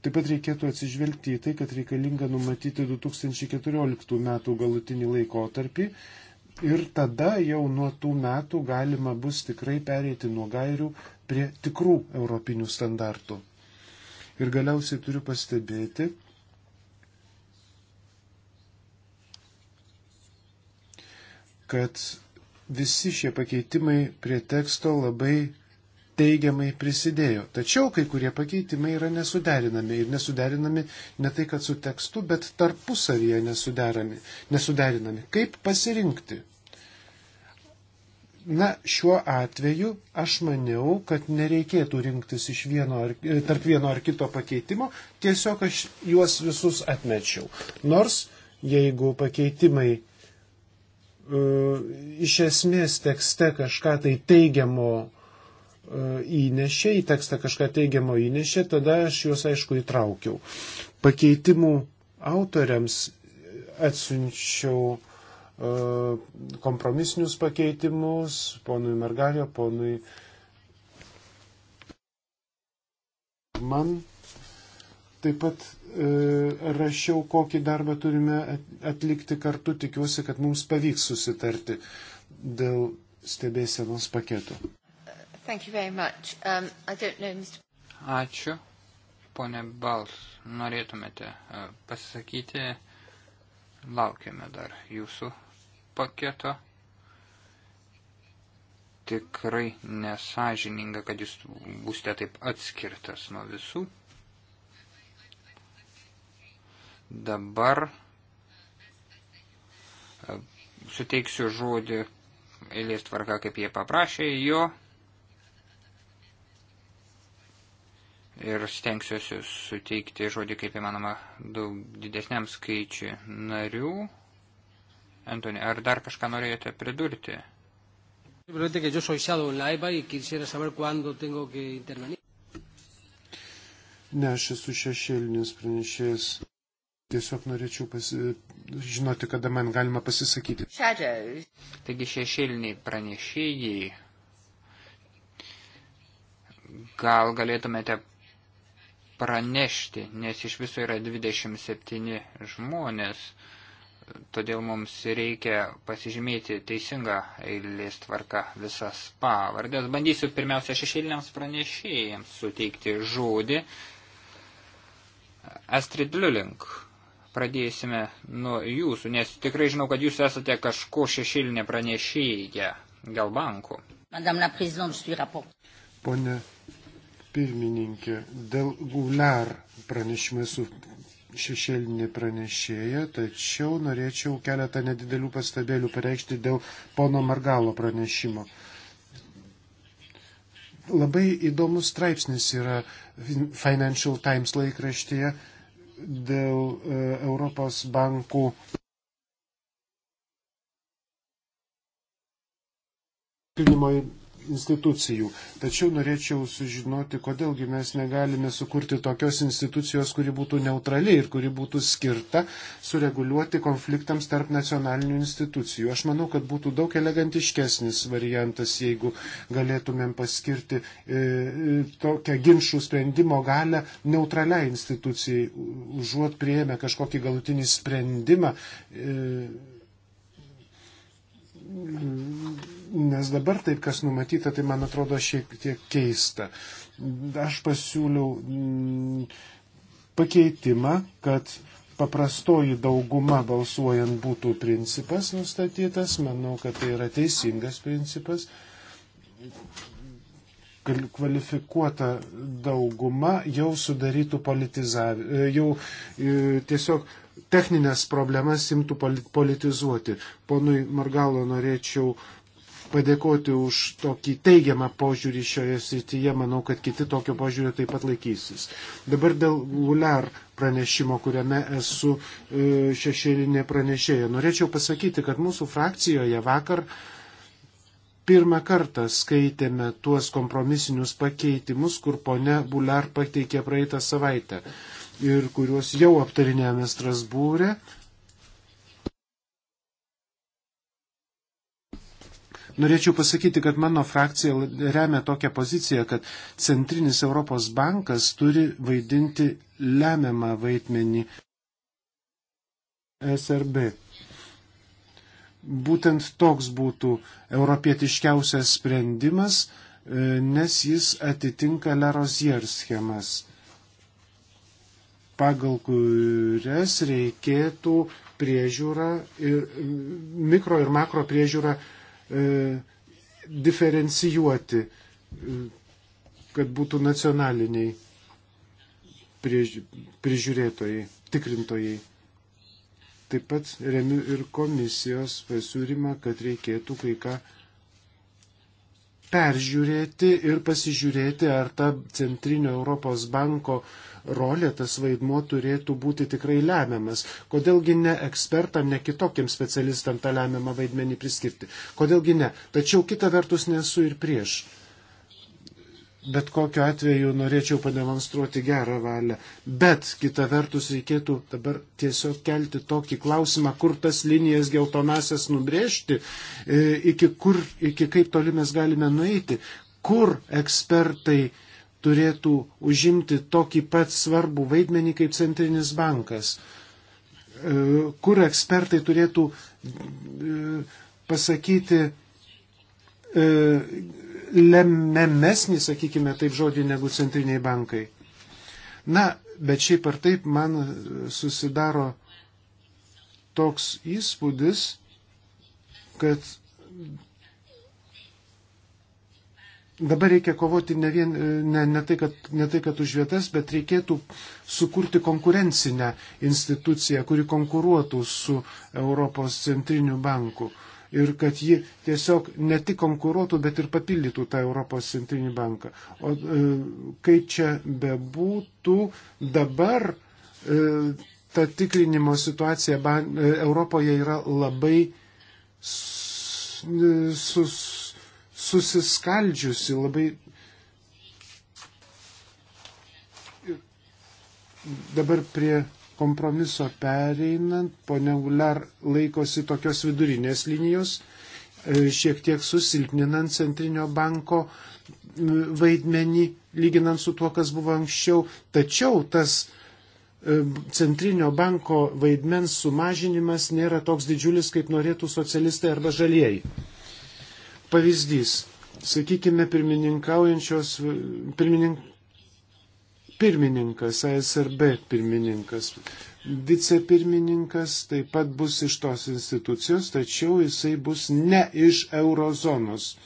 Taip pat reikėtų atsižvelgti į tai, kad reikalinga numatyti 2014 metų galutinį laikotarpį ir tada jau nuo tų metų galima bus tikrai pereiti nuo gairių prie tikrų europinių standartų. Ir galiausiai turiu pastebėti, kad visi šie pakeitimai prie teksto labai teigiamai prisidėjo. Tačiau kai kurie pakeitimai yra nesuderinami ir nesuderinami ne tai, kad su tekstu, bet tarpusavyje nesuderinami. Kaip pasirinkti? Na, šiuo atveju aš maniau, kad nereikėtų rinktis iš vieno ar, e, tarp vieno ar kito pakeitimo, tiesiog aš juos visus atmečiau. Nors, jeigu pakeitimai E, iš esmės tekste kažką tai teigiamo e, įnešė, į tekstą kažką teigiamo įnešė, tada aš juos aišku įtraukiau. Pakeitimų autoriams atsiunčiau e, kompromisinius pakeitimus ponui Mergario, ponui man. Taip pat E, rašiau, kokį darbą turime atlikti kartu. Tikiuosi, kad mums pavyks susitarti dėl stebėsienos paketų. Um, know, Ačiū. Pone Bals, norėtumėte e, pasisakyti, laukiame dar jūsų paketo. Tikrai nesažininga, kad jūs būsite taip atskirtas nuo visų Dabar e, suteiksiu žodį eilės tvarka, kaip jie paprašė jo. Ir stengsiuosi suteikti žodį, kaip įmanoma, daug didesniam skaičiui narių. Antoni, ar dar kažką norėjote pridurti? Simplemente que yo soy Shadow en la EBA y quisiera saber cuándo tengo que intervenir. Ne, aš esu šešėlinis pranešėjas. Tiesiog norėčiau pasi... žinoti, kada man galima pasisakyti. Šadžiai. Taigi šešėliniai pranešėjai. Gal galėtumėte pranešti, nes iš viso yra 27 žmonės, todėl mums reikia pasižymėti teisingą eilės tvarką visas pavardės. Bandysiu pirmiausia šešėliniams pranešėjams suteikti žodį. Astrid Liulink Pradėsime nuo jūsų, nes tikrai žinau, kad jūs esate kažko šešilinė pranešėja dėl bankų. Pone pirmininkė, dėl Gular pranešimą esu šešėlinė pranešėja, tačiau norėčiau keletą nedidelių pastabėlių pareikšti dėl pono Margalo pranešimo. Labai įdomus straipsnis yra Financial Times laikraštyje dėl e, Europos bankų. Pirmoji institucijų. Tačiau norėčiau sužinoti, kodėlgi mes negalime sukurti tokios institucijos, kuri būtų neutrali ir kuri būtų skirta sureguliuoti konfliktams tarp nacionalinių institucijų. Aš manau, kad būtų daug elegantiškesnis variantas, jeigu galėtumėm paskirti e, e tokią ginčių sprendimo galę neutraliai institucijai, užuot prieėmę kažkokį galutinį sprendimą. E, nes dabar taip, kas numatyta, tai man atrodo šiek tiek keista. Aš pasiūliau mm, pakeitimą, kad paprastoji dauguma balsuojant būtų principas nustatytas, manau, kad tai yra teisingas principas. Kvalifikuota dauguma jau sudarytų politizavimą, jau e, tiesiog techninės problemas imtų politizuoti. Ponui Margalo norėčiau padėkoti už tokį teigiamą požiūrį šioje srityje. Manau, kad kiti tokio požiūrio taip pat laikysis. Dabar dėl Lular pranešimo, kuriame esu e, šešėlinė pranešėja. Norėčiau pasakyti, kad mūsų frakcijoje vakar pirmą kartą skaitėme tuos kompromisinius pakeitimus, kur ponia Bular pateikė praeitą savaitę ir kuriuos jau aptarinėjome Strasbūrė. Norėčiau pasakyti, kad mano frakcija remia tokią poziciją, kad Centrinis Europos bankas turi vaidinti lemiamą vaidmenį SRB. Būtent toks būtų europietiškiausias sprendimas, e, nes jis atitinka Lerozier schemas pagal kurias reikėtų priežiūrą ir mikro ir makro priežiūrą E, diferencijuoti, e, kad būtų nacionaliniai prižiūrėtojai, tikrintojai. Taip pat remiu ir komisijos pasiūlymą, kad reikėtų kai ką peržiūrėti ir pasižiūrėti, ar ta Centrinio Europos banko rolė, tas vaidmuo turėtų būti tikrai lemiamas. Kodėlgi ne ekspertam, ne kitokiem specialistam tą lemiamą vaidmenį priskirti? Kodėlgi ne? Tačiau kita vertus nesu ir prieš bet kokiu atveju norėčiau pademonstruoti gerą valią. Bet kita vertus reikėtų dabar tiesiog kelti tokį klausimą, kur tas linijas geltonasias nubrėžti, e, iki, kur, iki kaip toli mes galime nueiti, kur ekspertai turėtų užimti tokį pat svarbų vaidmenį kaip centrinis bankas, e, kur ekspertai turėtų e, pasakyti, lememesnį, sakykime, taip žodį, negu centriniai bankai. Na, bet šiaip ar taip man susidaro toks įspūdis, kad dabar reikia kovoti ne, vien, ne, ne, tai, kad, ne tai, kad už vietas, bet reikėtų sukurti konkurencinę instituciją, kuri konkuruotų su Europos centriniu banku ir kad ji tiesiog ne tik konkuruotų, bet ir papildytų tą Europos centrinį banką. O e, kaip čia bebūtų, dabar e, ta tikrinimo situacija ban, e, Europoje yra labai sus, e, sus, susiskaldžiusi, labai dabar prie kompromiso pereinant, ponia Ular laikosi tokios vidurinės linijos, e, šiek tiek susilpninant centrinio banko vaidmenį, lyginant su tuo, kas buvo anksčiau. Tačiau tas e, centrinio banko vaidmens sumažinimas nėra toks didžiulis, kaip norėtų socialistai arba žalieji. Pavyzdys. Sakykime, pirmininkaujančios, pirmininkaujantį pirmininkas, ASRB pirmininkas. Vicepirmininkas taip pat bus iš tos institucijos, tačiau jisai bus ne iš eurozonos.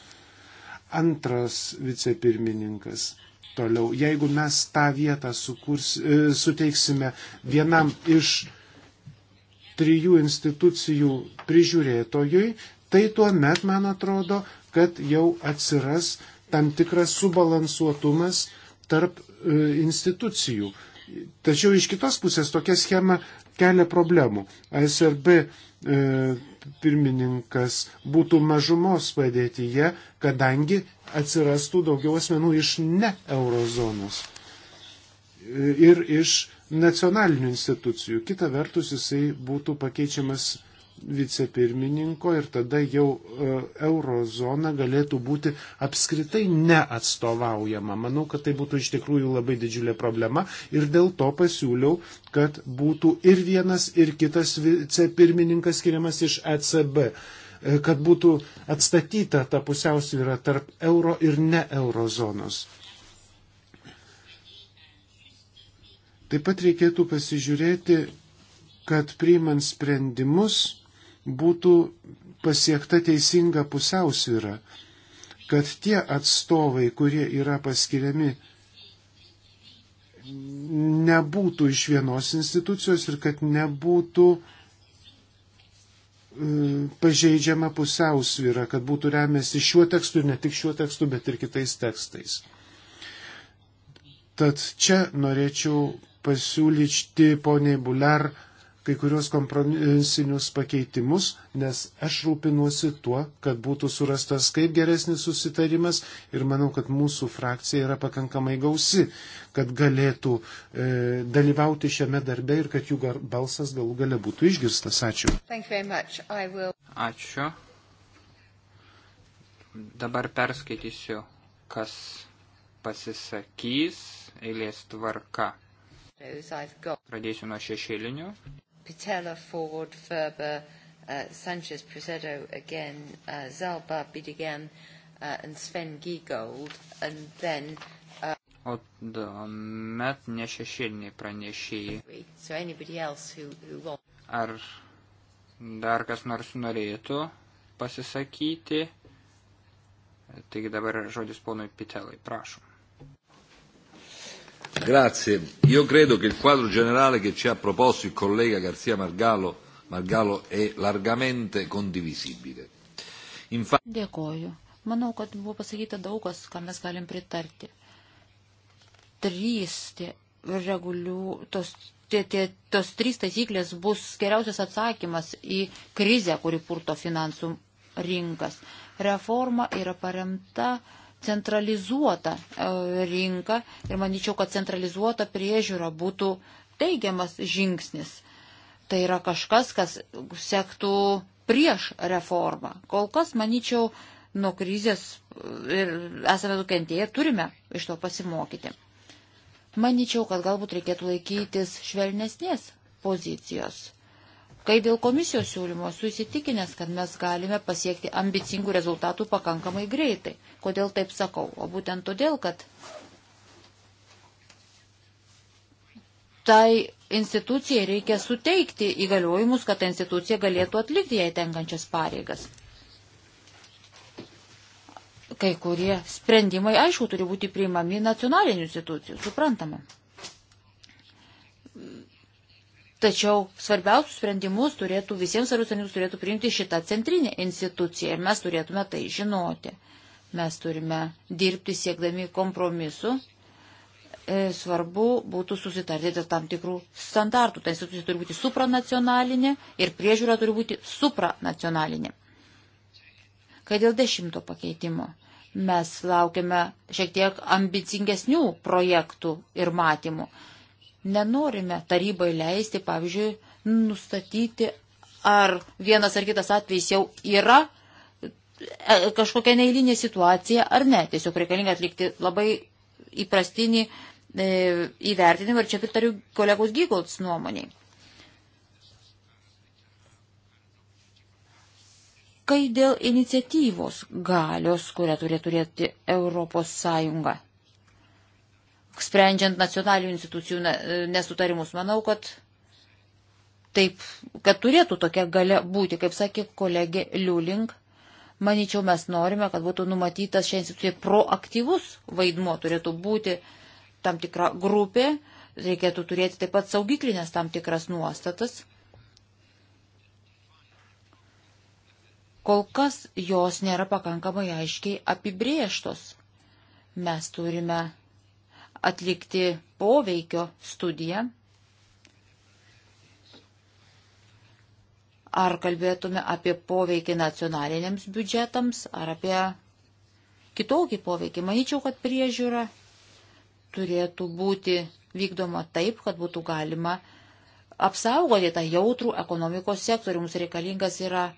Antras vicepirmininkas. Toliau, jeigu mes tą vietą sukurs, e, suteiksime vienam iš trijų institucijų prižiūrėtojui, tai tuo met, man atrodo, kad jau atsiras tam tikras subalansuotumas tarp E, institucijų. Tačiau iš kitos pusės tokia schema kelia problemų. ASRB e, pirmininkas būtų mažumos padėtyje, kadangi atsirastų daugiau asmenų iš ne eurozonos e, ir iš nacionalinių institucijų. Kita vertus, jisai būtų pakeičiamas vicepirmininko ir tada jau e, eurozona galėtų būti apskritai neatstovaujama. Manau, kad tai būtų iš tikrųjų labai didžiulė problema ir dėl to pasiūliau, kad būtų ir vienas, ir kitas vicepirmininkas skiriamas iš ECB e, kad būtų atstatyta ta pusiausvyrą tarp euro ir ne eurozonos. Taip pat reikėtų pasižiūrėti, kad priimant sprendimus būtų pasiekta teisinga pusiausvyra, kad tie atstovai, kurie yra paskiriami, nebūtų iš vienos institucijos ir kad nebūtų e, pažeidžiama pusiausvyra, kad būtų remiasi šiuo tekstu ir ne tik šiuo tekstu, bet ir kitais tekstais. Tad čia norėčiau pasiūlyti poniai Buler kai kurios kompromisinius pakeitimus, nes aš rūpinuosi tuo, kad būtų surastas kaip geresnis susitarimas ir manau, kad mūsų frakcija yra pakankamai gausi, kad galėtų e, dalyvauti šiame darbe ir kad jų gar, balsas galų gale būtų išgirstas. Ačiū. Will... Ačiū. Dabar perskaitysiu, kas pasisakys eilės tvarka. Pradėsiu nuo šešėlinių. Pitella, Ford, Ferber, uh, Sanchez Presedo again, uh, Zalba, Bidigan, uh, and Sven Giegold, and then. Uh, o tuomet nešešėliniai pranešėjai. So who, who won't. Ar dar kas nors norėtų pasisakyti? Taigi dabar žodis ponui Pitelai, prašom. Grazie. Io credo che il quadro generale che ci ha proposto il collega Garzia Margallo, Margallo è largamente condivisibile. Infa... Dėkoju. Manau, kad buvo pasakyta daugas, ką mes galim pritarti. Trys tie regulių, tos, tie, tie, tos trys taisyklės bus geriausias atsakymas į krizę, kuri purto finansų rinkas. Reforma yra paremta uh, centralizuota e, rinka ir manyčiau, kad centralizuota priežiūra būtų teigiamas žingsnis. Tai yra kažkas, kas sektų prieš reformą. Kol kas, manyčiau, nuo krizės e, ir esame nukentėję, turime iš to pasimokyti. Manyčiau, kad galbūt reikėtų laikytis švelnesnės pozicijos Kai dėl komisijos siūlymo susitikinęs, kad mes galime pasiekti ambicingų rezultatų pakankamai greitai. Kodėl taip sakau? O būtent todėl, kad tai institucijai reikia suteikti įgaliojimus, kad ta institucija galėtų atlikti jai tenkančias pareigas. Kai kurie sprendimai, aišku, turi būti priimami nacionalinių institucijų, suprantama. Tačiau svarbiausius sprendimus turėtų, visiems svarbius sprendimus turėtų priimti šitą centrinę instituciją ir mes turėtume tai žinoti. Mes turime dirbti siekdami kompromisu. E, svarbu būtų susitarti dėl tam tikrų standartų. Ta institucija turi būti supranacionalinė ir priežiūra turi būti supranacionalinė. Kai dėl dešimto pakeitimo mes laukiame šiek tiek ambicingesnių projektų ir matymų nenorime tarybai leisti, pavyzdžiui, nustatyti, ar vienas ar kitas atvejs jau yra e, kažkokia neįlinė situacija ar ne. Tiesiog reikalinga atlikti labai įprastinį e, įvertinimą ir čia pritariu kolegos Gygalds nuomoniai. Kai dėl iniciatyvos galios, kurią turėtų turėti Europos Sąjunga sprendžiant nacionalinių institucijų e, nesutarimus. Manau, kad taip, kad turėtų tokia gale būti, kaip sakė kolegė Liulink. Manyčiau, mes norime, kad būtų numatytas šią instituciją proaktyvus vaidmo, turėtų būti tam tikra grupė, reikėtų turėti taip pat saugiklinės tam tikras nuostatas. Kol kas jos nėra pakankamai aiškiai apibrieštos. Mes turime atlikti poveikio studiją. Ar kalbėtume apie poveikį nacionaliniams biudžetams, ar apie kitokį poveikį. Manyčiau, kad priežiūra turėtų būti vykdoma taip, kad būtų galima apsaugoti tą jautrų ekonomikos sektorių. Mums reikalingas yra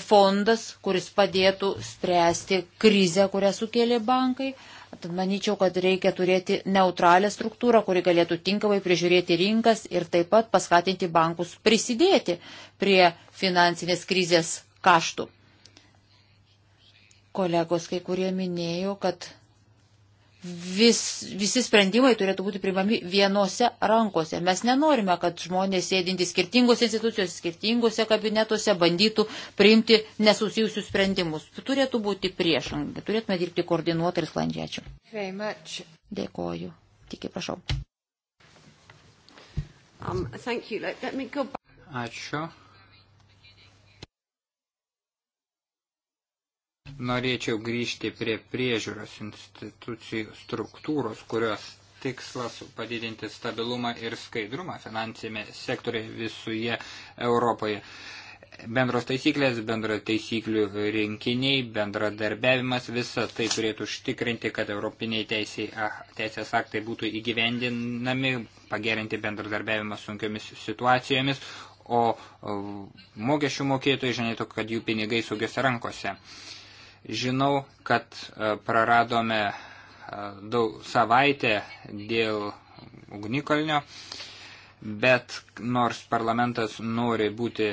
fondas, kuris padėtų spręsti krizę, kurią sukėlė bankai. Tad manyčiau, kad reikia turėti neutralią struktūrą, kuri galėtų tinkamai prižiūrėti rinkas ir taip pat paskatinti bankus prisidėti prie finansinės krizės kaštų. Kolegos kai kurie minėjo, kad vis, visi sprendimai turėtų būti priimami vienose rankose. Mes nenorime, kad žmonės sėdintys skirtingos institucijos, skirtingose kabinetuose bandytų priimti nesusijusius sprendimus. Turėtų būti priešingai, turėtume dirbti koordinuotai ir sklandžiačių. Dėkoju. Tik prašau. Um, Ačiū. Norėčiau grįžti prie priežiūros institucijų struktūros, kurios tikslas padidinti stabilumą ir skaidrumą finansinėme sektorėje visoje Europoje. Bendros taisyklės, bendro taisyklių rinkiniai, bendradarbiavimas, visa tai turėtų užtikrinti, kad europiniai teisiai, ah, teisės aktai būtų įgyvendinami, pagerinti bendradarbiavimą sunkiomis situacijomis, o mokesčių mokėtojai žinotų, kad jų pinigai saugiose rankose. Uh, Žinau, kad e, praradome e, daug savaitę dėl ugnikalnio, bet nors parlamentas nori būti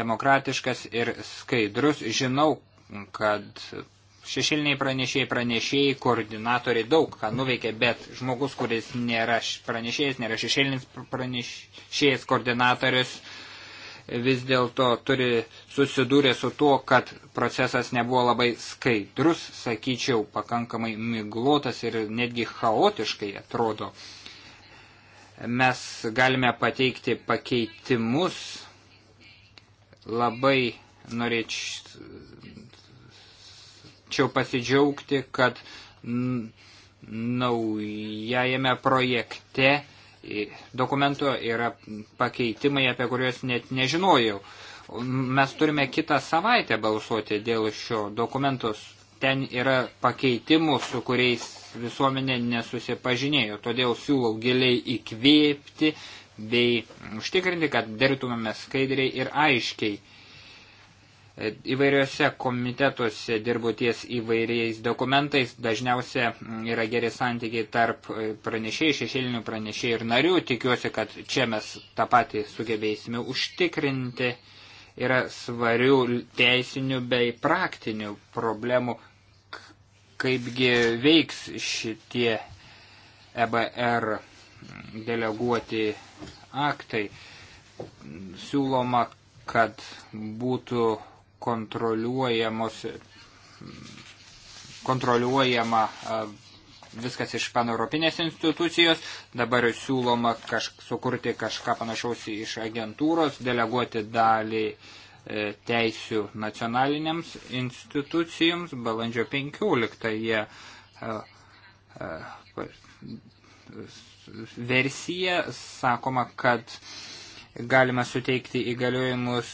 demokratiškas ir skaidrus, žinau, kad šešiliniai pranešėjai, pranešėjai, koordinatoriai daug ką nuveikia, bet žmogus, kuris nėra pranešėjas, nėra šešilinis pranešėjas, koordinatorius, vis dėlto turi susidūrė su tuo, kad procesas nebuvo labai skaidrus, sakyčiau, pakankamai miglotas ir netgi chaotiškai atrodo. Mes galime pateikti pakeitimus labai norėčiau pasidžiaugti, kad naujajame projekte dokumento yra pakeitimai, apie kuriuos net nežinojau. Mes turime kitą savaitę balsuoti dėl šio dokumentos. Ten yra pakeitimų, su kuriais visuomenė nesusipažinėjo. Todėl siūlau giliai įkvėpti bei užtikrinti, kad dirbtumėme skaidriai ir aiškiai. Įvairiuose komitetuose dirbu ties įvairiais dokumentais, dažniausia mm, yra geri santykiai tarp e, pranešėjų, šešėlinių pranešėjų ir narių. Tikiuosi, kad čia mes tą patį sugebėsime užtikrinti. Yra svarių teisinių bei praktinių problemų, kaipgi veiks šitie EBR deleguoti aktai. Siūloma, kad būtų kontroliuojamos kontroliuojama viskas iš paneuropinės institucijos, dabar siūloma kaž, sukurti kažką panašaus iš agentūros, deleguoti dalį e, teisių nacionalinėms institucijoms, balandžio 15 jie e, e, versija, sakoma, kad galima suteikti įgaliojimus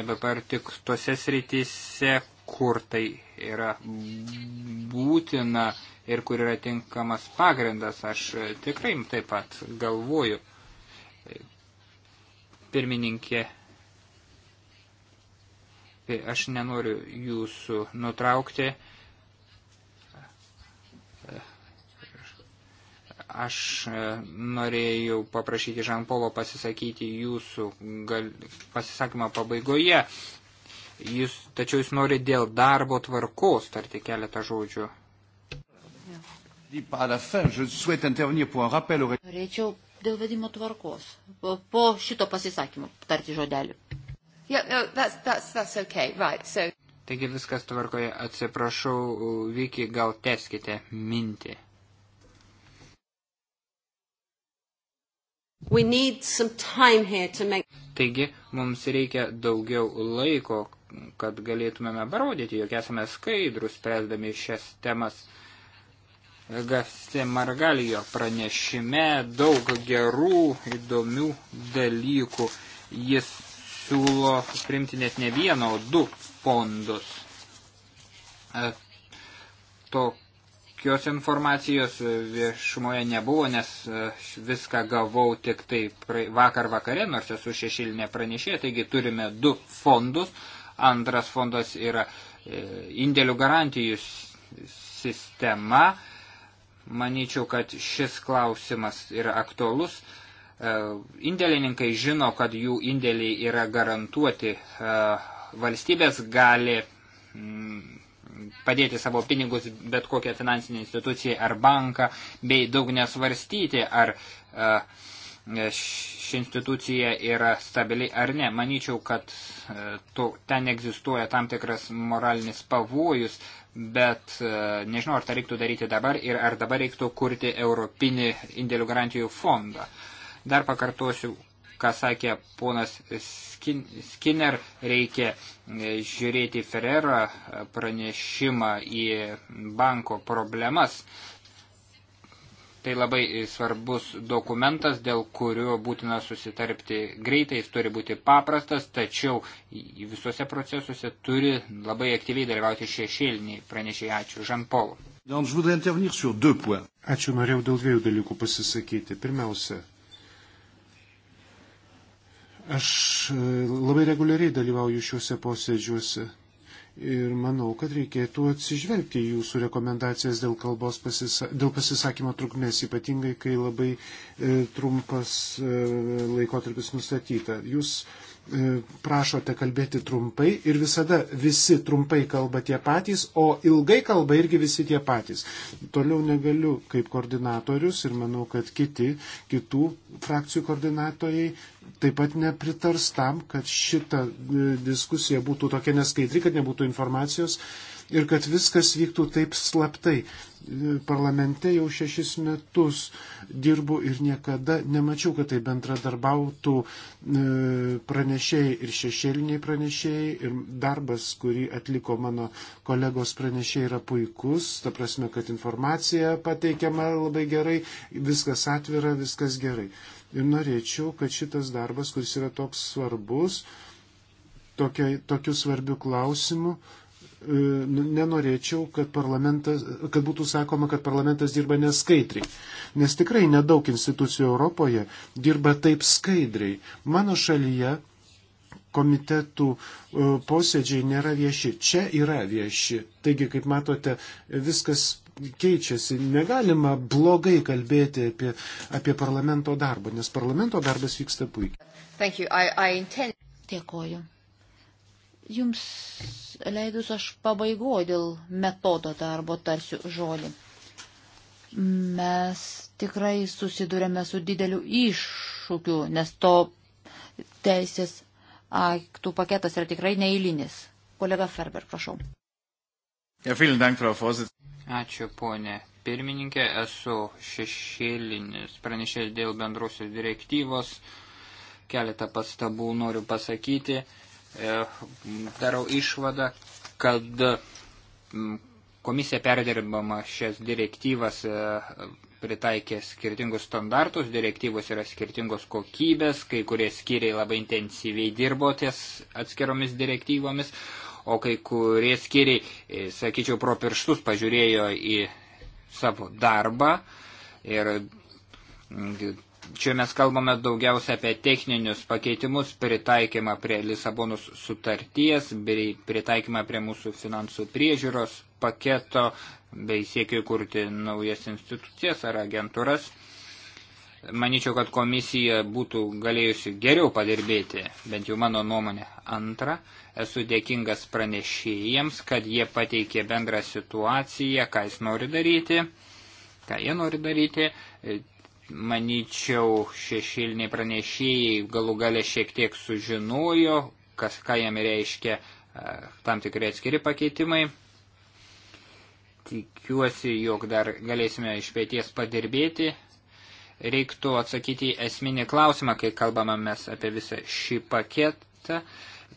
EBP ir tik tose srityse, kur tai yra būtina ir kur yra tinkamas pagrindas. Aš tikrai taip pat galvoju. Pirmininkė, aš nenoriu jūsų nutraukti. Aš e, norėjau paprašyti Žanpolo pasisakyti jūsų gal, pasisakymą pabaigoje. Jūs, tačiau jūs norite dėl darbo tvarkos tarti keletą žodžių. Norėčiau dėl vedimo tvarkos. Po, po šito pasisakymo tarti žodelį. Yeah, no, that's, that's, that's okay. right, so... Taigi viskas tvarkoje. Atsiprašau, Viki, gal teskite mintį. Make... Taigi, mums reikia daugiau laiko, kad galėtumėme parodyti, jog esame skaidrus, spręsdami šias temas. Gasti Margalijo pranešime daug gerų, įdomių dalykų. Jis siūlo priimti net ne vieną, o du fondus. E, to aiškios informacijos viešumoje nebuvo, nes e, viską gavau tik tai vakar vakare, nors esu šešilinė pranešėja, taigi turime du fondus. Antras fondas yra e, indėlių garantijų sistema. Manyčiau, kad šis klausimas yra aktualus. E, indėlininkai žino, kad jų indėliai yra garantuoti. Valstybės gali padėti savo pinigus bet kokią finansinę instituciją ar banką, bei daug nesvarstyti, ar e, ši institucija yra stabili ar ne. Manyčiau, kad e, to, ten egzistuoja tam tikras moralinis pavojus, bet e, nežinau, ar tą reiktų daryti dabar ir ar dabar reiktų kurti Europinį indėlių garantijų fondą. Dar pakartosiu, ką sakė ponas Skinner, reikia e, žiūrėti Ferrerą pranešimą į banko problemas. Tai labai svarbus dokumentas, dėl kurio būtina susitarpti greitai, jis turi būti paprastas, tačiau visuose procesuose turi labai aktyviai dalyvauti šešėliniai pranešėjai. Ačiū, Žan Paul. Ačiū, norėjau dėl dviejų dalykų pasisakyti. Pirmiausia, Aš e, labai reguliariai dalyvauju šiuose posėdžiuose ir manau, kad reikėtų atsižvelgti į jūsų rekomendacijas dėl, pasisa dėl pasisakymo trukmės, ypatingai kai labai e, trumpas e, laikotarpis nustatyta. Jūs e, prašote kalbėti trumpai ir visada visi trumpai kalba tie patys, o ilgai kalba irgi visi tie patys. Toliau negaliu kaip koordinatorius ir manau, kad kiti, kitų frakcijų koordinatoriai taip pat nepritars tam, kad šita e, diskusija būtų tokia neskaidri, kad nebūtų informacijos ir kad viskas vyktų taip slaptai. E, parlamente jau šešis metus dirbu ir niekada nemačiau, kad tai bendradarbautų e, pranešėjai ir šešėliniai pranešėjai. Ir darbas, kurį atliko mano kolegos pranešėjai, yra puikus. Ta prasme, kad informacija pateikiama labai gerai, viskas atvira, viskas gerai ir norėčiau, kad šitas darbas, kuris yra toks svarbus, tokia, tokiu svarbiu klausimu, e, nenorėčiau, kad, kad būtų sakoma, kad parlamentas dirba neskaidriai. Nes tikrai nedaug institucijų Europoje dirba taip skaidriai. Mano šalyje komitetų e, posėdžiai nėra vieši. Čia yra vieši. Taigi, kaip matote, viskas keičiasi. Negalima blogai kalbėti apie, apie parlamento darbą, nes parlamento darbas vyksta puikiai. I, I intend... Dėkoju. Jums leidus aš pabaigo dėl metodo darbo tarsiu žodį. Mes tikrai susidurėme su dideliu iššūkiu, nes to teisės aktų paketas yra tikrai neįlinis. Kolega Ferber, prašau. Ačiū, ponė pirmininkė. Esu šešėlinis pranešėjas dėl bendrusios direktyvos. Keletą pastabų noriu pasakyti. E, darau išvadą, kad mm, komisija perdirbama šias direktyvas e, pritaikė skirtingus standartus, direktyvos yra skirtingos kokybės, kai kurie skyriai labai intensyviai dirbo ties atskiromis direktyvomis, o kai kurie skyriai, e, sakyčiau, pro pirštus pažiūrėjo į savo darbą ir Čia mes kalbame daugiausia apie techninius pakeitimus, pritaikymą prie Lisabonus sutarties, pritaikymą prie mūsų finansų priežiūros paketo, bei siekiai kurti naujas institucijas ar agentūras. Maničiau, kad komisija būtų galėjusi geriau padirbėti, bent jau mano nuomonė. Antra, esu dėkingas pranešėjams, kad jie pateikė bendrą situaciją, ką jis nori daryti, ką jie nori daryti. Maničiau, šešiliniai pranešėjai galų gale šiek tiek sužinojo, kas, ką jam reiškia e, tam tikrai atskiri pakeitimai. Tikiuosi, jog dar galėsime iš pėties padirbėti. Reiktų atsakyti esminį klausimą, kai kalbame mes apie visą šį paketą.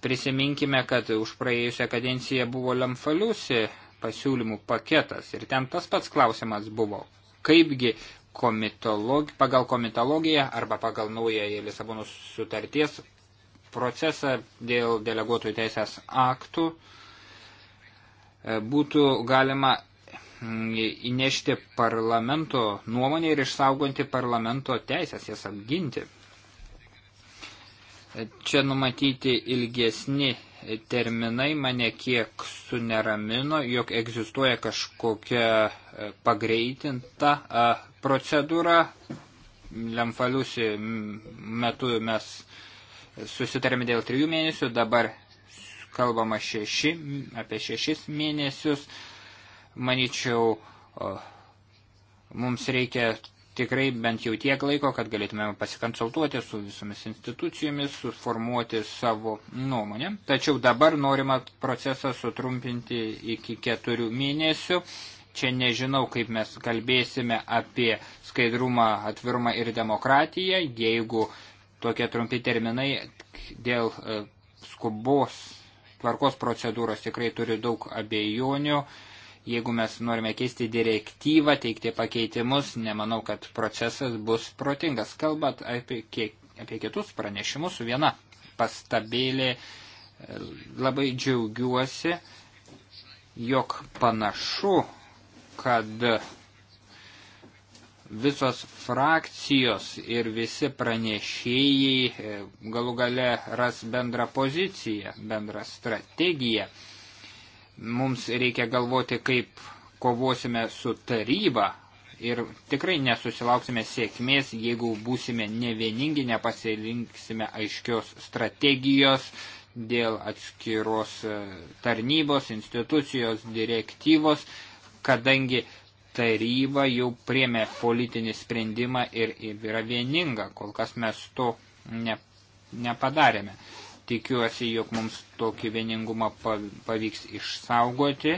Prisiminkime, kad už praėjusią kadenciją buvo Lamfaliusi pasiūlymų paketas ir ten tas pats klausimas buvo, kaipgi komitologi, pagal komitologiją arba pagal naująją Lisabonos sutarties procesą dėl deleguotojų teisės aktų e, būtų galima Mm, įnešti parlamento nuomonę ir išsaugoti parlamento teisės, jas apginti. Čia numatyti ilgesni terminai mane kiek suneramino, jog egzistuoja kažkokia e, pagreitinta e, procedūra. Lemfaliusi metu mes susitarėme dėl trijų mėnesių, dabar kalbama šeši, apie šešis mėnesius. Maničiau, mums reikia tikrai bent jau tiek laiko, kad galėtume pasikonsultuoti su visomis institucijomis, suformuoti savo nuomonę. Tačiau dabar norima procesą sutrumpinti iki keturių mėnesių. Čia nežinau, kaip mes kalbėsime apie skaidrumą, atvirumą ir demokratiją, jeigu tokie trumpi terminai dėl e, skubos tvarkos procedūros tikrai turi daug abejonių. Uh, Jeigu mes norime keisti direktyvą, teikti pakeitimus, nemanau, kad procesas bus protingas. Kalbat apie, kiek, apie kitus pranešimus, viena pastabėlė e, labai džiaugiuosi, jog panašu, kad visos frakcijos ir visi pranešėjai e, galų gale ras bendrą poziciją, bendrą strategiją. Mums reikia galvoti, kaip kovosime su taryba ir tikrai nesusilauksime sėkmės, jeigu būsime nevieningi, nepasirinksime aiškios strategijos dėl atskiros e, tarnybos, institucijos, direktyvos, kadangi taryba jau priemė politinį sprendimą ir yra vieninga, kol kas mes to ne, nepadarėme. Tikiuosi, jog mums tokį vieningumą pavyks išsaugoti.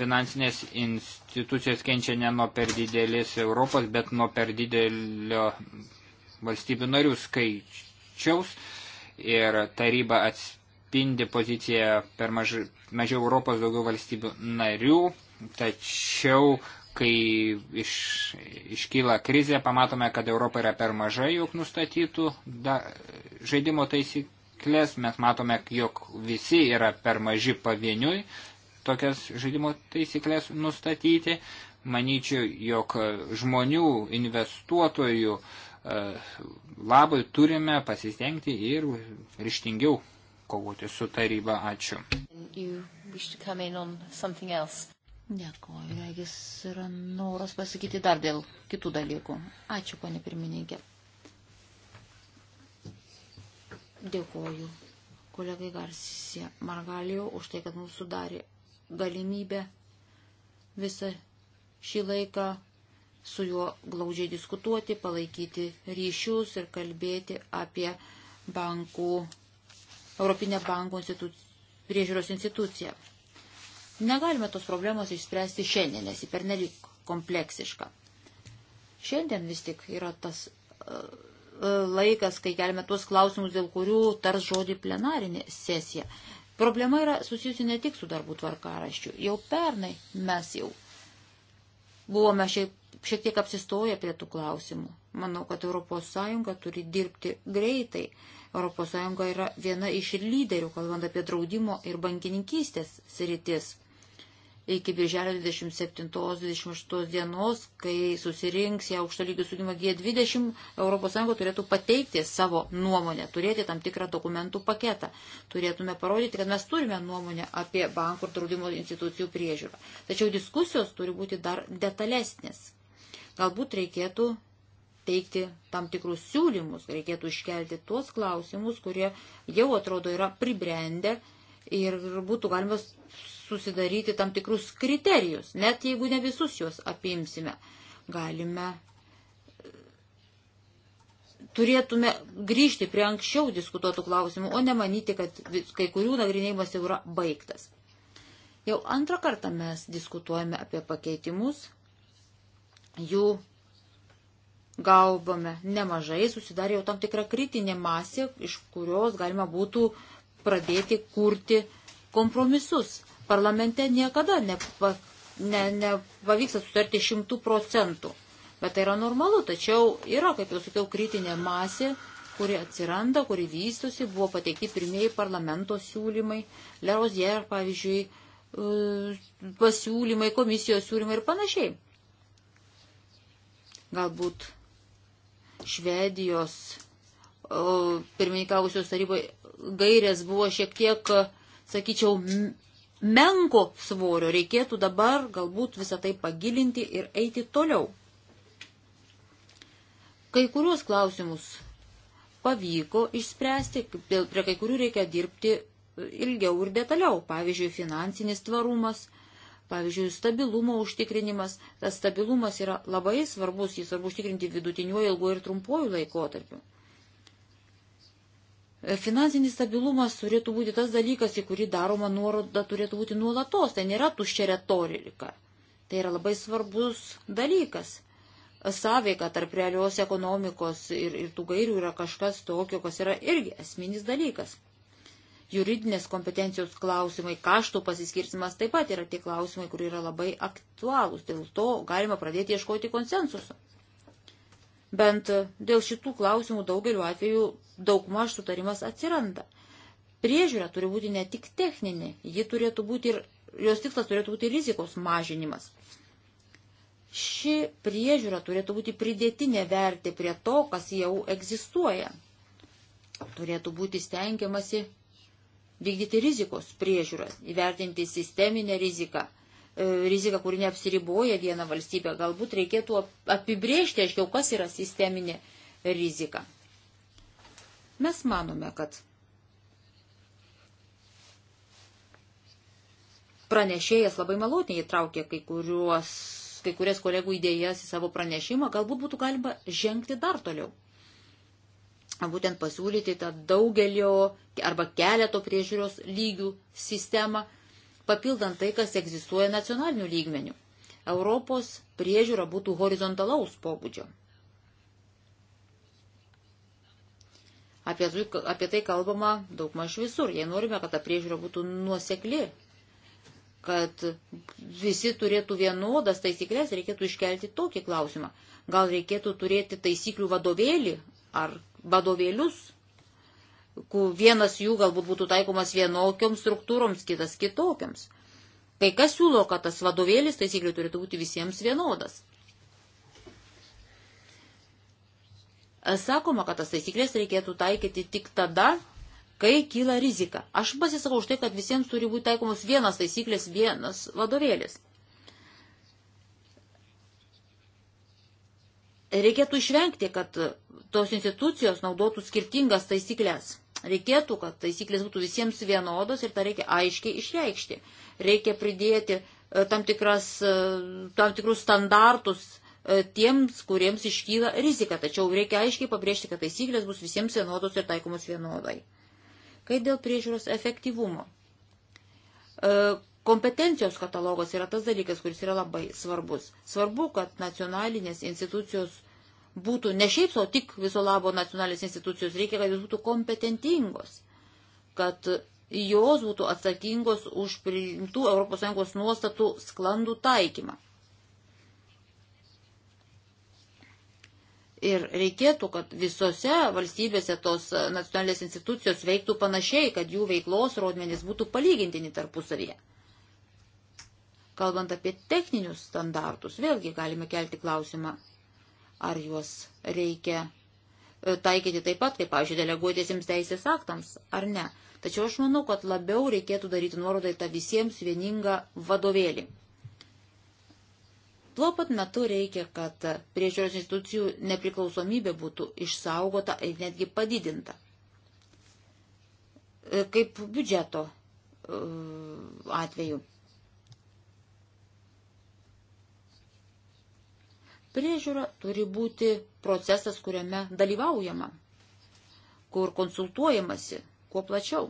Finansinės institucijos kenčia ne nuo per didelės Europos, bet nuo per didelio valstybių narių skaičiaus. Ir taryba atspindi poziciją per maž, mažiau Europos, daugiau valstybių narių. Tačiau kai iš, iškyla krizė, pamatome, kad Europa yra per mažai juk nustatytų da, žaidimo taisyklių taisyklės, mes matome, jog visi yra per maži pavieniui tokias žaidimo taisyklės nustatyti. Manyčiau, jog žmonių, investuotojų e, labai turime pasistengti ir ryštingiau kovoti su taryba. Ačiū. Dėkuoju, regis yra noras pasakyti dar dėl kitų dalykų. Ačiū, ponė pirmininkė. Dėkoju kolegai Garsisė Margalijo už tai, kad mums sudarė galimybę visą šį laiką su juo glaudžiai diskutuoti, palaikyti ryšius ir kalbėti apie bankų, Europinę bankų institu, priežiūros instituciją. Negalime tos problemos išspręsti šiandien, nes ji pernelyg kompleksiška. Šiandien vis tik yra tas uh, laikas, kai galime tuos klausimus, dėl kurių tars žodį plenarinė sesija. Problema yra susijusi ne tik su darbų tvarkaraščiu. Jau pernai mes jau buvome šiek, šiek tiek apsistoję prie tų klausimų. Manau, kad ES turi dirbti greitai. ES yra viena iš lyderių, kalbant apie draudimo ir bankininkystės sritis iki birželio 27-28 dienos, kai susirinks į aukšto lygio sudimą G20, ES turėtų pateikti savo nuomonę, turėti tam tikrą dokumentų paketą. Turėtume parodyti, kad mes turime nuomonę apie bankų ir draudimo institucijų priežiūrą. Tačiau diskusijos turi būti dar detalesnės. Galbūt reikėtų teikti tam tikrus siūlymus, reikėtų iškelti tuos klausimus, kurie jau atrodo yra pribrendę ir būtų galima susidaryti tam tikrus kriterijus, net jeigu ne visus juos apimsime. Galime, turėtume grįžti prie anksčiau diskutuotų klausimų, o ne manyti, kad kai kurių nagrinėjimas jau yra baigtas. Jau antrą kartą mes diskutuojame apie pakeitimus, jų gaubame nemažai, susidarė jau tam tikra kritinė masė, iš kurios galima būtų pradėti kurti kompromisus parlamente niekada nepa, ne, nepavyksta sutarti šimtų procentų. Bet tai yra normalu, tačiau yra, kaip jau sakiau, kritinė masė, kuri atsiranda, kuri vystosi, buvo pateikti pirmieji parlamento siūlymai, Lerozier, pavyzdžiui, e, pasiūlymai, komisijos siūlymai ir panašiai. Galbūt Švedijos pirmininkavusios taryboje gairės buvo šiek tiek, sakyčiau, menko svorio, reikėtų dabar galbūt visą tai pagilinti ir eiti toliau. Kai kuriuos klausimus pavyko išspręsti, prie kai kurių reikia dirbti ilgiau ir detaliau, pavyzdžiui, finansinis tvarumas, pavyzdžiui, stabilumo užtikrinimas. Tas stabilumas yra labai svarbus, jis svarbu užtikrinti vidutiniuoju, ilguoju ir trumpuoju laikotarpiu. E, finansinis stabilumas turėtų būti tas dalykas, į kurį daroma nuoroda turėtų būti nuolatos. Tai nėra tuščia retorika. Tai yra labai svarbus dalykas. E, sąveika tarp realios ekonomikos ir, ir tų gairių yra kažkas tokio, kas yra irgi esminis dalykas. Juridinės kompetencijos klausimai, kaštų pasiskirsimas taip pat yra tie klausimai, kurie yra labai aktualūs. Dėl to galima pradėti ieškoti konsensuso. Bent dėl šitų klausimų daugeliu atveju daugmaž sutarimas atsiranda. Priežiūra turi būti ne tik techninė, ji turėtų būti ir, jos tikslas turėtų būti rizikos mažinimas. Ši priežiūra turėtų būti pridėtinė vertė prie to, kas jau egzistuoja. Turėtų būti stengiamasi vykdyti rizikos priežiūras, įvertinti sisteminę riziką E, rizika, kuri neapsiriboja vieną valstybę. Galbūt reikėtų apibrėžti aiškiau, kas yra sisteminė rizika. Mes manome, kad pranešėjas labai maloniai įtraukė kai, kuriuos, kai kurias kolegų idėjas į savo pranešimą, galbūt būtų galima žengti dar toliau. Būtent pasiūlyti tą daugelio arba keleto priežiūros lygių sistemą, papildant tai, kas egzistuoja nacionalinių lygmenių. Europos priežiūra būtų horizontalaus pobūdžio. Apie, tai, apie tai kalbama daug maž visur. Jei norime, kad ta priežiūra būtų nuosekli, kad visi turėtų vienodas taisyklės, reikėtų iškelti tokį klausimą. Gal reikėtų turėti taisyklių vadovėlį ar vadovėlius vienas jų galbūt būtų taikomas vienokioms struktūroms, kitas kitokiams. Kai kas siūlo, kad tas vadovėlis taisyklių turėtų būti visiems vienodas. Sakoma, kad tas taisyklės reikėtų taikyti tik tada, kai kyla rizika. Aš pasisakau už tai, kad visiems turi būti taikomos vienas taisyklės, vienas vadovėlis. Reikėtų išvengti, kad tos institucijos naudotų skirtingas taisyklės. Reikėtų, kad taisyklės būtų visiems vienodos ir tą reikia aiškiai išreikšti. Reikia pridėti e, tam, tikras, e, tam tikrus standartus e, tiems, kuriems iškyla rizika. Tačiau reikia aiškiai pabrėžti, kad taisyklės bus visiems vienodos ir taikomos vienodai. Kai dėl priežiūros efektyvumo. Kompetencijos katalogas yra tas dalykas, kuris yra labai svarbus. Svarbu, kad nacionalinės institucijos būtų ne šiaip savo tik viso labo nacionalinės institucijos, reikia, kad jos būtų kompetentingos, kad jos būtų atsakingos už priimtų ES nuostatų sklandų taikymą. Ir reikėtų, kad visose valstybėse tos nacionalinės institucijos veiktų panašiai, kad jų veiklos rodmenys būtų palygintini tarpusavyje. Kalbant apie techninius standartus, vėlgi galime kelti klausimą, Ar juos reikia e, taikyti taip pat, kaip, pavyzdžiui, deleguotėsiams teisės aktams, ar ne. Tačiau aš manau, kad labiau reikėtų daryti nuorodą į tą visiems vieningą vadovėlį. Tuo pat metu reikia, kad priežiūros institucijų nepriklausomybė būtų išsaugota ir netgi padidinta. E, kaip biudžeto e, atveju. Priežiūra turi būti procesas, kuriame dalyvaujama, kur konsultuojamasi, kuo plačiau.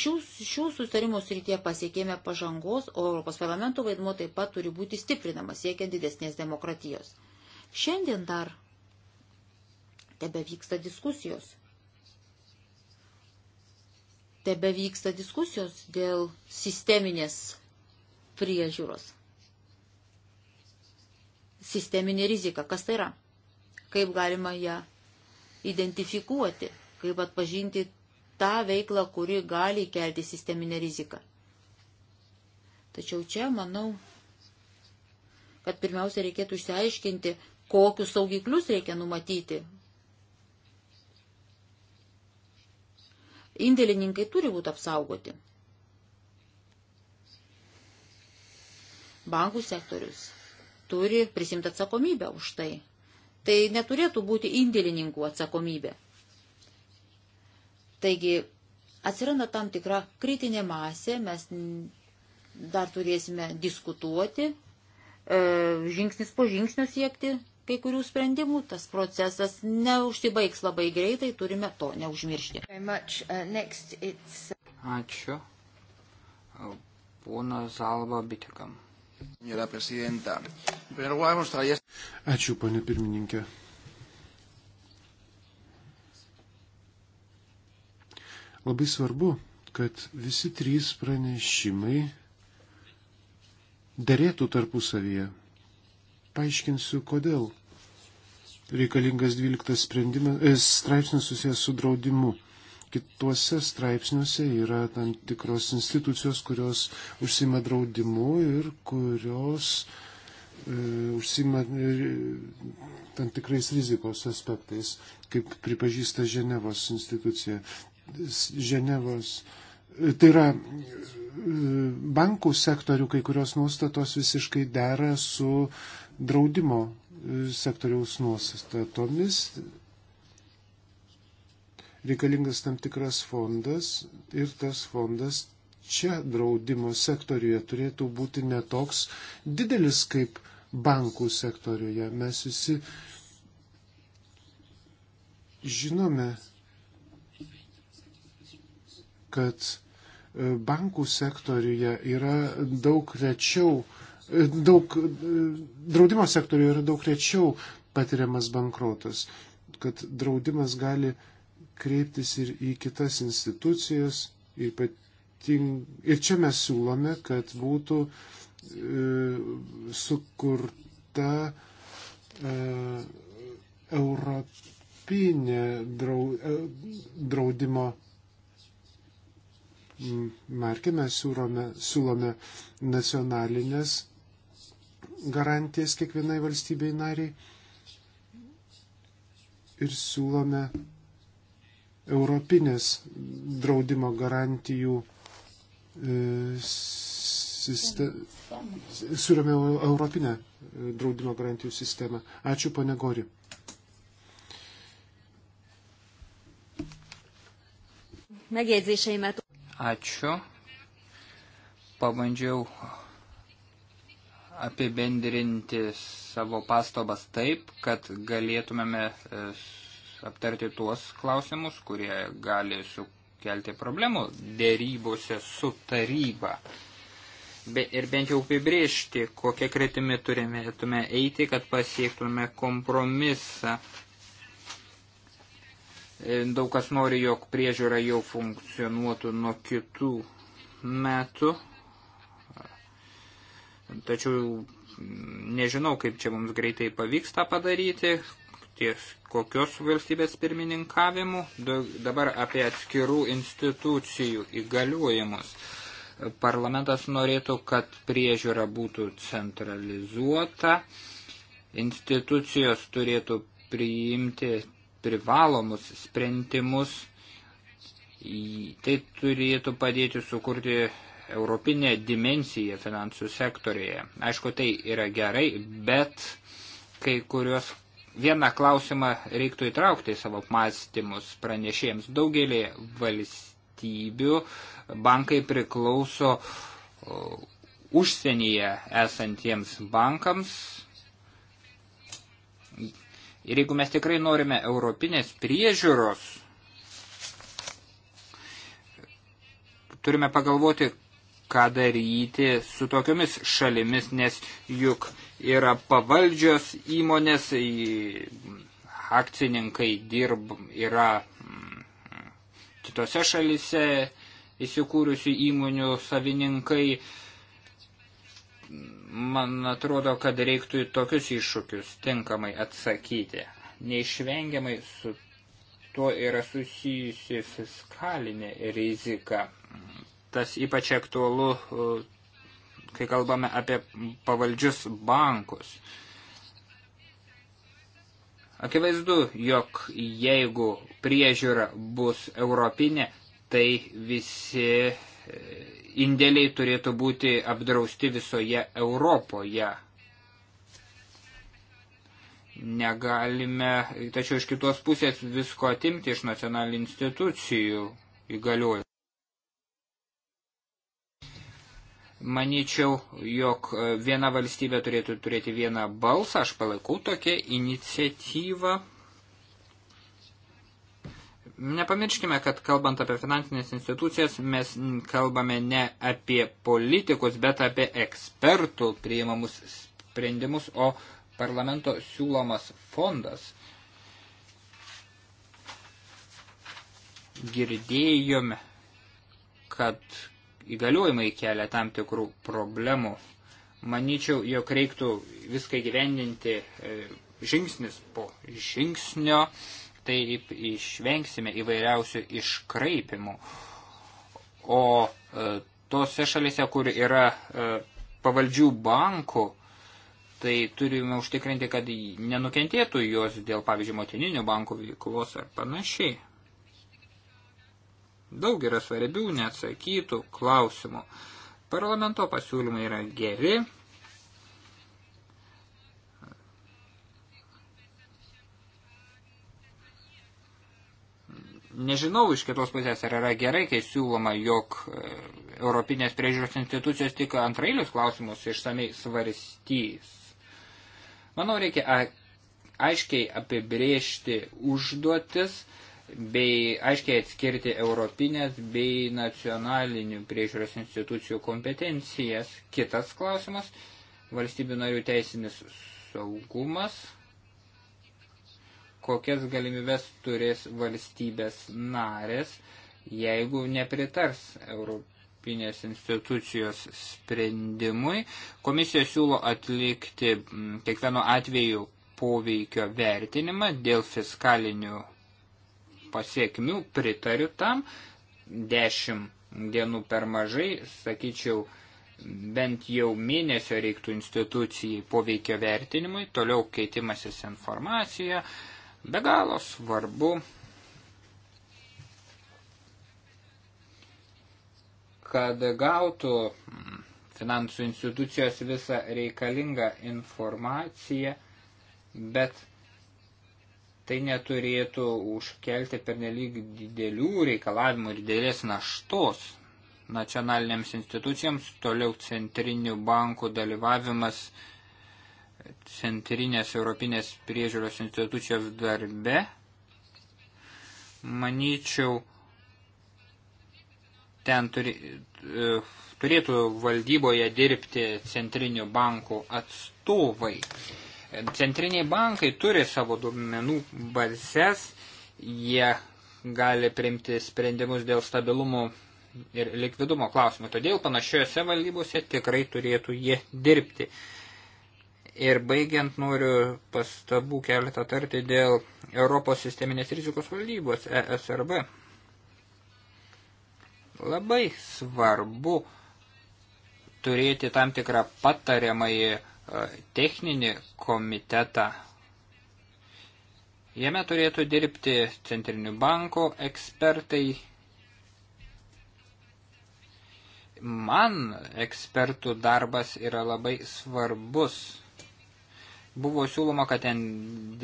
Šių, šių sustarimų srityje pasiekėme pažangos, o Europos parlamento vaidmuo taip pat turi būti stiprinamas, siekiant didesnės demokratijos. Šiandien dar tebe vyksta diskusijos. Tebe vyksta diskusijos dėl sisteminės priežiūros sisteminė rizika. Kas tai yra? Kaip galima ją identifikuoti? Kaip atpažinti tą veiklą, kuri gali kelti sisteminę riziką? Tačiau čia, manau, kad pirmiausia reikėtų išsiaiškinti, kokius saugiklius reikia numatyti. Indėlininkai turi būti apsaugoti. Bankų sektorius turi prisimti atsakomybę už tai. Tai neturėtų būti indėlininkų atsakomybė. Taigi atsiranda tam tikra kritinė masė, mes dar turėsime diskutuoti, e, žingsnis po žingsnio siekti kai kurių sprendimų. Tas procesas neužsibaigs labai greitai, turime to neužmiršti. Uh, Ačiū. Pūna Zalba Bitikam. Ačiū, ponė pirmininkė. Labai svarbu, kad visi trys pranešimai dėrėtų tarpusavyje. Paaiškinsiu, kodėl reikalingas 12 e, straipsnis susijęs su draudimu kituose straipsniuose yra tam tikros institucijos, kurios užsima draudimu ir kurios e, užsima e, tam tikrais rizikos aspektais, kaip pripažįsta Ženevos institucija. Ženevos, e, tai yra e, bankų sektorių kai kurios nuostatos visiškai dera su draudimo e, sektoriaus nuostatomis reikalingas tam tikras fondas ir tas fondas čia draudimo sektoriuje turėtų būti netoks didelis kaip bankų sektoriuje. Mes visi žinome, kad e, bankų sektoriuje yra daug rečiau, e, daug, e, draudimo sektoriuje yra daug rečiau patiriamas bankrotas, kad draudimas gali uh, kreiptis ir į kitas institucijas. Ypating... Ir čia mes siūlome, kad būtų e, sukurta e, europinė drau, e, draudimo markė. Mes siūlome, siūlome nacionalinės garantijas kiekvienai valstybei nariai ir siūlome europinės draudimo garantijų e, sistemą. Siūlėme europinę e, draudimo garantijų sistemą. Ačiū, pane Gori. Megjegyzéseimet. Ačiū. Pabandžiau apibendrinti savo pastabas taip, kad galėtumėme e, aptarti tuos klausimus, kurie gali sukelti problemų dėrybose su taryba. Be, ir bent jau apibriežti, kokie kretimi turėtume eiti, kad pasiektume kompromisą. E, daug kas nori, jog priežiūra jau funkcionuotų nuo kitų metų. Tačiau nežinau, kaip čia mums greitai pavyks tą padaryti, ties kokios valstybės pirmininkavimu, dabar apie atskirų institucijų įgaliojimus. Parlamentas norėtų, kad priežiūra būtų centralizuota, institucijos turėtų priimti privalomus sprendimus, tai turėtų padėti sukurti europinę dimensiją finansų sektorėje. Aišku, tai yra gerai, bet kai kurios vieną klausimą reiktų įtraukti į savo apmąstymus pranešėjams. Daugelį valstybių bankai priklauso užsienyje esantiems bankams. Ir jeigu mes tikrai norime europinės priežiūros, turime pagalvoti, ką daryti su tokiomis šalimis, nes juk yra pavaldžios įmonės, akcininkai dirb yra mm, kitose šalise įsikūrusių įmonių savininkai. Man atrodo, kad reiktų į tokius iššūkius tinkamai atsakyti. Neišvengiamai su tuo yra susijusi fiskalinė rizika. Tas ypač aktualu kai kalbame apie pavaldžius bankus. Akivaizdu, jog jeigu priežiūra bus europinė, tai visi e, indėliai turėtų būti apdrausti visoje Europoje. Negalime, tačiau iš kitos pusės visko atimti iš nacionalinių institucijų įgaliojimų. Manyčiau, jog e, viena valstybė turėtų turėti vieną balsą, aš palaikau tokią iniciatyvą. Nepamirškime, kad kalbant apie finansinės institucijas, mes kalbame ne apie politikus, bet apie ekspertų priimamus sprendimus, o parlamento siūlomas fondas. Girdėjome, kad įgaliojimai kelia tam tikrų problemų. Manyčiau, jog reiktų viską gyvendinti e, žingsnis po žingsnio, taip išvengsime įvairiausių iškraipimų. O e, tose šalise, kur yra e, pavaldžių bankų, tai turime užtikrinti, kad nenukentėtų jos dėl, pavyzdžiui, motininių bankų veiklos ar panašiai. Daug yra svarbių neatsakytų klausimų. Parlamento pasiūlymai yra geri. Nežinau iš kitos pusės, ar yra gerai, kai siūloma, jog e, Europinės priežiūros institucijos tik antrailius klausimus išsamei svarstys. Manau, reikia aiškiai apibriežti užduotis, bei aiškiai atskirti europinės bei nacionalinių priežiūros institucijų kompetencijas. Kitas klausimas - valstybių narių teisinis saugumas. Kokias galimybės turės valstybės narės, jeigu nepritars Europinės institucijos sprendimui. Komisija siūlo atlikti kiekvieno atveju poveikio vertinimą dėl fiskalinių pasiekmių, pritariu tam, dešimt dienų per mažai, sakyčiau, bent jau mėnesio reiktų institucijai poveikio vertinimui, toliau keitimasis informacija, be galo svarbu, kad gautų finansų institucijos visą reikalingą informaciją, bet tai neturėtų užkelti pernelyg didelių reikalavimų ir didelės naštos nacionalinėms institucijams, toliau centrinių bankų dalyvavimas centrinės europinės priežiūros institucijos darbe. Manyčiau, ten turi, e, turėtų valdyboje dirbti centrinių bankų atstovai. Centriniai bankai turi savo duomenų bazės, jie gali priimti sprendimus dėl stabilumo ir likvidumo klausimų. Todėl panašiose valdybose tikrai turėtų jie dirbti. Ir baigiant noriu pastabų keletą tarti dėl Europos sisteminės rizikos valdybos ESRB. Labai svarbu turėti tam tikrą patariamąjį E, techninį komitetą. Jame turėtų dirbti centrinių bankų ekspertai. Man ekspertų darbas yra labai svarbus. Buvo siūloma, kad ten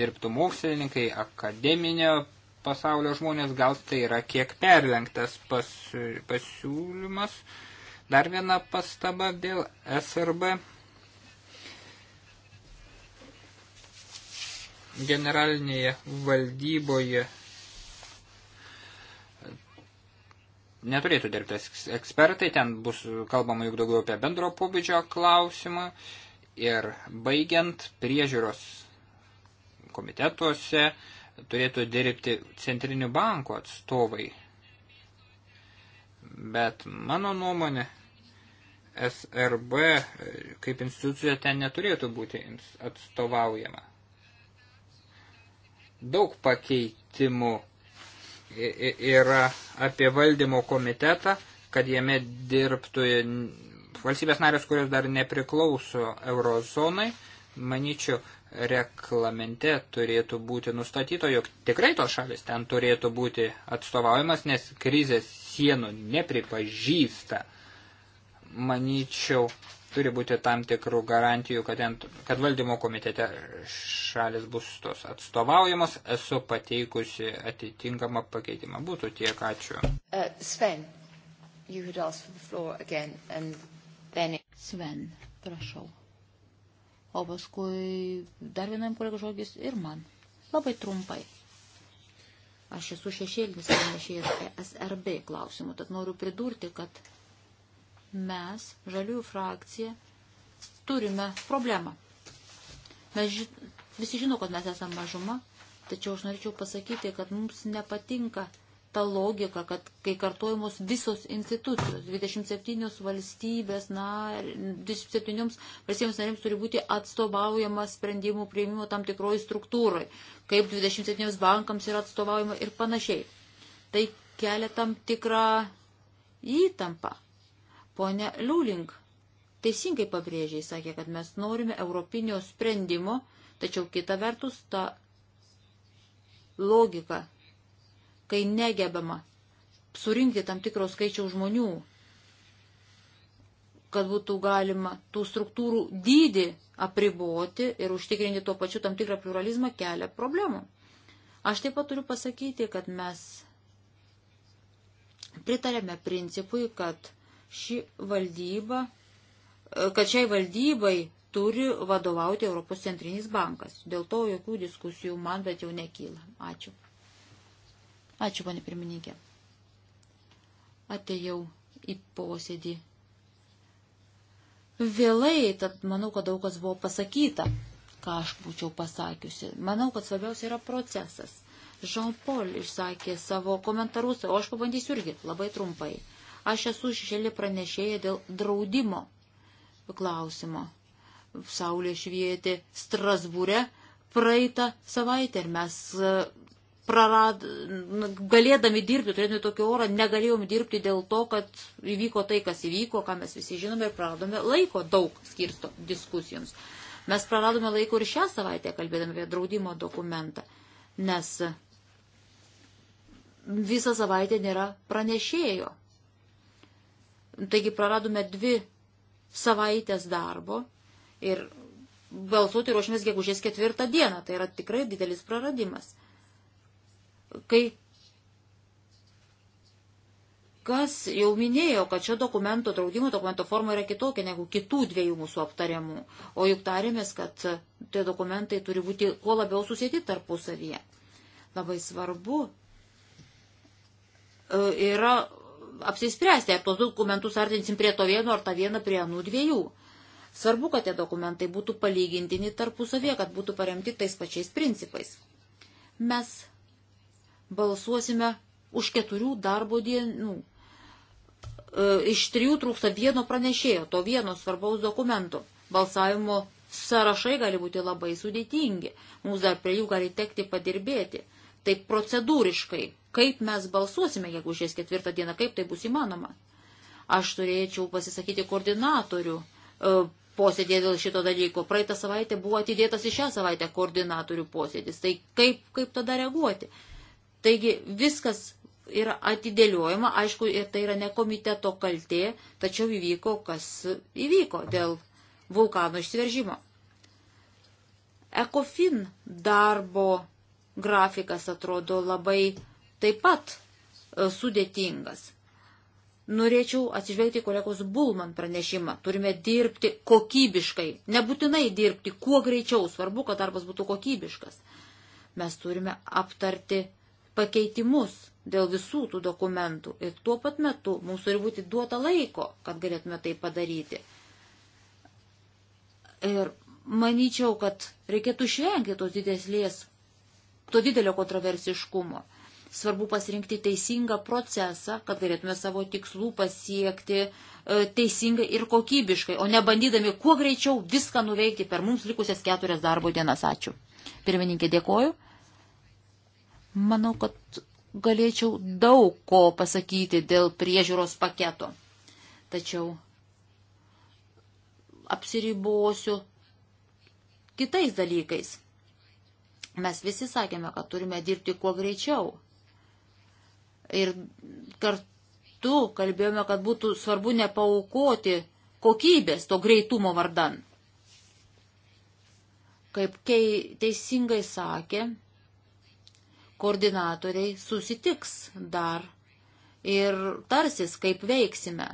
dirbtų mokslininkai, akademinio pasaulio žmonės, gal tai yra kiek perlenktas pas, pasiūlymas. Dar viena pastaba dėl SRB generalinėje valdyboje neturėtų dirbti ekspertai, ten bus kalbama juk daugiau apie bendro pobūdžio klausimą ir baigiant priežiūros komitetuose turėtų dirbti centrinių bankų atstovai. Bet mano nuomonė, SRB kaip institucija ten neturėtų būti atstovaujama. Daug pakeitimų yra apie valdymo komitetą, kad jame dirbtų valstybės narės, kurios dar nepriklauso eurozonai. Manyčiau, reglamente turėtų būti nustatyto, jog tikrai tos šalis ten turėtų būti atstovaujamas, nes krizės sienų nepripažįsta. Manyčiau, turi būti tam tikrų garantijų, kad, ent, kad valdymo komitete šalis bus tos atstovaujamos. Esu pateikusi atitinkamą pakeitimą. Būtų tiek, ačiū. Uh, Sven, then... Sven, prašau. O paskui dar vienam kolegų žodis ir man. Labai trumpai. Aš esu šešėlinis pranešėjas ESRB klausimų, tad noriu pridurti, kad mes, žaliųjų frakcija, turime problemą. Mes ži visi žino, kad mes esame mažuma, tačiau aš norėčiau pasakyti, kad mums nepatinka ta logika, kad kai kartuojamos visos institucijos, 27 valstybės, na, 27 valstybėms narėms turi būti atstovaujama sprendimų prieimimo tam tikroji struktūrai, kaip 27 bankams yra atstovaujama ir panašiai. Tai kelia tam tikrą įtampą. Pone Liulink teisingai pabrėžiai sakė, kad mes norime europinio sprendimo, tačiau kita vertus ta logika, kai negebama surinkti tam tikro skaičiaus žmonių, kad būtų galima tų struktūrų dydį apriboti ir užtikrinti tuo pačiu tam tikrą pluralizmą kelia problemų. Aš taip pat turiu pasakyti, kad mes pritarėme principui, kad ši valdyba, e, kad šiai valdybai turi vadovauti Europos centrinis bankas. Dėl to jokių diskusijų man bet jau nekyla. Ačiū. Ačiū, ponė pirmininkė. Atėjau į posėdį. Vėlai, tad manau, kad daug kas buvo pasakyta, ką aš būčiau pasakiusi. Manau, kad svarbiausia yra procesas. Jean-Paul išsakė savo komentarus, o aš pabandysiu irgi labai trumpai. Aš esu šešėlė pranešėja dėl draudimo klausimo. Saulė švietė Strasbūre praeitą savaitę ir mes e, prarad, galėdami dirbti, turėdami tokį orą, negalėjom dirbti dėl to, kad įvyko tai, kas įvyko, ką mes visi žinome ir praradome laiko daug skirsto diskusijoms. Mes praradome laiko ir šią savaitę kalbėdami apie draudimo dokumentą, nes visą savaitę nėra pranešėjo. Taigi praradome dvi savaitės darbo ir balsuoti ruošimės gegužės ketvirtą dieną. Tai yra tikrai didelis praradimas. Kai kas jau minėjo, kad šio dokumento draudimo dokumento forma yra kitokia negu kitų dviejų mūsų aptariamų, o juk tarėmės, kad tie dokumentai turi būti kuo labiau susėti tarpusavyje. Labai svarbu e, yra apsispręsti, ar tuos dokumentus artinsim prie to vieno, ar tą vieną prie anų dviejų. Svarbu, kad tie dokumentai būtų palygintini tarpusavie, kad būtų paremti tais pačiais principais. Mes balsuosime už keturių darbo dienų. E, iš trijų trūksta vieno pranešėjo, to vieno svarbaus dokumento. Balsavimo sąrašai gali būti labai sudėtingi. Mums dar prie jų gali tekti padirbėti. Taip procedūriškai kaip mes balsuosime gegužės ketvirtą dieną, kaip tai bus įmanoma. Aš turėčiau pasisakyti koordinatorių e, posėdėje dėl šito dalyko. Praeitą savaitę buvo atidėtas į šią savaitę koordinatorių posėdis. Tai kaip, kaip tada reaguoti? Taigi viskas yra atidėliojama, aišku, ir tai yra ne komiteto kaltė, tačiau įvyko, kas įvyko dėl vulkano išsiveržimo. Ekofin darbo grafikas atrodo labai taip pat e, sudėtingas. Norėčiau atsižvelgti kolegos Bulman pranešimą. Turime dirbti kokybiškai, nebūtinai dirbti kuo greičiau, svarbu, kad darbas būtų kokybiškas. Mes turime aptarti pakeitimus dėl visų tų dokumentų ir tuo pat metu mums turi būti duota laiko, kad galėtume tai padaryti. Ir manyčiau, kad reikėtų išvengti tos dideslės, to didelio kontroversiškumo. Svarbu pasirinkti teisingą procesą, kad galėtume savo tikslų pasiekti e, teisingai ir kokybiškai, o ne bandydami kuo greičiau viską nuveikti per mums likusias keturias darbo dienas. Ačiū. Pirmininkė, dėkoju. Manau, kad galėčiau daug ko pasakyti dėl priežiūros paketo. Tačiau apsiribosiu kitais dalykais. Mes visi sakėme, kad turime dirbti kuo greičiau. Ir kartu kalbėjome, kad būtų svarbu nepaukoti kokybės to greitumo vardan. Kaip kei, teisingai sakė, koordinatoriai susitiks dar ir tarsis, kaip veiksime.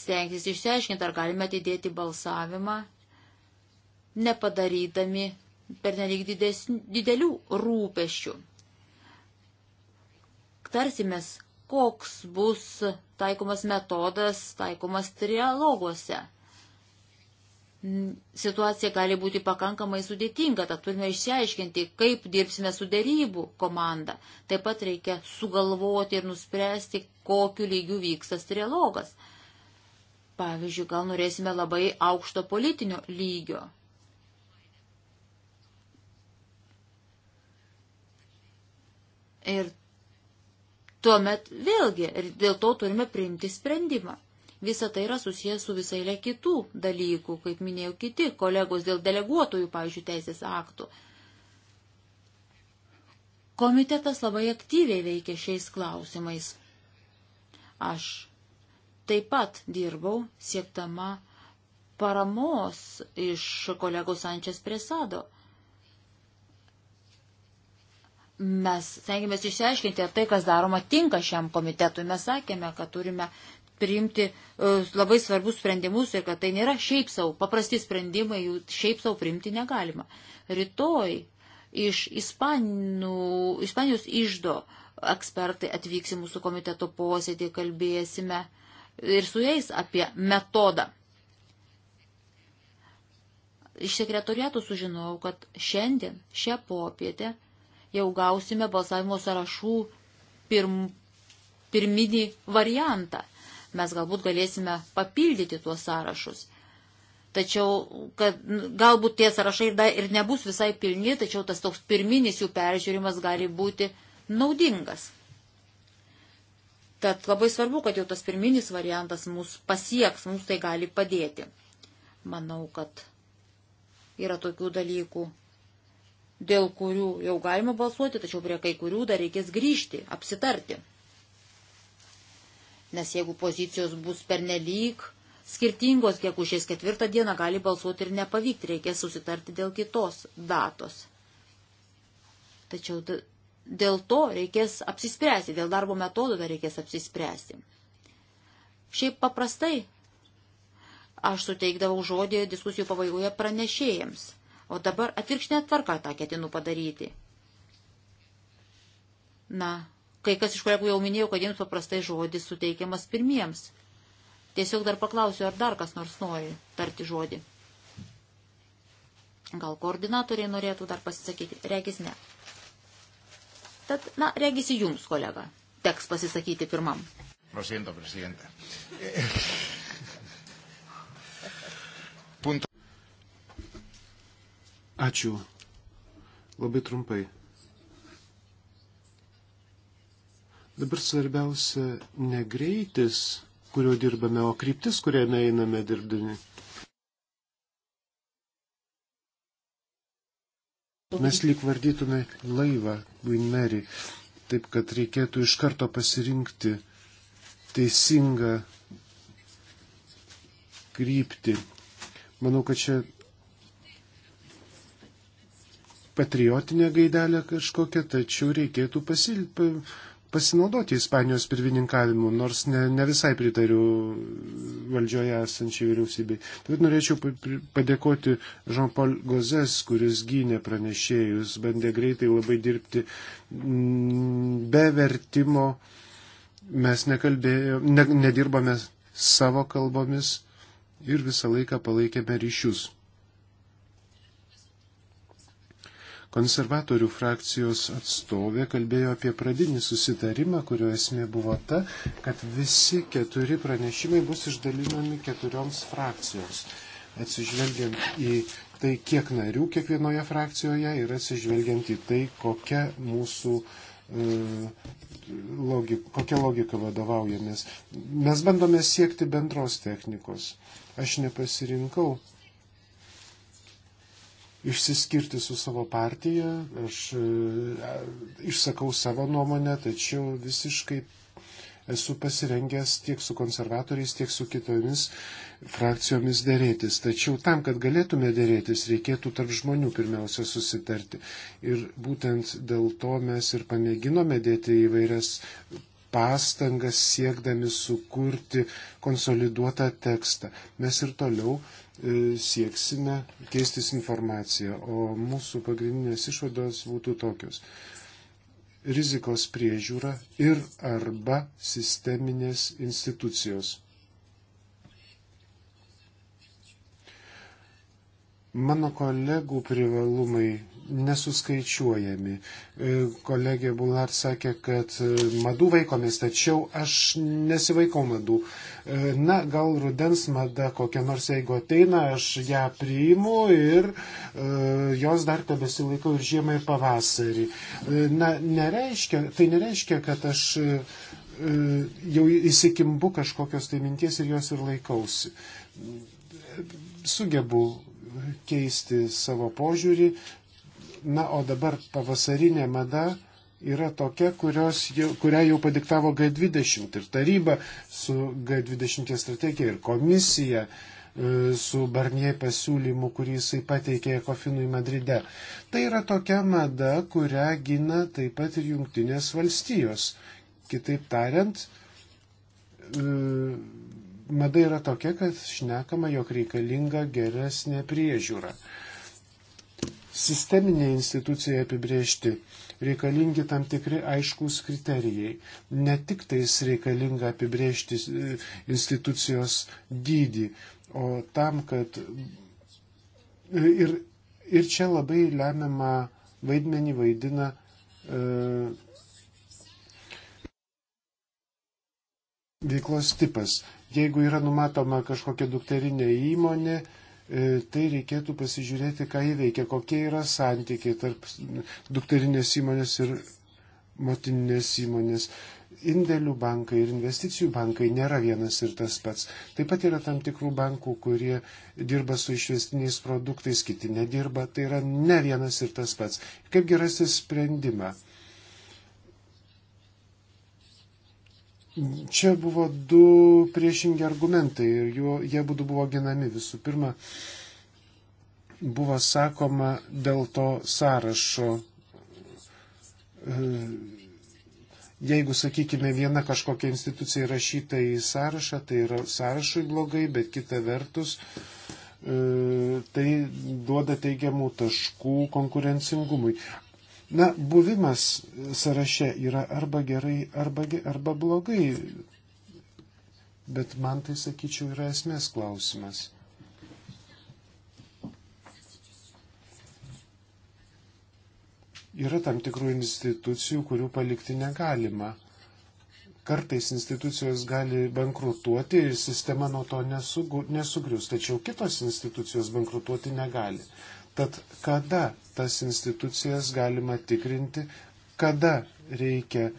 Stengsis išsiaiškinti, ar galime atidėti balsavimą, nepadarydami per nelik didelių rūpešių tarsimės, koks bus taikomas metodas, taikomas trialoguose. Situacija gali būti pakankamai sudėtinga, tad turime išsiaiškinti, kaip dirbsime su dėrybų komanda. Taip pat reikia sugalvoti ir nuspręsti, kokiu lygiu vyksta trialogas. Pavyzdžiui, gal norėsime labai aukšto politinio lygio. Ir tuomet vėlgi dėl to turime priimti sprendimą. Visa tai yra susijęs su visai le kitų dalykų, kaip minėjau kiti kolegos dėl deleguotojų, pavyzdžiui, teisės aktų. Komitetas labai aktyviai veikia šiais klausimais. Aš taip pat dirbau siektama paramos iš kolegos Ančias Presado. mes stengiamės išsiaiškinti, ar tai, kas daroma, tinka šiam komitetui. Mes sakėme, kad turime priimti e, labai svarbus sprendimus ir kad tai nėra šiaip savo, paprasti sprendimai, jų šiaip savo priimti negalima. Rytoj iš Ispanų, Ispanijos išdo ekspertai atvyks į mūsų komiteto posėdį, kalbėsime ir su jais apie metodą. Iš sekretoriato sužinojau, kad šiandien, šią popietę, jau gausime balsavimo sąrašų pirm, pirminį variantą. Mes galbūt galėsime papildyti tuos sąrašus. Tačiau, kad galbūt tie sąrašai ir nebus visai pilni, tačiau tas toks pirminis jų peržiūrimas gali būti naudingas. Tad labai svarbu, kad jau tas pirminis variantas mus pasieks, mums tai gali padėti. Manau, kad yra tokių dalykų, dėl kurių jau galima balsuoti, tačiau prie kai kurių dar reikės grįžti, apsitarti. Nes jeigu pozicijos bus pernelyg skirtingos, gegužės ketvirtą dieną gali balsuoti ir nepavykti, reikės susitarti dėl kitos datos. Tačiau dėl to reikės apsispręsti, dėl darbo metodų dar reikės apsispręsti. Šiaip paprastai aš suteikdavau žodį diskusijų pabaigoje pranešėjams – O dabar atvirkštinę tvarką tą ketinu padaryti. Na, kai kas iš kolegų jau minėjau, kad jiems paprastai žodis suteikiamas pirmiems. Tiesiog dar paklausiu, ar dar kas nors nori tarti žodį. Gal koordinatoriai norėtų dar pasisakyti? Regis ne. Tad, na, regisi jums, kolega. Teks pasisakyti pirmam. Lo siento, presidente. Ačiū. Labai trumpai. Dabar svarbiausia ne greitis, kuriuo dirbame, o kryptis, kuriame einame dirbdami. Mes lyg vardytume laivą Queen Mary, taip kad reikėtų iš karto pasirinkti teisingą kryptį. Manau, kad čia patriotinę gaidelę kažkokią, tačiau reikėtų pasilp, pasinaudoti Ispanijos pirmininkavimu, nors ne, ne visai pritariu valdžioje esančiai vyriausybei. Tad norėčiau padėkoti Jean-Paul Gozes, kuris gynė pranešėjus, bandė greitai labai dirbti mm, be vertimo. Mes nekalbėjome, ne, nedirbame savo kalbomis ir visą laiką palaikėme ryšius. Konservatorių frakcijos atstovė kalbėjo apie pradinį susitarimą, kurio esmė buvo ta, kad visi keturi pranešimai bus išdalinami keturioms frakcijoms. Atsižvelgiant į tai, kiek narių kiekvienoje frakcijoje ir atsižvelgiant į tai, kokia mūsų e, logika, kokia logika vadovaujamės. Mes bandome siekti bendros technikos. Aš nepasirinkau išsiskirti su savo partija, aš e, išsakau savo nuomonę, tačiau visiškai esu pasirengęs tiek su konservatoriais, tiek su kitomis frakcijomis dėrėtis. Tačiau tam, kad galėtume dėrėtis, reikėtų tarp žmonių pirmiausia susitarti. Ir būtent dėl to mes ir pamėginome dėti įvairias pastangas siekdami sukurti konsoliduotą tekstą. Mes ir toliau E, sieksime keistis informaciją, o mūsų pagrindinės išvados būtų tokios. Rizikos priežiūra ir arba sisteminės institucijos. Mano kolegų privalumai nesuskaičiuojami. E, kolegė Bular sakė, kad e, madų vaikomės, tačiau aš nesivaikau madų. E, na, gal rudens mada kokia nors, jeigu ateina, aš ją priimu ir jos dar tebesilaikau ir žiemą ir pavasarį. Na, nereiškia, tai nereiškia, kad aš jau įsikimbu kažkokios tai minties ir jos ir laikausi. Sugebu keisti savo požiūrį, Na, o dabar pavasarinė mada yra tokia, jau, kurią jau padiktavo G20 ir taryba su G20 strategija ir komisija e, su Barnie pasiūlymu, kurį jisai pateikė Kofinui Madride. Tai yra tokia mada, kurią gina taip pat ir jungtinės valstijos. Kitaip tariant, e, mada yra tokia, kad šnekama, jog reikalinga geresnė priežiūra sisteminė institucija apibriežti, reikalingi tam tikri aiškūs kriterijai. Ne tik tais reikalinga apibriežti e, institucijos dydį, o tam, kad e, ir, ir čia labai lemiamą vaidmenį vaidina e, veiklos tipas. Jeigu yra numatoma kažkokia dukterinė įmonė, e, E, tai reikėtų pasižiūrėti, ką įveikia, kokie yra santykiai tarp dukterinės įmonės ir motininės įmonės. Indėlių bankai ir investicijų bankai nėra vienas ir tas pats. Taip pat yra tam tikrų bankų, kurie dirba su išvestiniais produktais, kiti nedirba. Tai yra ne vienas ir tas pats. Kaip gerasi sprendimą? Čia buvo du priešingi argumentai ir jų, jie būtų buvo ginami. Visų pirma, buvo sakoma dėl to sąrašo e, jeigu, sakykime, viena kažkokia institucija įrašyta į sąrašą, tai yra sąrašui blogai, bet kita vertus e, tai duoda teigiamų taškų konkurencingumui. Na, buvimas sąraše yra arba gerai, arba, arba blogai, bet man tai, sakyčiau, yra esmės klausimas. Yra tam tikrų institucijų, kurių palikti negalima. Kartais institucijos gali bankrutuoti ir sistema nuo to nesugrius, tačiau kitos institucijos bankrutuoti negali. Tad kada tas institucijas galima tikrinti, kada reikia,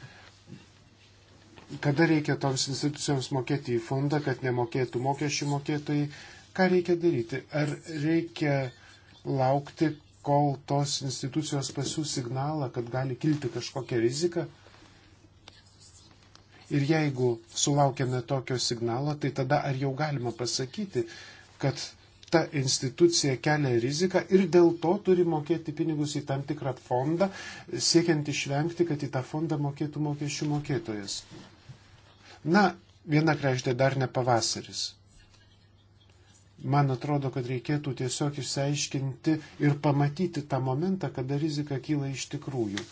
kada reikia toms institucijoms mokėti į fondą, kad nemokėtų mokesčių mokėtojai, ką reikia daryti. Ar reikia laukti, kol tos institucijos pasiūs signalą, kad gali kilti kažkokia rizika? Ir jeigu sulaukėme tokio signalo, tai tada ar jau galima pasakyti, kad ta institucija kelia riziką ir dėl to turi mokėti pinigus į tam tikrą fondą, siekiant išvengti, kad į tą fondą mokėtų mokesčių mokėtojas. Na, viena kreždė dar ne pavasaris. Man atrodo, kad reikėtų tiesiog išsiaiškinti ir pamatyti tą momentą, kada rizika kyla iš tikrųjų.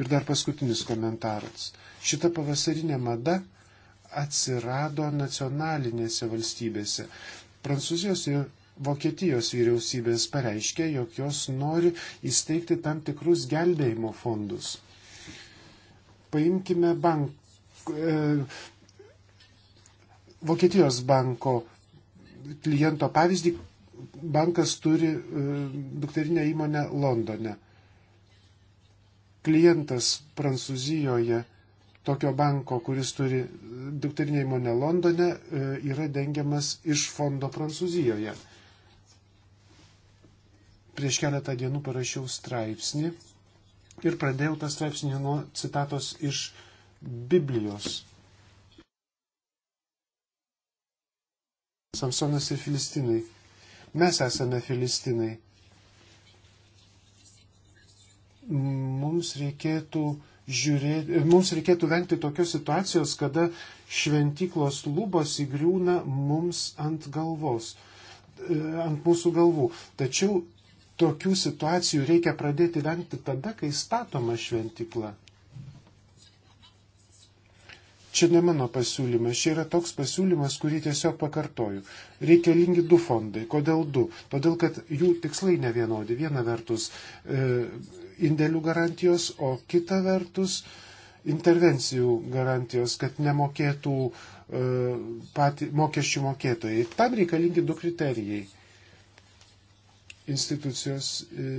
Ir dar paskutinis komentaras. Šita pavasarinė mada atsirado nacionalinėse valstybėse. Prancūzijos ir Vokietijos vyriausybės pareiškė, jog jos nori įsteigti tam tikrus gelbėjimo fondus. Paimkime bank, e, Vokietijos banko kliento pavyzdį. Bankas turi e, dukterinę įmonę Londone. Klientas Prancūzijoje tokio banko, kuris turi dukterinę įmonę Londone, e, yra dengiamas iš fondo Prancūzijoje. Prieš keletą dienų parašiau straipsnį ir pradėjau tą straipsnį nuo citatos iš Biblijos. Samsonas ir Filistinai. Mes esame Filistinai. Mums reikėtų, žiūrėti, mums reikėtų vengti tokios situacijos, kada šventyklos lubos įgriūna mums ant galvos, ant mūsų galvų. Tačiau tokių situacijų reikia pradėti vengti tada, kai statoma šventikla. Čia ne mano pasiūlymas, čia yra toks pasiūlymas, kurį tiesiog pakartoju. Reikalingi du fondai. Kodėl du? Todėl, kad jų tikslai ne vienodi. Viena vertus e, indėlių garantijos, o kita vertus intervencijų garantijos, kad nemokėtų e, pati, mokesčių mokėtojai. Tam reikalingi du kriterijai institucijos e,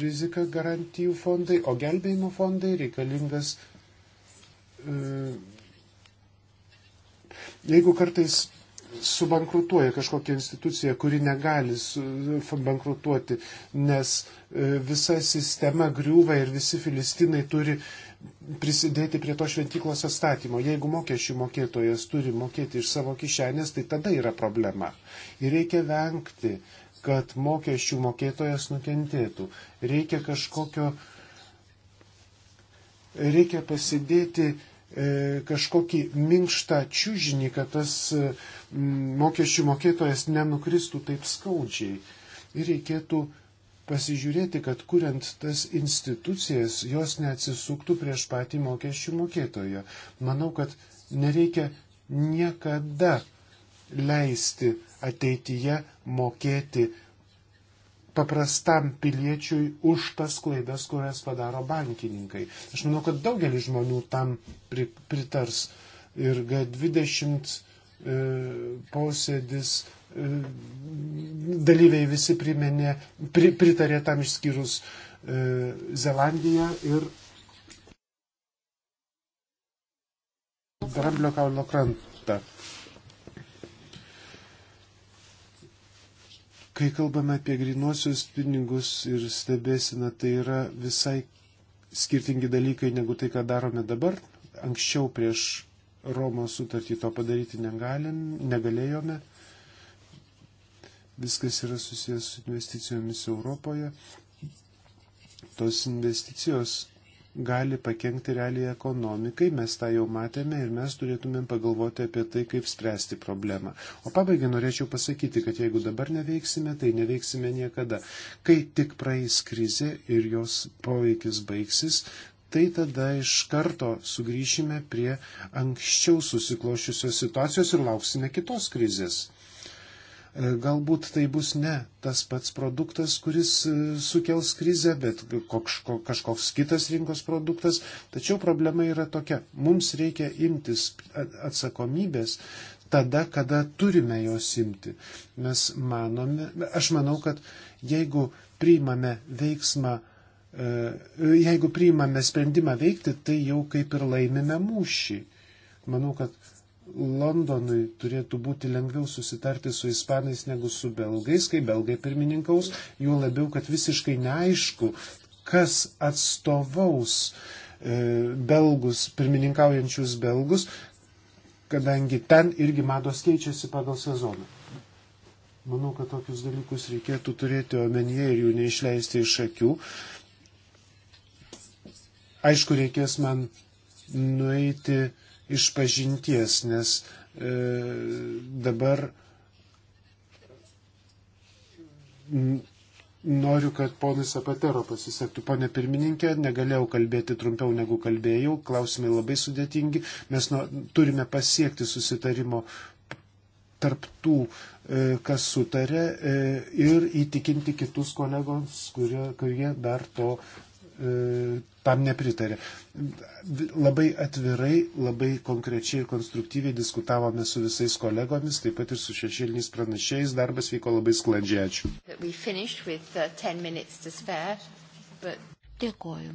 rizika garantijų fondai, o gelbėjimo fondai reikalingas. E, jeigu kartais subankrutuoja kažkokia institucija, kuri negali bankrutuoti, nes e, visa sistema griūva ir visi filistinai turi prisidėti prie to šventyklos atstatymo. Jeigu mokesčių mokėtojas turi mokėti iš savo kišenės, tai tada yra problema. Ir reikia vengti kad mokesčių mokėtojas nukentėtų. Reikia kažkokio, reikia pasidėti e, kažkokį minkštą čiūžinį, kad tas e, mokesčių mokėtojas nenukristų taip skaudžiai. Ir reikėtų pasižiūrėti, kad kuriant tas institucijas, jos neatsisuktų prieš patį mokesčių mokėtoją. Manau, kad nereikia niekada leisti ateityje mokėti paprastam piliečiui už tas klaidas, kurias padaro bankininkai. Aš manau, kad daugelis žmonių tam pritars. Ir G20 e, posėdis e, dalyviai visi priminė, pri, pritarė tam išskyrus e, Zelandiją ir Dramblio kalno krantą. Kai kalbame apie grinuosius pinigus ir stebėsime, tai yra visai skirtingi dalykai negu tai, ką darome dabar. Anksčiau prieš Romos sutartį to padaryti negalim, negalėjome. Viskas yra susijęs su investicijomis Europoje. Tos investicijos gali pakengti realiai ekonomikai, mes tą jau matėme ir mes turėtumėm pagalvoti apie tai, kaip spręsti problemą. O pabaigai norėčiau pasakyti, kad jeigu dabar neveiksime, tai neveiksime niekada. Kai tik praeis krizė ir jos poveikis baigsis, tai tada iš karto sugrįšime prie anksčiau susiklošiusios situacijos ir lauksime kitos krizės. E, galbūt tai bus ne tas pats produktas, kuris e, sukels krizę, bet kažkoks kitas rinkos produktas. Tačiau problema yra tokia. Mums reikia imtis atsakomybės tada, kada turime jos imti. Mes manome, aš manau, kad jeigu priimame veiksmą, e, jeigu priimame sprendimą veikti, tai jau kaip ir laimime mūšį. Manau, kad Londonui turėtų būti lengviau susitarti su ispanais negu su belgais, kai belgai pirmininkaus, juo labiau, kad visiškai neaišku, kas atstovaus e, belgus, pirmininkaujančius belgus, kadangi ten irgi mados keičiasi pagal sezoną. Manau, kad tokius dalykus reikėtų turėti omenyje ir jų neišleisti iš akių. Aišku, reikės man nueiti iš pažinties, nes e, dabar noriu, kad ponas Apatero pasisektų. Pone pirmininkė, negalėjau kalbėti trumpiau negu kalbėjau, klausimai labai sudėtingi, mes nu, turime pasiekti susitarimo tarptų, e, kas sutarė e, ir įtikinti kitus kolegos, kurie, kurie dar to E, tam nepritarė. Labai atvirai, labai konkrečiai ir konstruktyviai diskutavome su visais kolegomis, taip pat ir su šešėliniais pranašiais. Darbas vyko labai sklandžiai. Ačiū. Uh, but... Dėkoju.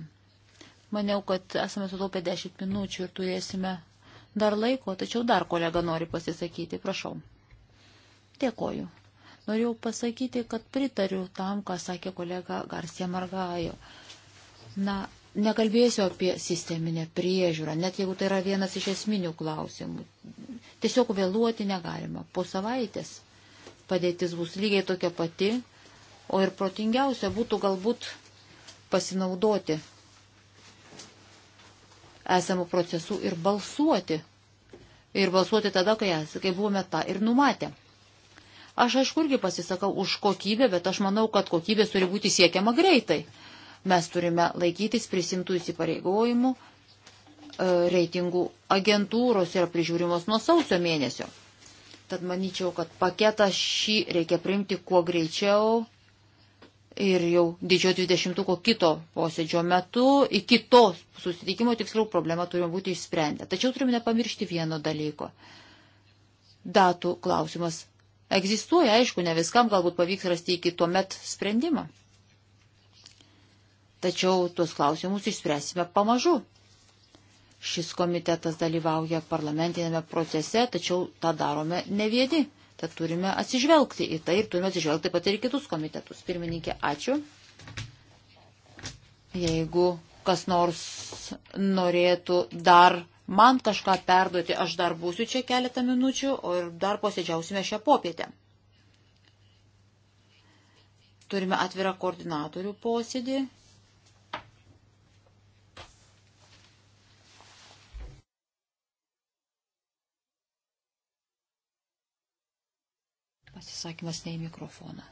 Maniau, kad esame sutaupę 10 minučių ir turėsime dar laiko, tačiau dar kolega nori pasisakyti. Prašau. Dėkoju. Norėjau pasakyti, kad pritariu tam, ką sakė kolega Garcia Margajo. Uh, Na, nekalbėsiu apie sisteminę priežiūrą, net jeigu tai yra vienas iš esminių klausimų. Tiesiog vėluoti negalima. Po savaitės padėtis bus lygiai tokia pati, o ir protingiausia būtų galbūt pasinaudoti esamų procesų ir balsuoti. Ir balsuoti tada, kai, kai buvome tą ir numatę. Aš aišku irgi pasisakau už kokybę, bet aš manau, kad kokybės turi būti siekiama greitai. Mes turime laikytis prisimtų įsipareigojimų. E, reitingų agentūros yra prižiūrimos nuo sausio mėnesio. Tad manyčiau, kad paketą šį reikia priimti kuo greičiau ir jau didžiojo 20-ko kito posėdžio metu, iki to susitikimo tiksliau problema turime būti išsprendę. Tačiau turime nepamiršti vieno dalyko. Datų klausimas egzistuoja, aišku, ne viskam galbūt pavyks rasti iki tuo met sprendimą. Tačiau tuos klausimus išspręsime pamažu. Šis komitetas dalyvauja parlamentinėme procese, tačiau tą darome ne vieni. Tad turime atsižvelgti į tai ir turime atsižvelgti pat ir kitus komitetus. Pirmininkė, ačiū. Jeigu kas nors norėtų dar man kažką perduoti, aš dar būsiu čia keletą minučių, o ir dar posėdžiausime šią popietę. Turime atvirą koordinatorių posėdį. Pasisakymas ne į mikrofoną.